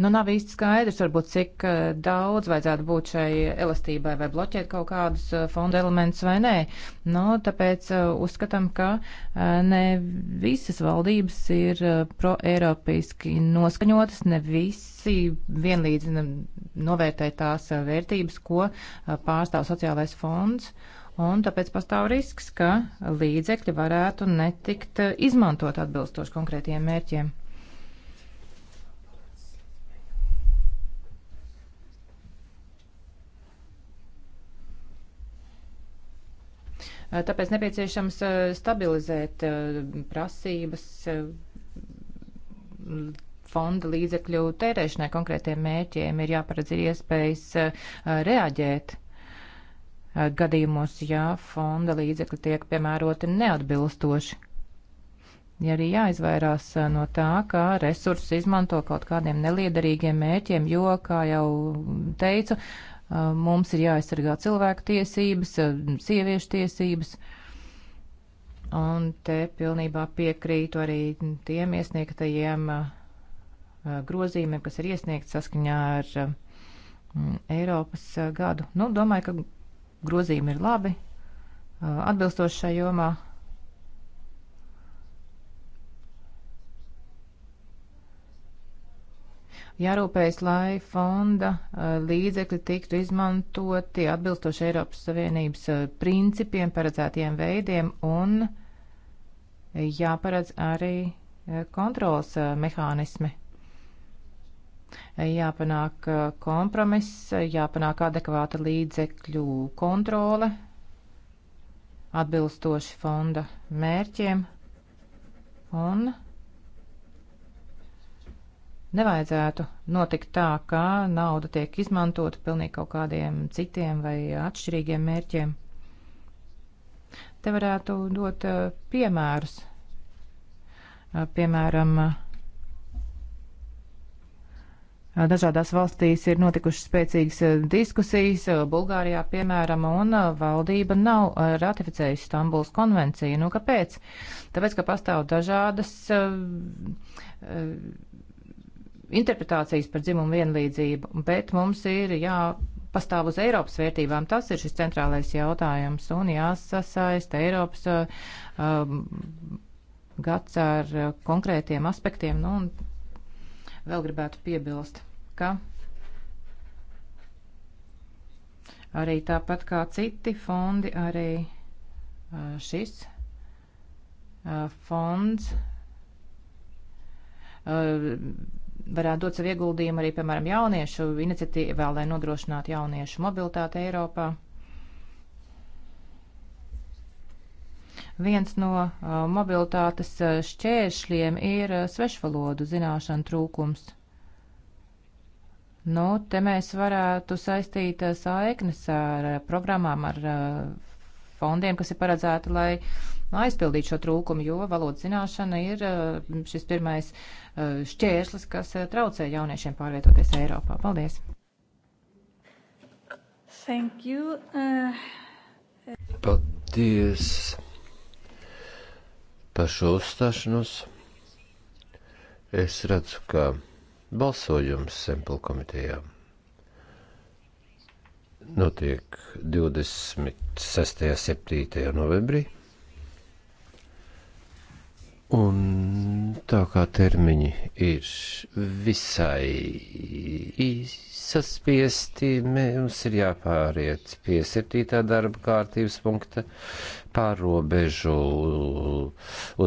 Nu, nav īsti skaidrs, varbūt cik eh, daudz vajadzētu būt šai elastībai vai bloķēt kaut kādus eh, fonda elementus vai nē. Nu, tāpēc eh, uzskatām, ka ne visas valdības ir proeiropeiski noskaņotas, ne visi vienlīdz novērtē tās vērtības, ko pārstāv sociālais fonds un tāpēc pastāv risks, ka līdzekļi varētu netikt izmantot atbilstoši konkrētiem mērķiem. Eh, tāpēc nepieciešams eh, stabilizēt eh, prasības fonda līdzekļu tērēšanai konkrētiem mēķiem. Ir jāparedz ir iespējas reaģēt gadījumos, ja fonda līdzekļi tiek piemēroti neatbilstoši. Ja arī jāizvairās no tā, ka resursus izmanto kaut kādiem neliederīgiem mērķiem, jo, kā jau teicu, Uh, mums ir jāaizsargā cilvēku tiesības, uh, sieviešu tiesības. Un te pilnībā piekrītu arī tiem iesniegtajiem uh, grozījumiem, kas ir iesniegts saskaņā ar mm, Eiropas gadu. Nu, domāju, ka grozījumi ir labi, atbilstoši šai jomā. jārūpējas, lai fonda eh, līdzekļi tiktu izmantoti atbilstoši Eiropas Savienības eh, principiem, paredzētiem veidiem un jāparedz arī eh, kontrols mehānismi. Jāpanāk kompromiss, jāpanāk adekvāta līdzekļu kontrole atbilstoši fonda mērķiem un nevajadzētu notikt tā, ka nauda tiek izmantota pilnīgi kaut kādiem citiem vai atšķirīgiem mērķiem. Te varētu dot uh, piemērus. Uh, piemēram, uh, Dažādās valstīs ir notikušas spēcīgas diskusijas, Bulgārijā piemēram, un valdība nav ratificējusi Stambuls konvenciju. Nu, kāpēc? Tāpēc, ka pastāv dažādas uh, uh, interpretācijas par dzimumu vienlīdzību, bet mums ir jāpastāv uz Eiropas vērtībām. Tas ir šis centrālais jautājums un jāsasaista Eiropas uh, um, gads ar uh, konkrētiem aspektiem. Nu, un vēl gribētu piebilst, ka arī tāpat kā citi fondi, arī uh, šis fonds varētu dot savu ieguldījumu arī, piemēram, jauniešu iniciatīvā, lai nodrošinātu jauniešu mobilitāti Eiropā. Viens no uh, mobilitātes uh, šķēršļiem ir uh, svešvalodu zināšanu trūkums. Nu, te mēs varētu saistīt saiknes ar programmām, ar fondiem, kas ir paredzēti, lai uh, Nu, aizpildīt šo trūkumu, jo valodas zināšana ir eh, šis pirmais eh, šķērslis, kas eh, traucē jauniešiem pārvietoties Eiropā. Paldies! Thank you. Uh... Paldies par šo uzstāšanos. Es redzu, ka balsojums Sempla komitejā notiek 26. un 7. novembrī. Un tā kā termiņi ir visai saspiesti, mums ir jāpāriet pie septītā darba kārtības punkta pārobežu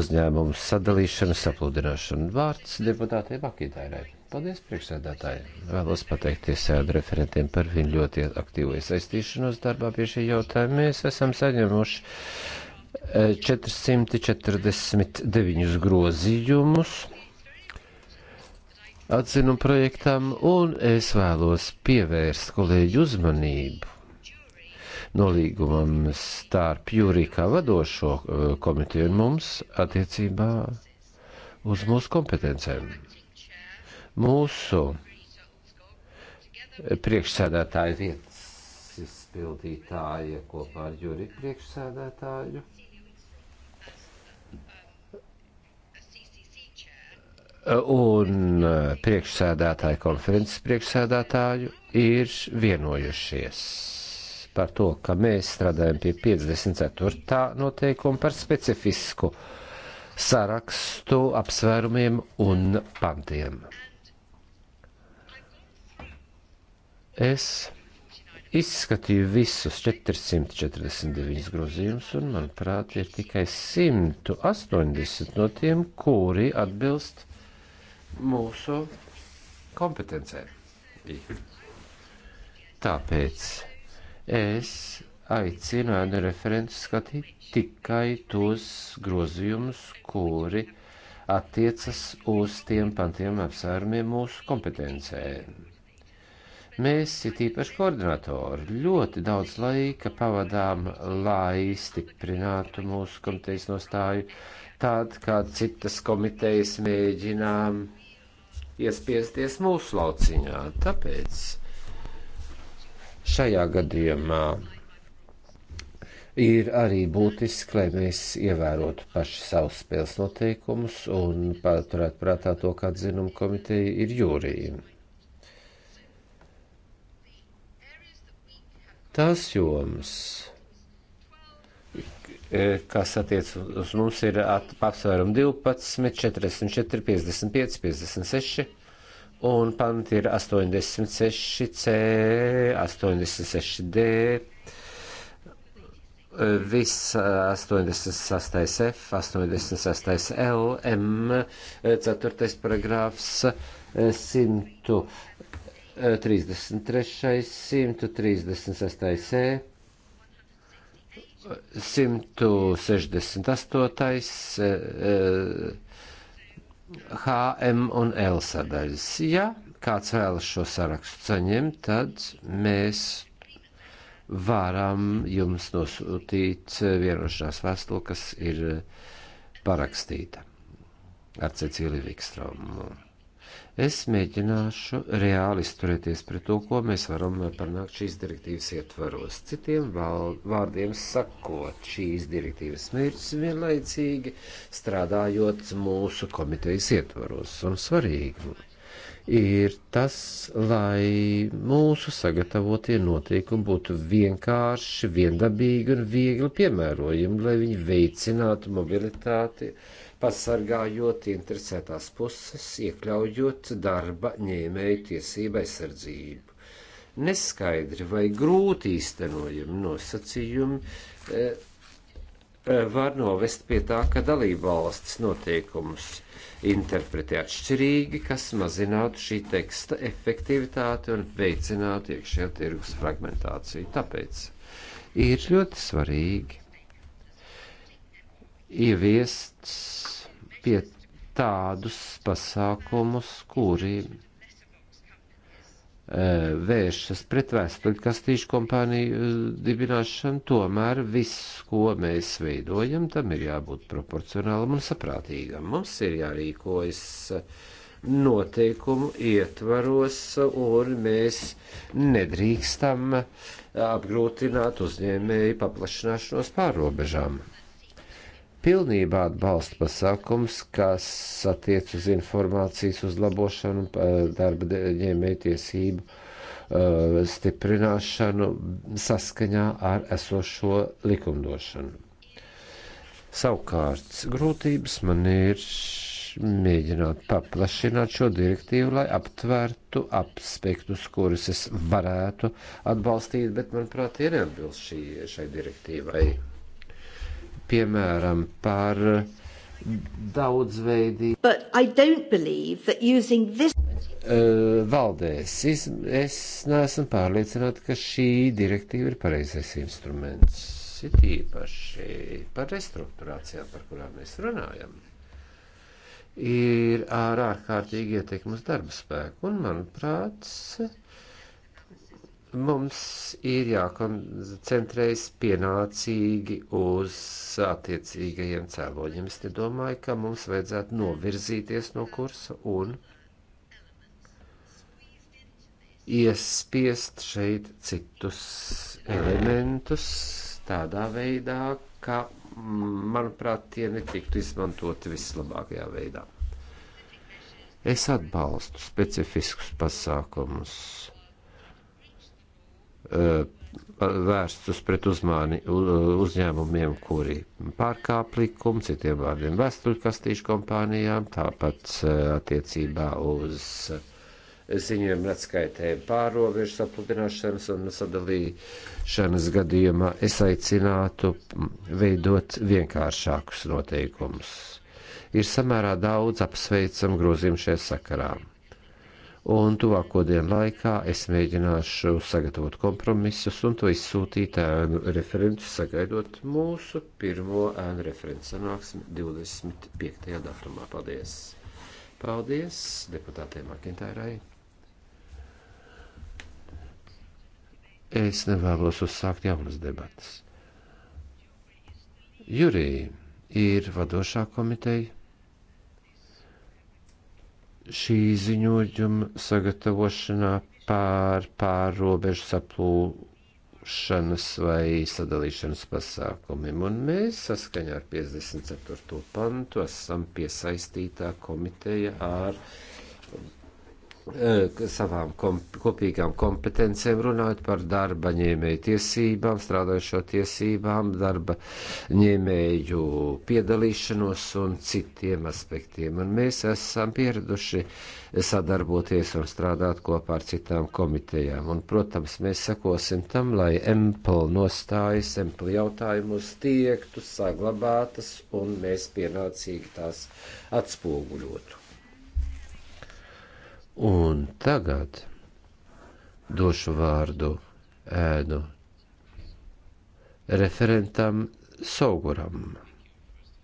uzņēmumu sadalīšanu, sapludināšanu. Vārds deputātei Bakītājai. Paldies, priekšsēdētāji. Vēlos pateikties sēdu referentiem par viņu ļoti aktīvo iesaistīšanos darbā pie šī jautājuma. Mēs esam saņemuši 449 grozījumus atzinu projektam, un es vēlos pievērst kolēģu uzmanību nolīgumam starp jūrīkā vadošo eh, komiteju un mums attiecībā uz mūsu kompetencēm. Mūsu priekšsēdētāja vietas izpildītāja kopā ar jūrīku priekšsēdētāju un uh, priekšsēdētāju konferences priekšsēdētāju ir vienojušies par to, ka mēs strādājam pie 54. noteikuma par specifisku sarakstu apsvērumiem un pantiem. Es izskatīju visus 449 grozījumus, un, manuprāt, ir tikai 180 no tiem, kuri atbilst uh, mūsu kompetencē. Tāpēc es aicinu ēnu referentu skatīt tikai tos grozījumus, kuri attiecas uz tiem pantiem apsvērumiem mūsu kompetencē. Mēs, it īpaši koordinatori, ļoti daudz laika pavadām, lai stiprinātu mūsu komitejas nostāju, tād kā citas komitejas mēģinām iespiesties mūsu lauciņā. Tāpēc šajā gadījumā ir arī būtiski, lai mēs ievērotu paši savus spēles noteikumus un paturētu prātā to, kā dzinuma komiteja ir jūrija. Tās jomas, E, kas attiec uz mums, ir apsvērumi 12, 44, 55, 56 un panti ir 86, C, 86, D, e, viss 86, F, 86, L, M, 4. E, paragrāfs, 133, 136, E. 168. Eh, eh, HM un L sadaļas. Ja kāds vēlas šo sarakstu saņemt, tad mēs varam jums nosūtīt eh, vienošanās vēstuli, kas ir parakstīta ar Cecīliju Vikstraumu. Es mēģināšu reāli izturēties pret to, ko mēs varam panākt šīs direktīvas ietvaros. Citiem vārdiem sakot, šīs direktīvas mērķis vienlaicīgi strādājot mūsu komitejas ietvaros un svarīgi ir tas, lai mūsu sagatavotie noteikumi būtu vienkārši, viendabīgi un viegli piemērojami, lai viņi veicinātu mobilitāti pasargājot interesētās puses, iekļaujot darba ņēmēju tiesību aizsardzību. Neskaidri vai grūti īstenojami nosacījumi e, e var novest pie tā, ka dalība valsts noteikumus interpretē atšķirīgi, kas mazinātu šī teksta efektivitāti un veicinātu iekšējā tirgus fragmentāciju. Tāpēc ir ļoti svarīgi ieviest pie tādus pasākumus, kuri e, vēršas pret vēstuļkastīšu kompāniju e, dibināšanu, tomēr viss, ko mēs veidojam, tam ir jābūt proporcionālam un saprātīgam. Mums ir jārīkojas noteikumu ietvaros, un mēs nedrīkstam apgrūtināt uzņēmēju paplašināšanos pārobežām pilnībā atbalsta pasākums, kas attiec uz informācijas uzlabošanu, darba ņēmēju tiesību uh, stiprināšanu saskaņā ar esošo likumdošanu. Savukārt, grūtības man ir mēģināt paplašināt šo direktīvu, lai aptvērtu aspektus, kurus es varētu atbalstīt, bet, manuprāt, ir neatbilst šai direktīvai. Mm piemēram, par daudzveidību. This... Uh, valdēs, es, es neesmu pārliecināta, ka šī direktīva ir pareizais instruments. Ir īpaši par restruktūrācijām, par kurām mēs runājam, ir ar ārkārtīgi ietekmi uz darba spēku. Un, manuprāt, mums ir jākoncentrējas pienācīgi uz attiecīgajiem cēloņiem. Es nedomāju, ka mums vajadzētu novirzīties no kursa un iespiest šeit citus elementus tādā veidā, ka, manuprāt, tie netiktu izmantoti vislabākajā veidā. Es atbalstu specifiskus pasākumus Eh, vērstus pret uzmāni uzņēmumiem, kuri pārkāp likumu, citiem vārdiem vēstuļkastīšu kompānijām, tāpat eh, attiecībā uz ziņojumu atskaitēm pārobežu sapludināšanas un sadalīšanas gadījumā es aicinātu veidot vienkāršākus noteikumus. Ir samērā daudz apsveicam grozījumu šajā sakarām un tuvāko dienu laikā es mēģināšu sagatavot kompromisus un to izsūtīt ēnu referenci, sagaidot mūsu pirmo ēnu referenci sanāksmi 25. datumā. Paldies! Paldies deputātei Makintārai! Es nevēlos uzsākt jaunas debatas. Jurija ir vadošā komiteja šī ziņojuma sagatavošanā pār pārrobežu saplūšanas vai sadalīšanas pasākumiem, un mēs saskaņā ar 54. pantu esam piesaistītā komiteja ar savām komp kopīgām kompetencēm, runājot par darba ņēmēju tiesībām, strādājušo tiesībām, darba ņēmēju piedalīšanos un citiem aspektiem. Un mēs esam pieraduši sadarboties un strādāt kopā ar citām komitejām. Un, protams, mēs sekosim tam, lai MPL nostājas, MPL jautājumus tiektu saglabātas un mēs pienācīgi tās atspoguļotu. Un tagad došu vārdu ēnu referentam Sauguram.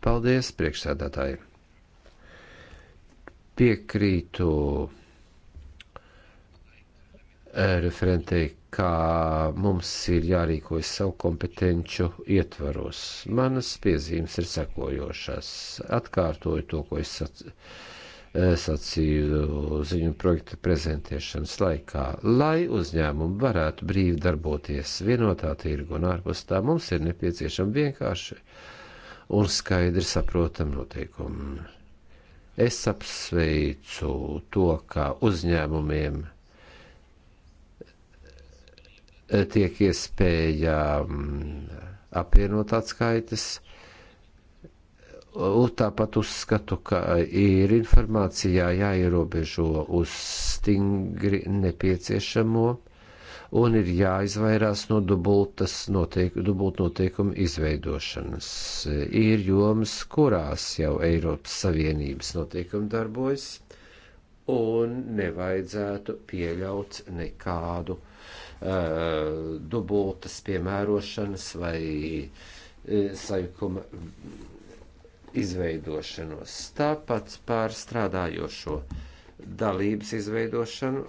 Paldies, priekšsēdētāji! Piekrītu referentei, kā mums ir jārīkojas savu kompetenču ietvaros. Manas piezīmes ir sekojošas. Atkārtoju to, ko es sacīju sacīju ziņu projektu prezentēšanas laikā. Lai uzņēmumi varētu brīvi darboties vienotā tirgu un ārpus tā, mums ir nepieciešama vienkārši un skaidri saprotama noteikuma. Es apsveicu to, ka uzņēmumiem tiek iespēja mm, apvienot atskaites Tāpat uzskatu, ka ir informācijā jāierobežo uz stingri nepieciešamo un ir jāizvairās no dubultas noteik dubult noteikumu izveidošanas. Ir jomas, kurās jau Eiropas Savienības noteikumi darbojas, un nevajadzētu pieļaut nekādu uh, dubultas piemērošanas vai uh, sajukuma izveidošanos. Tāpat par strādājošo dalības izveidošanu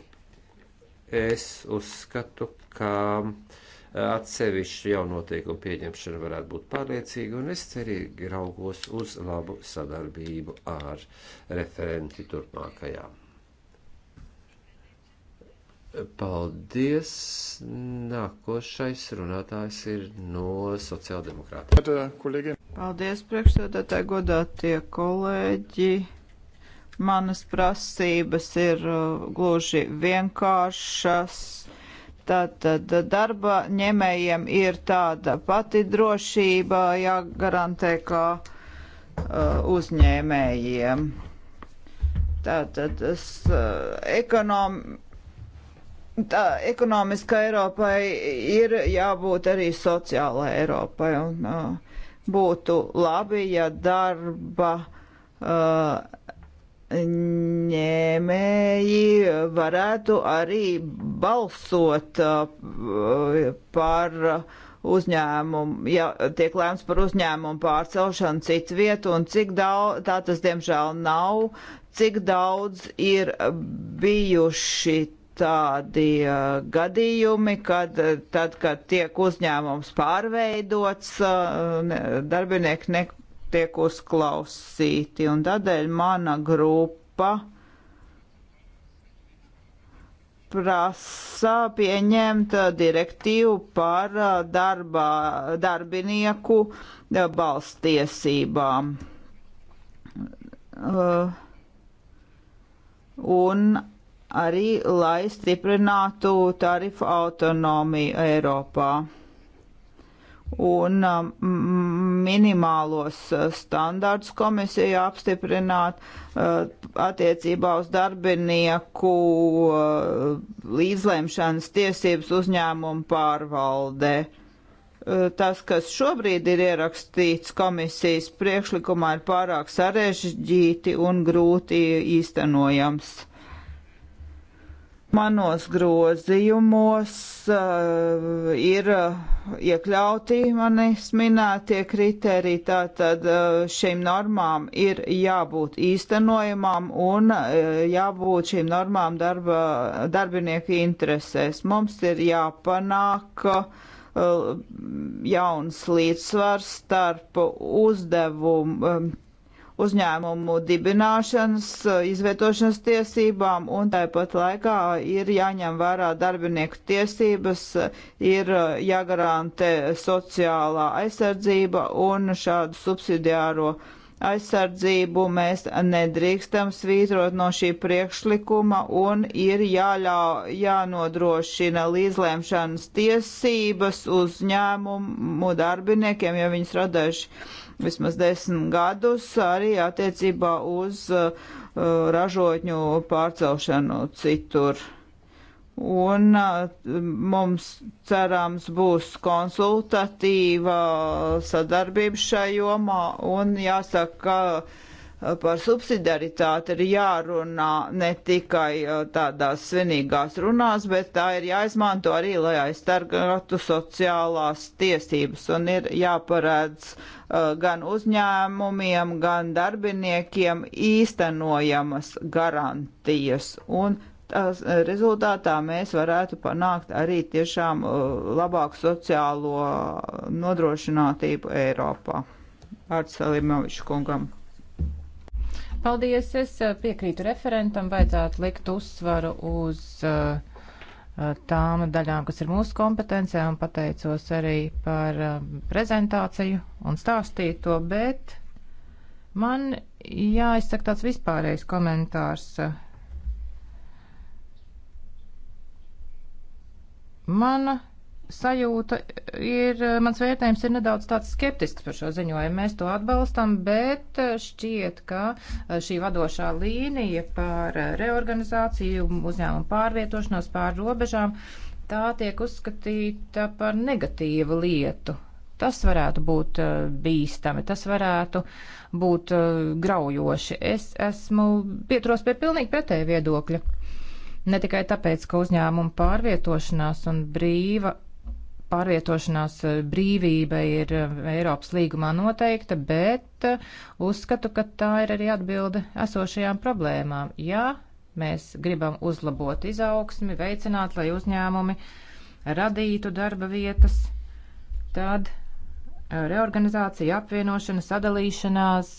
es uzskatu, ka e, atsevišķu jaunoteikumu pieņemšana varētu būt pārliecīga, un es cerīgi raugos uz labu sadarbību ar referenti turpmākajām Paldies! Nākošais runātājs ir no sociāldemokrātiem. Paldies, priekšsēdētāji, godātie kolēģi! Manas prasības ir uh, gluži vienkāršas. Tātad darba ņēmējiem ir tāda pati drošība jāgarantē kā uh, uzņēmējiem. Tātad es, uh, ekonom, tā ekonomiska Eiropai ir jābūt arī sociālai Eiropai. Un, uh, būtu labi, ja darba uh, ņēmēji varētu arī balsot uh, par uzņēmumu, ja tiek lēmts par uzņēmumu pārcelšanu citu vietu un cik daudz, tā tas diemžēl nav, cik daudz ir bijuši tādi uh, gadījumi, kad tad, kad tiek uzņēmums pārveidots, uh, ne, darbinieki netiek uzklausīti. Un tādēļ mana grupa prasa pieņemt direktīvu par darbā, darbinieku balstiesībām. Uh, un arī, lai stiprinātu tarifu autonomiju Eiropā un um, minimālos uh, standārts komisija apstiprināt uh, attiecībā uz darbinieku uh, līdzlēmšanas tiesības uzņēmumu pārvaldē. Tas, kas šobrīd ir ierakstīts komisijas priekšlikumā, ir pārāk sarežģīti un grūti īstenojams Manos grozījumos uh, ir eh, iekļauti manis minētie kriteriji, tātad uh, šīm normām ir jābūt īstenojumām un uh, jābūt šīm normām darba, darbinieku interesēs. Mums ir jāpanāk uh, jauns līdzsvars starp uzdevumu. Uh, uzņēmumu dibināšanas, izvietošanas tiesībām, un tāpat laikā ir jāņem vērā darbinieku tiesības, ir jāgarantē sociālā aizsardzība un šādu subsidiāro aizsardzību mēs nedrīkstam svītrot no šī priekšlikuma un ir jāļau, jānodrošina līdzlēmšanas tiesības uzņēmumu darbiniekiem, ja viņas radējuši vismaz desmit gadus arī attiecībā uz uh, ražotņu pārcelšanu citur. Un uh, mums cerams būs konsultatīva sadarbība šajā jomā un jāsaka, ka par subsidiaritāti ir jārunā ne tikai uh, tādās svinīgās runās, bet tā ir jāizmanto arī, lai aizstargātu sociālās tiesības un ir jāparēdz uh, gan uzņēmumiem, gan darbiniekiem īstenojamas garantijas. Un tās uh, rezultātā mēs varētu panākt arī tiešām labāku sociālo nodrošinātību Eiropā. Ar Salimoviču kungam. Paldies, es eh, piekrītu referentam, vajadzētu likt uzsvaru uz eh, eh, tām daļām, kas ir mūsu kompetencijā, un pateicos arī par prezentāciju un stāstīto, bet man jāizsaka tāds vispārējais komentārs. Mana sajūta ir, eh, mans vērtējums ir nedaudz tāds skeptisks par šo ziņojumu. Mēs to atbalstam, bet eh, šķiet, ka eh, šī vadošā līnija par reorganizāciju, uzņēmumu pārvietošanos pār robežām, tā tiek uzskatīta par negatīvu lietu. Tas varētu būt bīstami, tas varētu būt graujoši. Es esmu pieturos pie pilnīgi pretēja viedokļa. Ne tikai tāpēc, ka uzņēmuma pārvietošanās un brīva pārvietošanās eh, brīvība ir eh, Eiropas līgumā noteikta, bet eh, uzskatu, ka tā ir arī atbilde esošajām problēmām. Jā, mēs gribam uzlabot izaugsmi, veicināt, lai uzņēmumi radītu darba vietas, tad reorganizācija, apvienošana, sadalīšanās,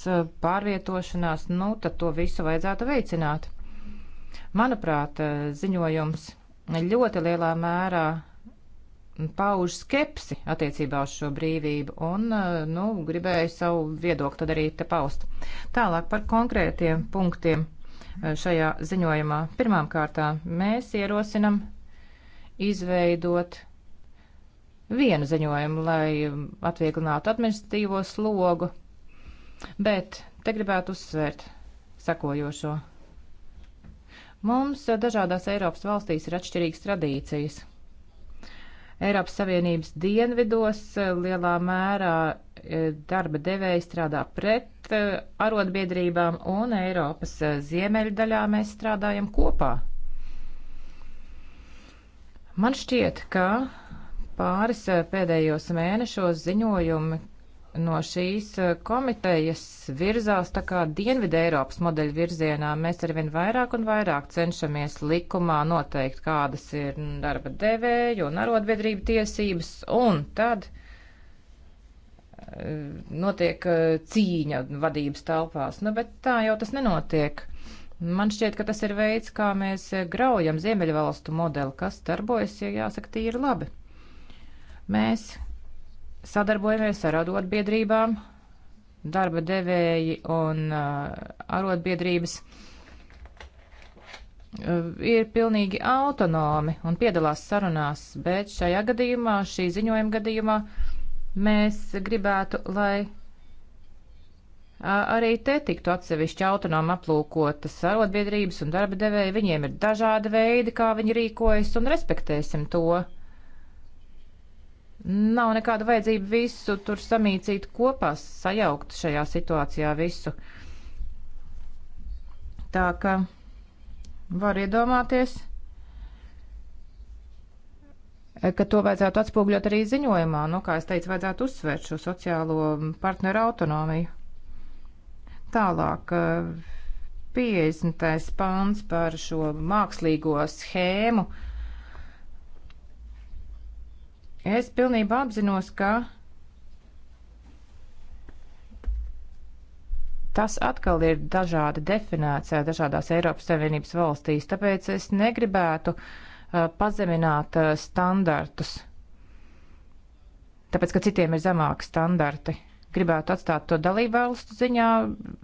pārvietošanās, nu, tad to visu vajadzētu veicināt. Manuprāt, ziņojums ļoti lielā mērā pauž skepsi attiecībā uz šo brīvību un, eh, nu, gribēju savu viedokli tad arī te paust. Tālāk par konkrētiem punktiem eh, šajā ziņojumā. Pirmām kārtām mēs ierosinam izveidot vienu ziņojumu, lai atvieglinātu administratīvo slogu, bet te gribētu uzsvērt sekojošo. Mums dažādās Eiropas valstīs ir atšķirīgas tradīcijas Eiropas Savienības dienvidos eh, lielā mērā eh, darba devēji strādā pret eh, arotbiedrībām, un Eiropas ziemeļu daļā mēs strādājam kopā. Man šķiet, ka pāris pēdējos mēnešos ziņojumi, no šīs eh, komitejas virzās tā kā Dienvidē Eiropas modeļa virzienā. Mēs arvien vairāk un vairāk cenšamies likumā noteikt, kādas ir darba devēju un arotbiedrību tiesības, un tad eh, notiek eh, cīņa vadības telpās. Nu, bet tā jau tas nenotiek. Man šķiet, ka tas ir veids, kā mēs graujam Ziemeļvalstu modeli, kas darbojas, ja jāsaka, tīri labi. Mēs sadarbojamies ar arotbiedrībām, darba devēji un uh, arotbiedrības uh, ir pilnīgi autonomi un piedalās sarunās, bet šajā gadījumā, šī ziņojuma gadījumā, mēs gribētu, lai uh, arī te tiktu atsevišķi autonomi aplūkotas arotbiedrības un darba devēja. Viņiem ir dažādi veidi, kā viņi rīkojas, un respektēsim to. Nav nekāda vajadzība visu tur samīcīt kopā, sajaukt šajā situācijā visu. Tā ka var iedomāties, ka to vajadzētu atspūgļot arī ziņojumā. Nu, kā es teicu, vajadzētu uzsvērt šo sociālo partneru autonomiju. Tālāk, 50. Eh, pāns par šo mākslīgo schēmu. Uh, Es pilnībā apzinos, ka tas atkal ir dažādi definēts eh, dažādās Eiropas Savienības valstīs, tāpēc es negribētu eh, pazemināt eh, standartus, tāpēc ka citiem ir zemāki standarti gribētu atstāt to dalībvalstu ziņā,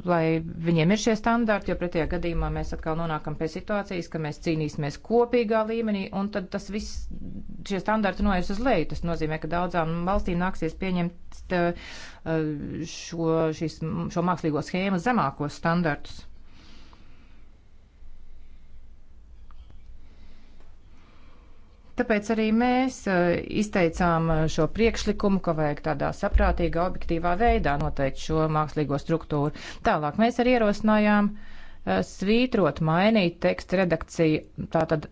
lai viņiem ir šie standarti, jo pretējā gadījumā mēs atkal nonākam pie situācijas, ka mēs cīnīsimies kopīgā līmenī, un tad tas viss, šie standarti noies uz leju. Tas nozīmē, ka daudzām valstīm nāksies pieņemt uh, uh, šo, šis, šo mākslīgo schēmu zemākos standartus. Tāpēc arī mēs eh, izteicām eh, šo priekšlikumu, ka vajag tādā saprātīgā, objektīvā veidā noteikt šo mākslīgo struktūru. Tālāk mēs arī ierosinājām eh, svītrot, mainīt tekstu redakciju, tātad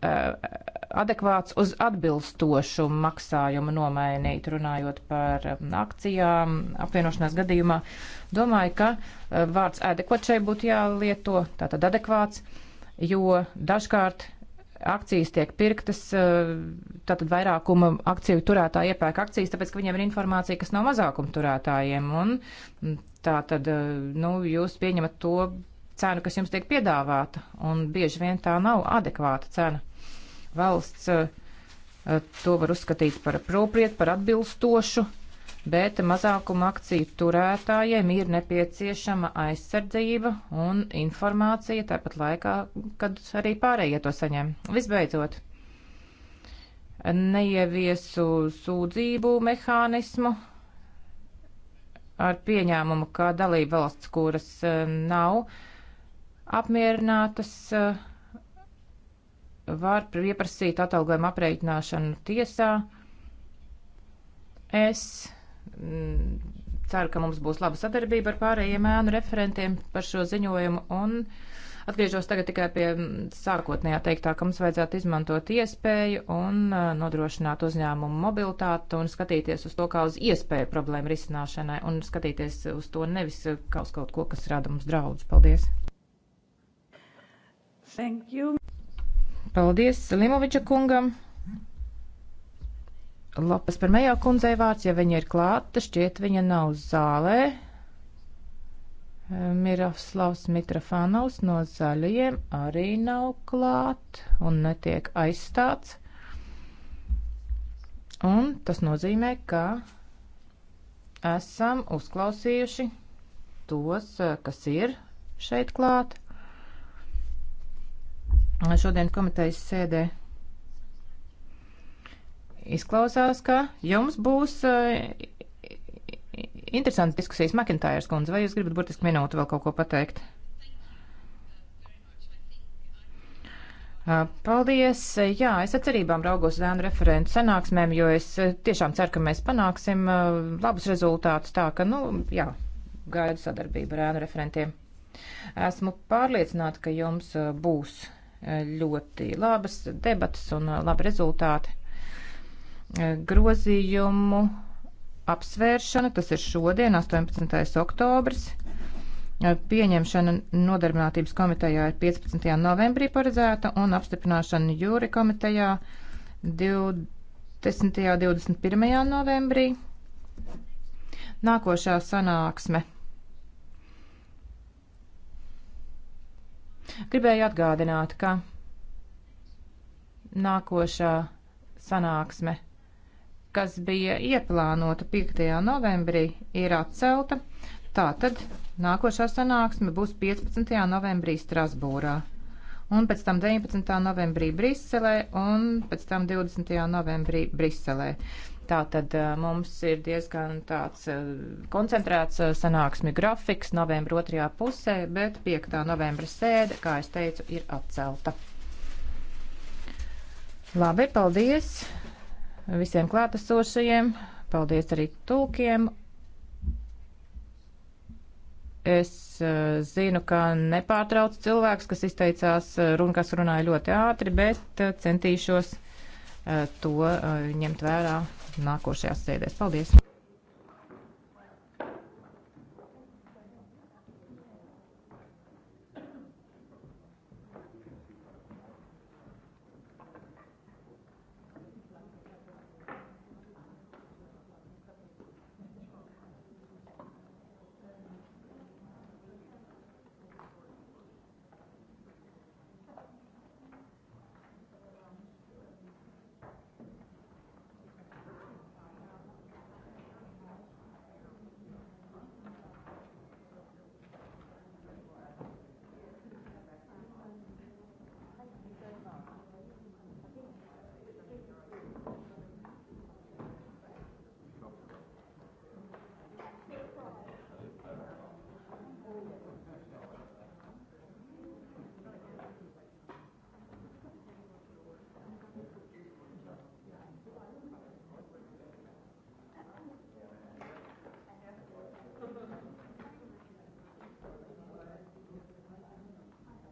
adekvāts uz atbilstošu maksājumu nomainīt, runājot par mm, akcijām apvienošanās gadījumā. Domāju, ka vārds adekvāts šeit būtu jālieto, tātad adekvāts, jo dažkārt akcijas tiek pirktas, eh, tātad vairākuma akciju turētāji iepērk akcijas, tāpēc, ka viņiem ir informācija, kas nav mazākuma turētājiem. Un tātad, eh, nu, jūs pieņemat to cenu, kas jums tiek piedāvāta, un bieži vien tā nav adekvāta cena. Valsts eh, to var uzskatīt par apropriet, par atbilstošu, bet mazākuma akciju turētājiem ir nepieciešama aizsardzība un informācija tāpat laikā, kad arī pārējie to saņem. Visbeidzot, neieviesu sūdzību mehānismu ar pieņēmumu, ka dalība valsts, kuras e, nav apmierinātas, e, var pieprasīt atalgojuma apreikināšanu tiesā. Es Mm, ceru, ka mums būs laba sadarbība ar pārējiem ēnu referentiem par šo ziņojumu un atgriežos tagad tikai pie sākotnējā teiktā, ka mums vajadzētu izmantot iespēju un uh, nodrošināt uzņēmumu mobilitāti un skatīties uz to kā uz iespēju problēmu risināšanai un skatīties uz to nevis kā uz kaut ko, kas rada mums draudus. Paldies! Thank you! Paldies Limoviča kungam! Lapas par mejā kundzei vārds, ja viņa ir klāta, šķiet viņa nav zālē. Eh, Miroslavs Mitrafanovs no zaļajiem arī nav klāt un netiek aizstāts. Un tas nozīmē, ka esam uzklausījuši tos, eh, kas ir šeit klāt. Šodien komitejas sēdē Izklausās, ka jums būs eh, interesanti diskusijas. Makintājas kundze, vai jūs gribat burtiski minūtu vēl kaut ko pateikt? Eh, paldies! Jā, es ar cerībām raugos uz ēnu referentu sanāksmēm, jo es eh, tiešām ceru, ka mēs panāksim labus rezultātus tā, ka, nu, jā, gaidu sadarbību ar ēnu referentiem. Esmu pārliecināta, ka jums būs ļoti labas debatas un labi rezultāti. E, grozījumu apsvēršana, tas ir šodien, 18. oktobris. E, pieņemšana nodarbinātības komitejā ir 15. novembrī paredzēta un apstiprināšana jūri komitejā 20. un 21. novembrī. Nākošā sanāksme. Gribēju atgādināt, ka nākošā sanāksme kas bija ieplānota 5. novembrī, ir atcelta. Tātad nākošā sanāksme būs 15. novembrī Strasbūrā, un pēc tam 19. novembrī Briselē, un pēc tam 20. novembrī Briselē. Tātad eh, mums ir diezgan tāds eh, koncentrēts eh, sanāksmi grafiks novembra otrajā pusē, bet 5. novembra sēde, kā es teicu, ir atcelta. Labi, paldies! visiem klātesošajiem. Paldies arī tulkiem. Es uh, zinu, ka nepārtrauc cilvēks, kas izteicās eh, runu, kas runāja ļoti ātri, bet eh, centīšos uh, to uh, ņemt vērā nākošajās sēdēs. Paldies!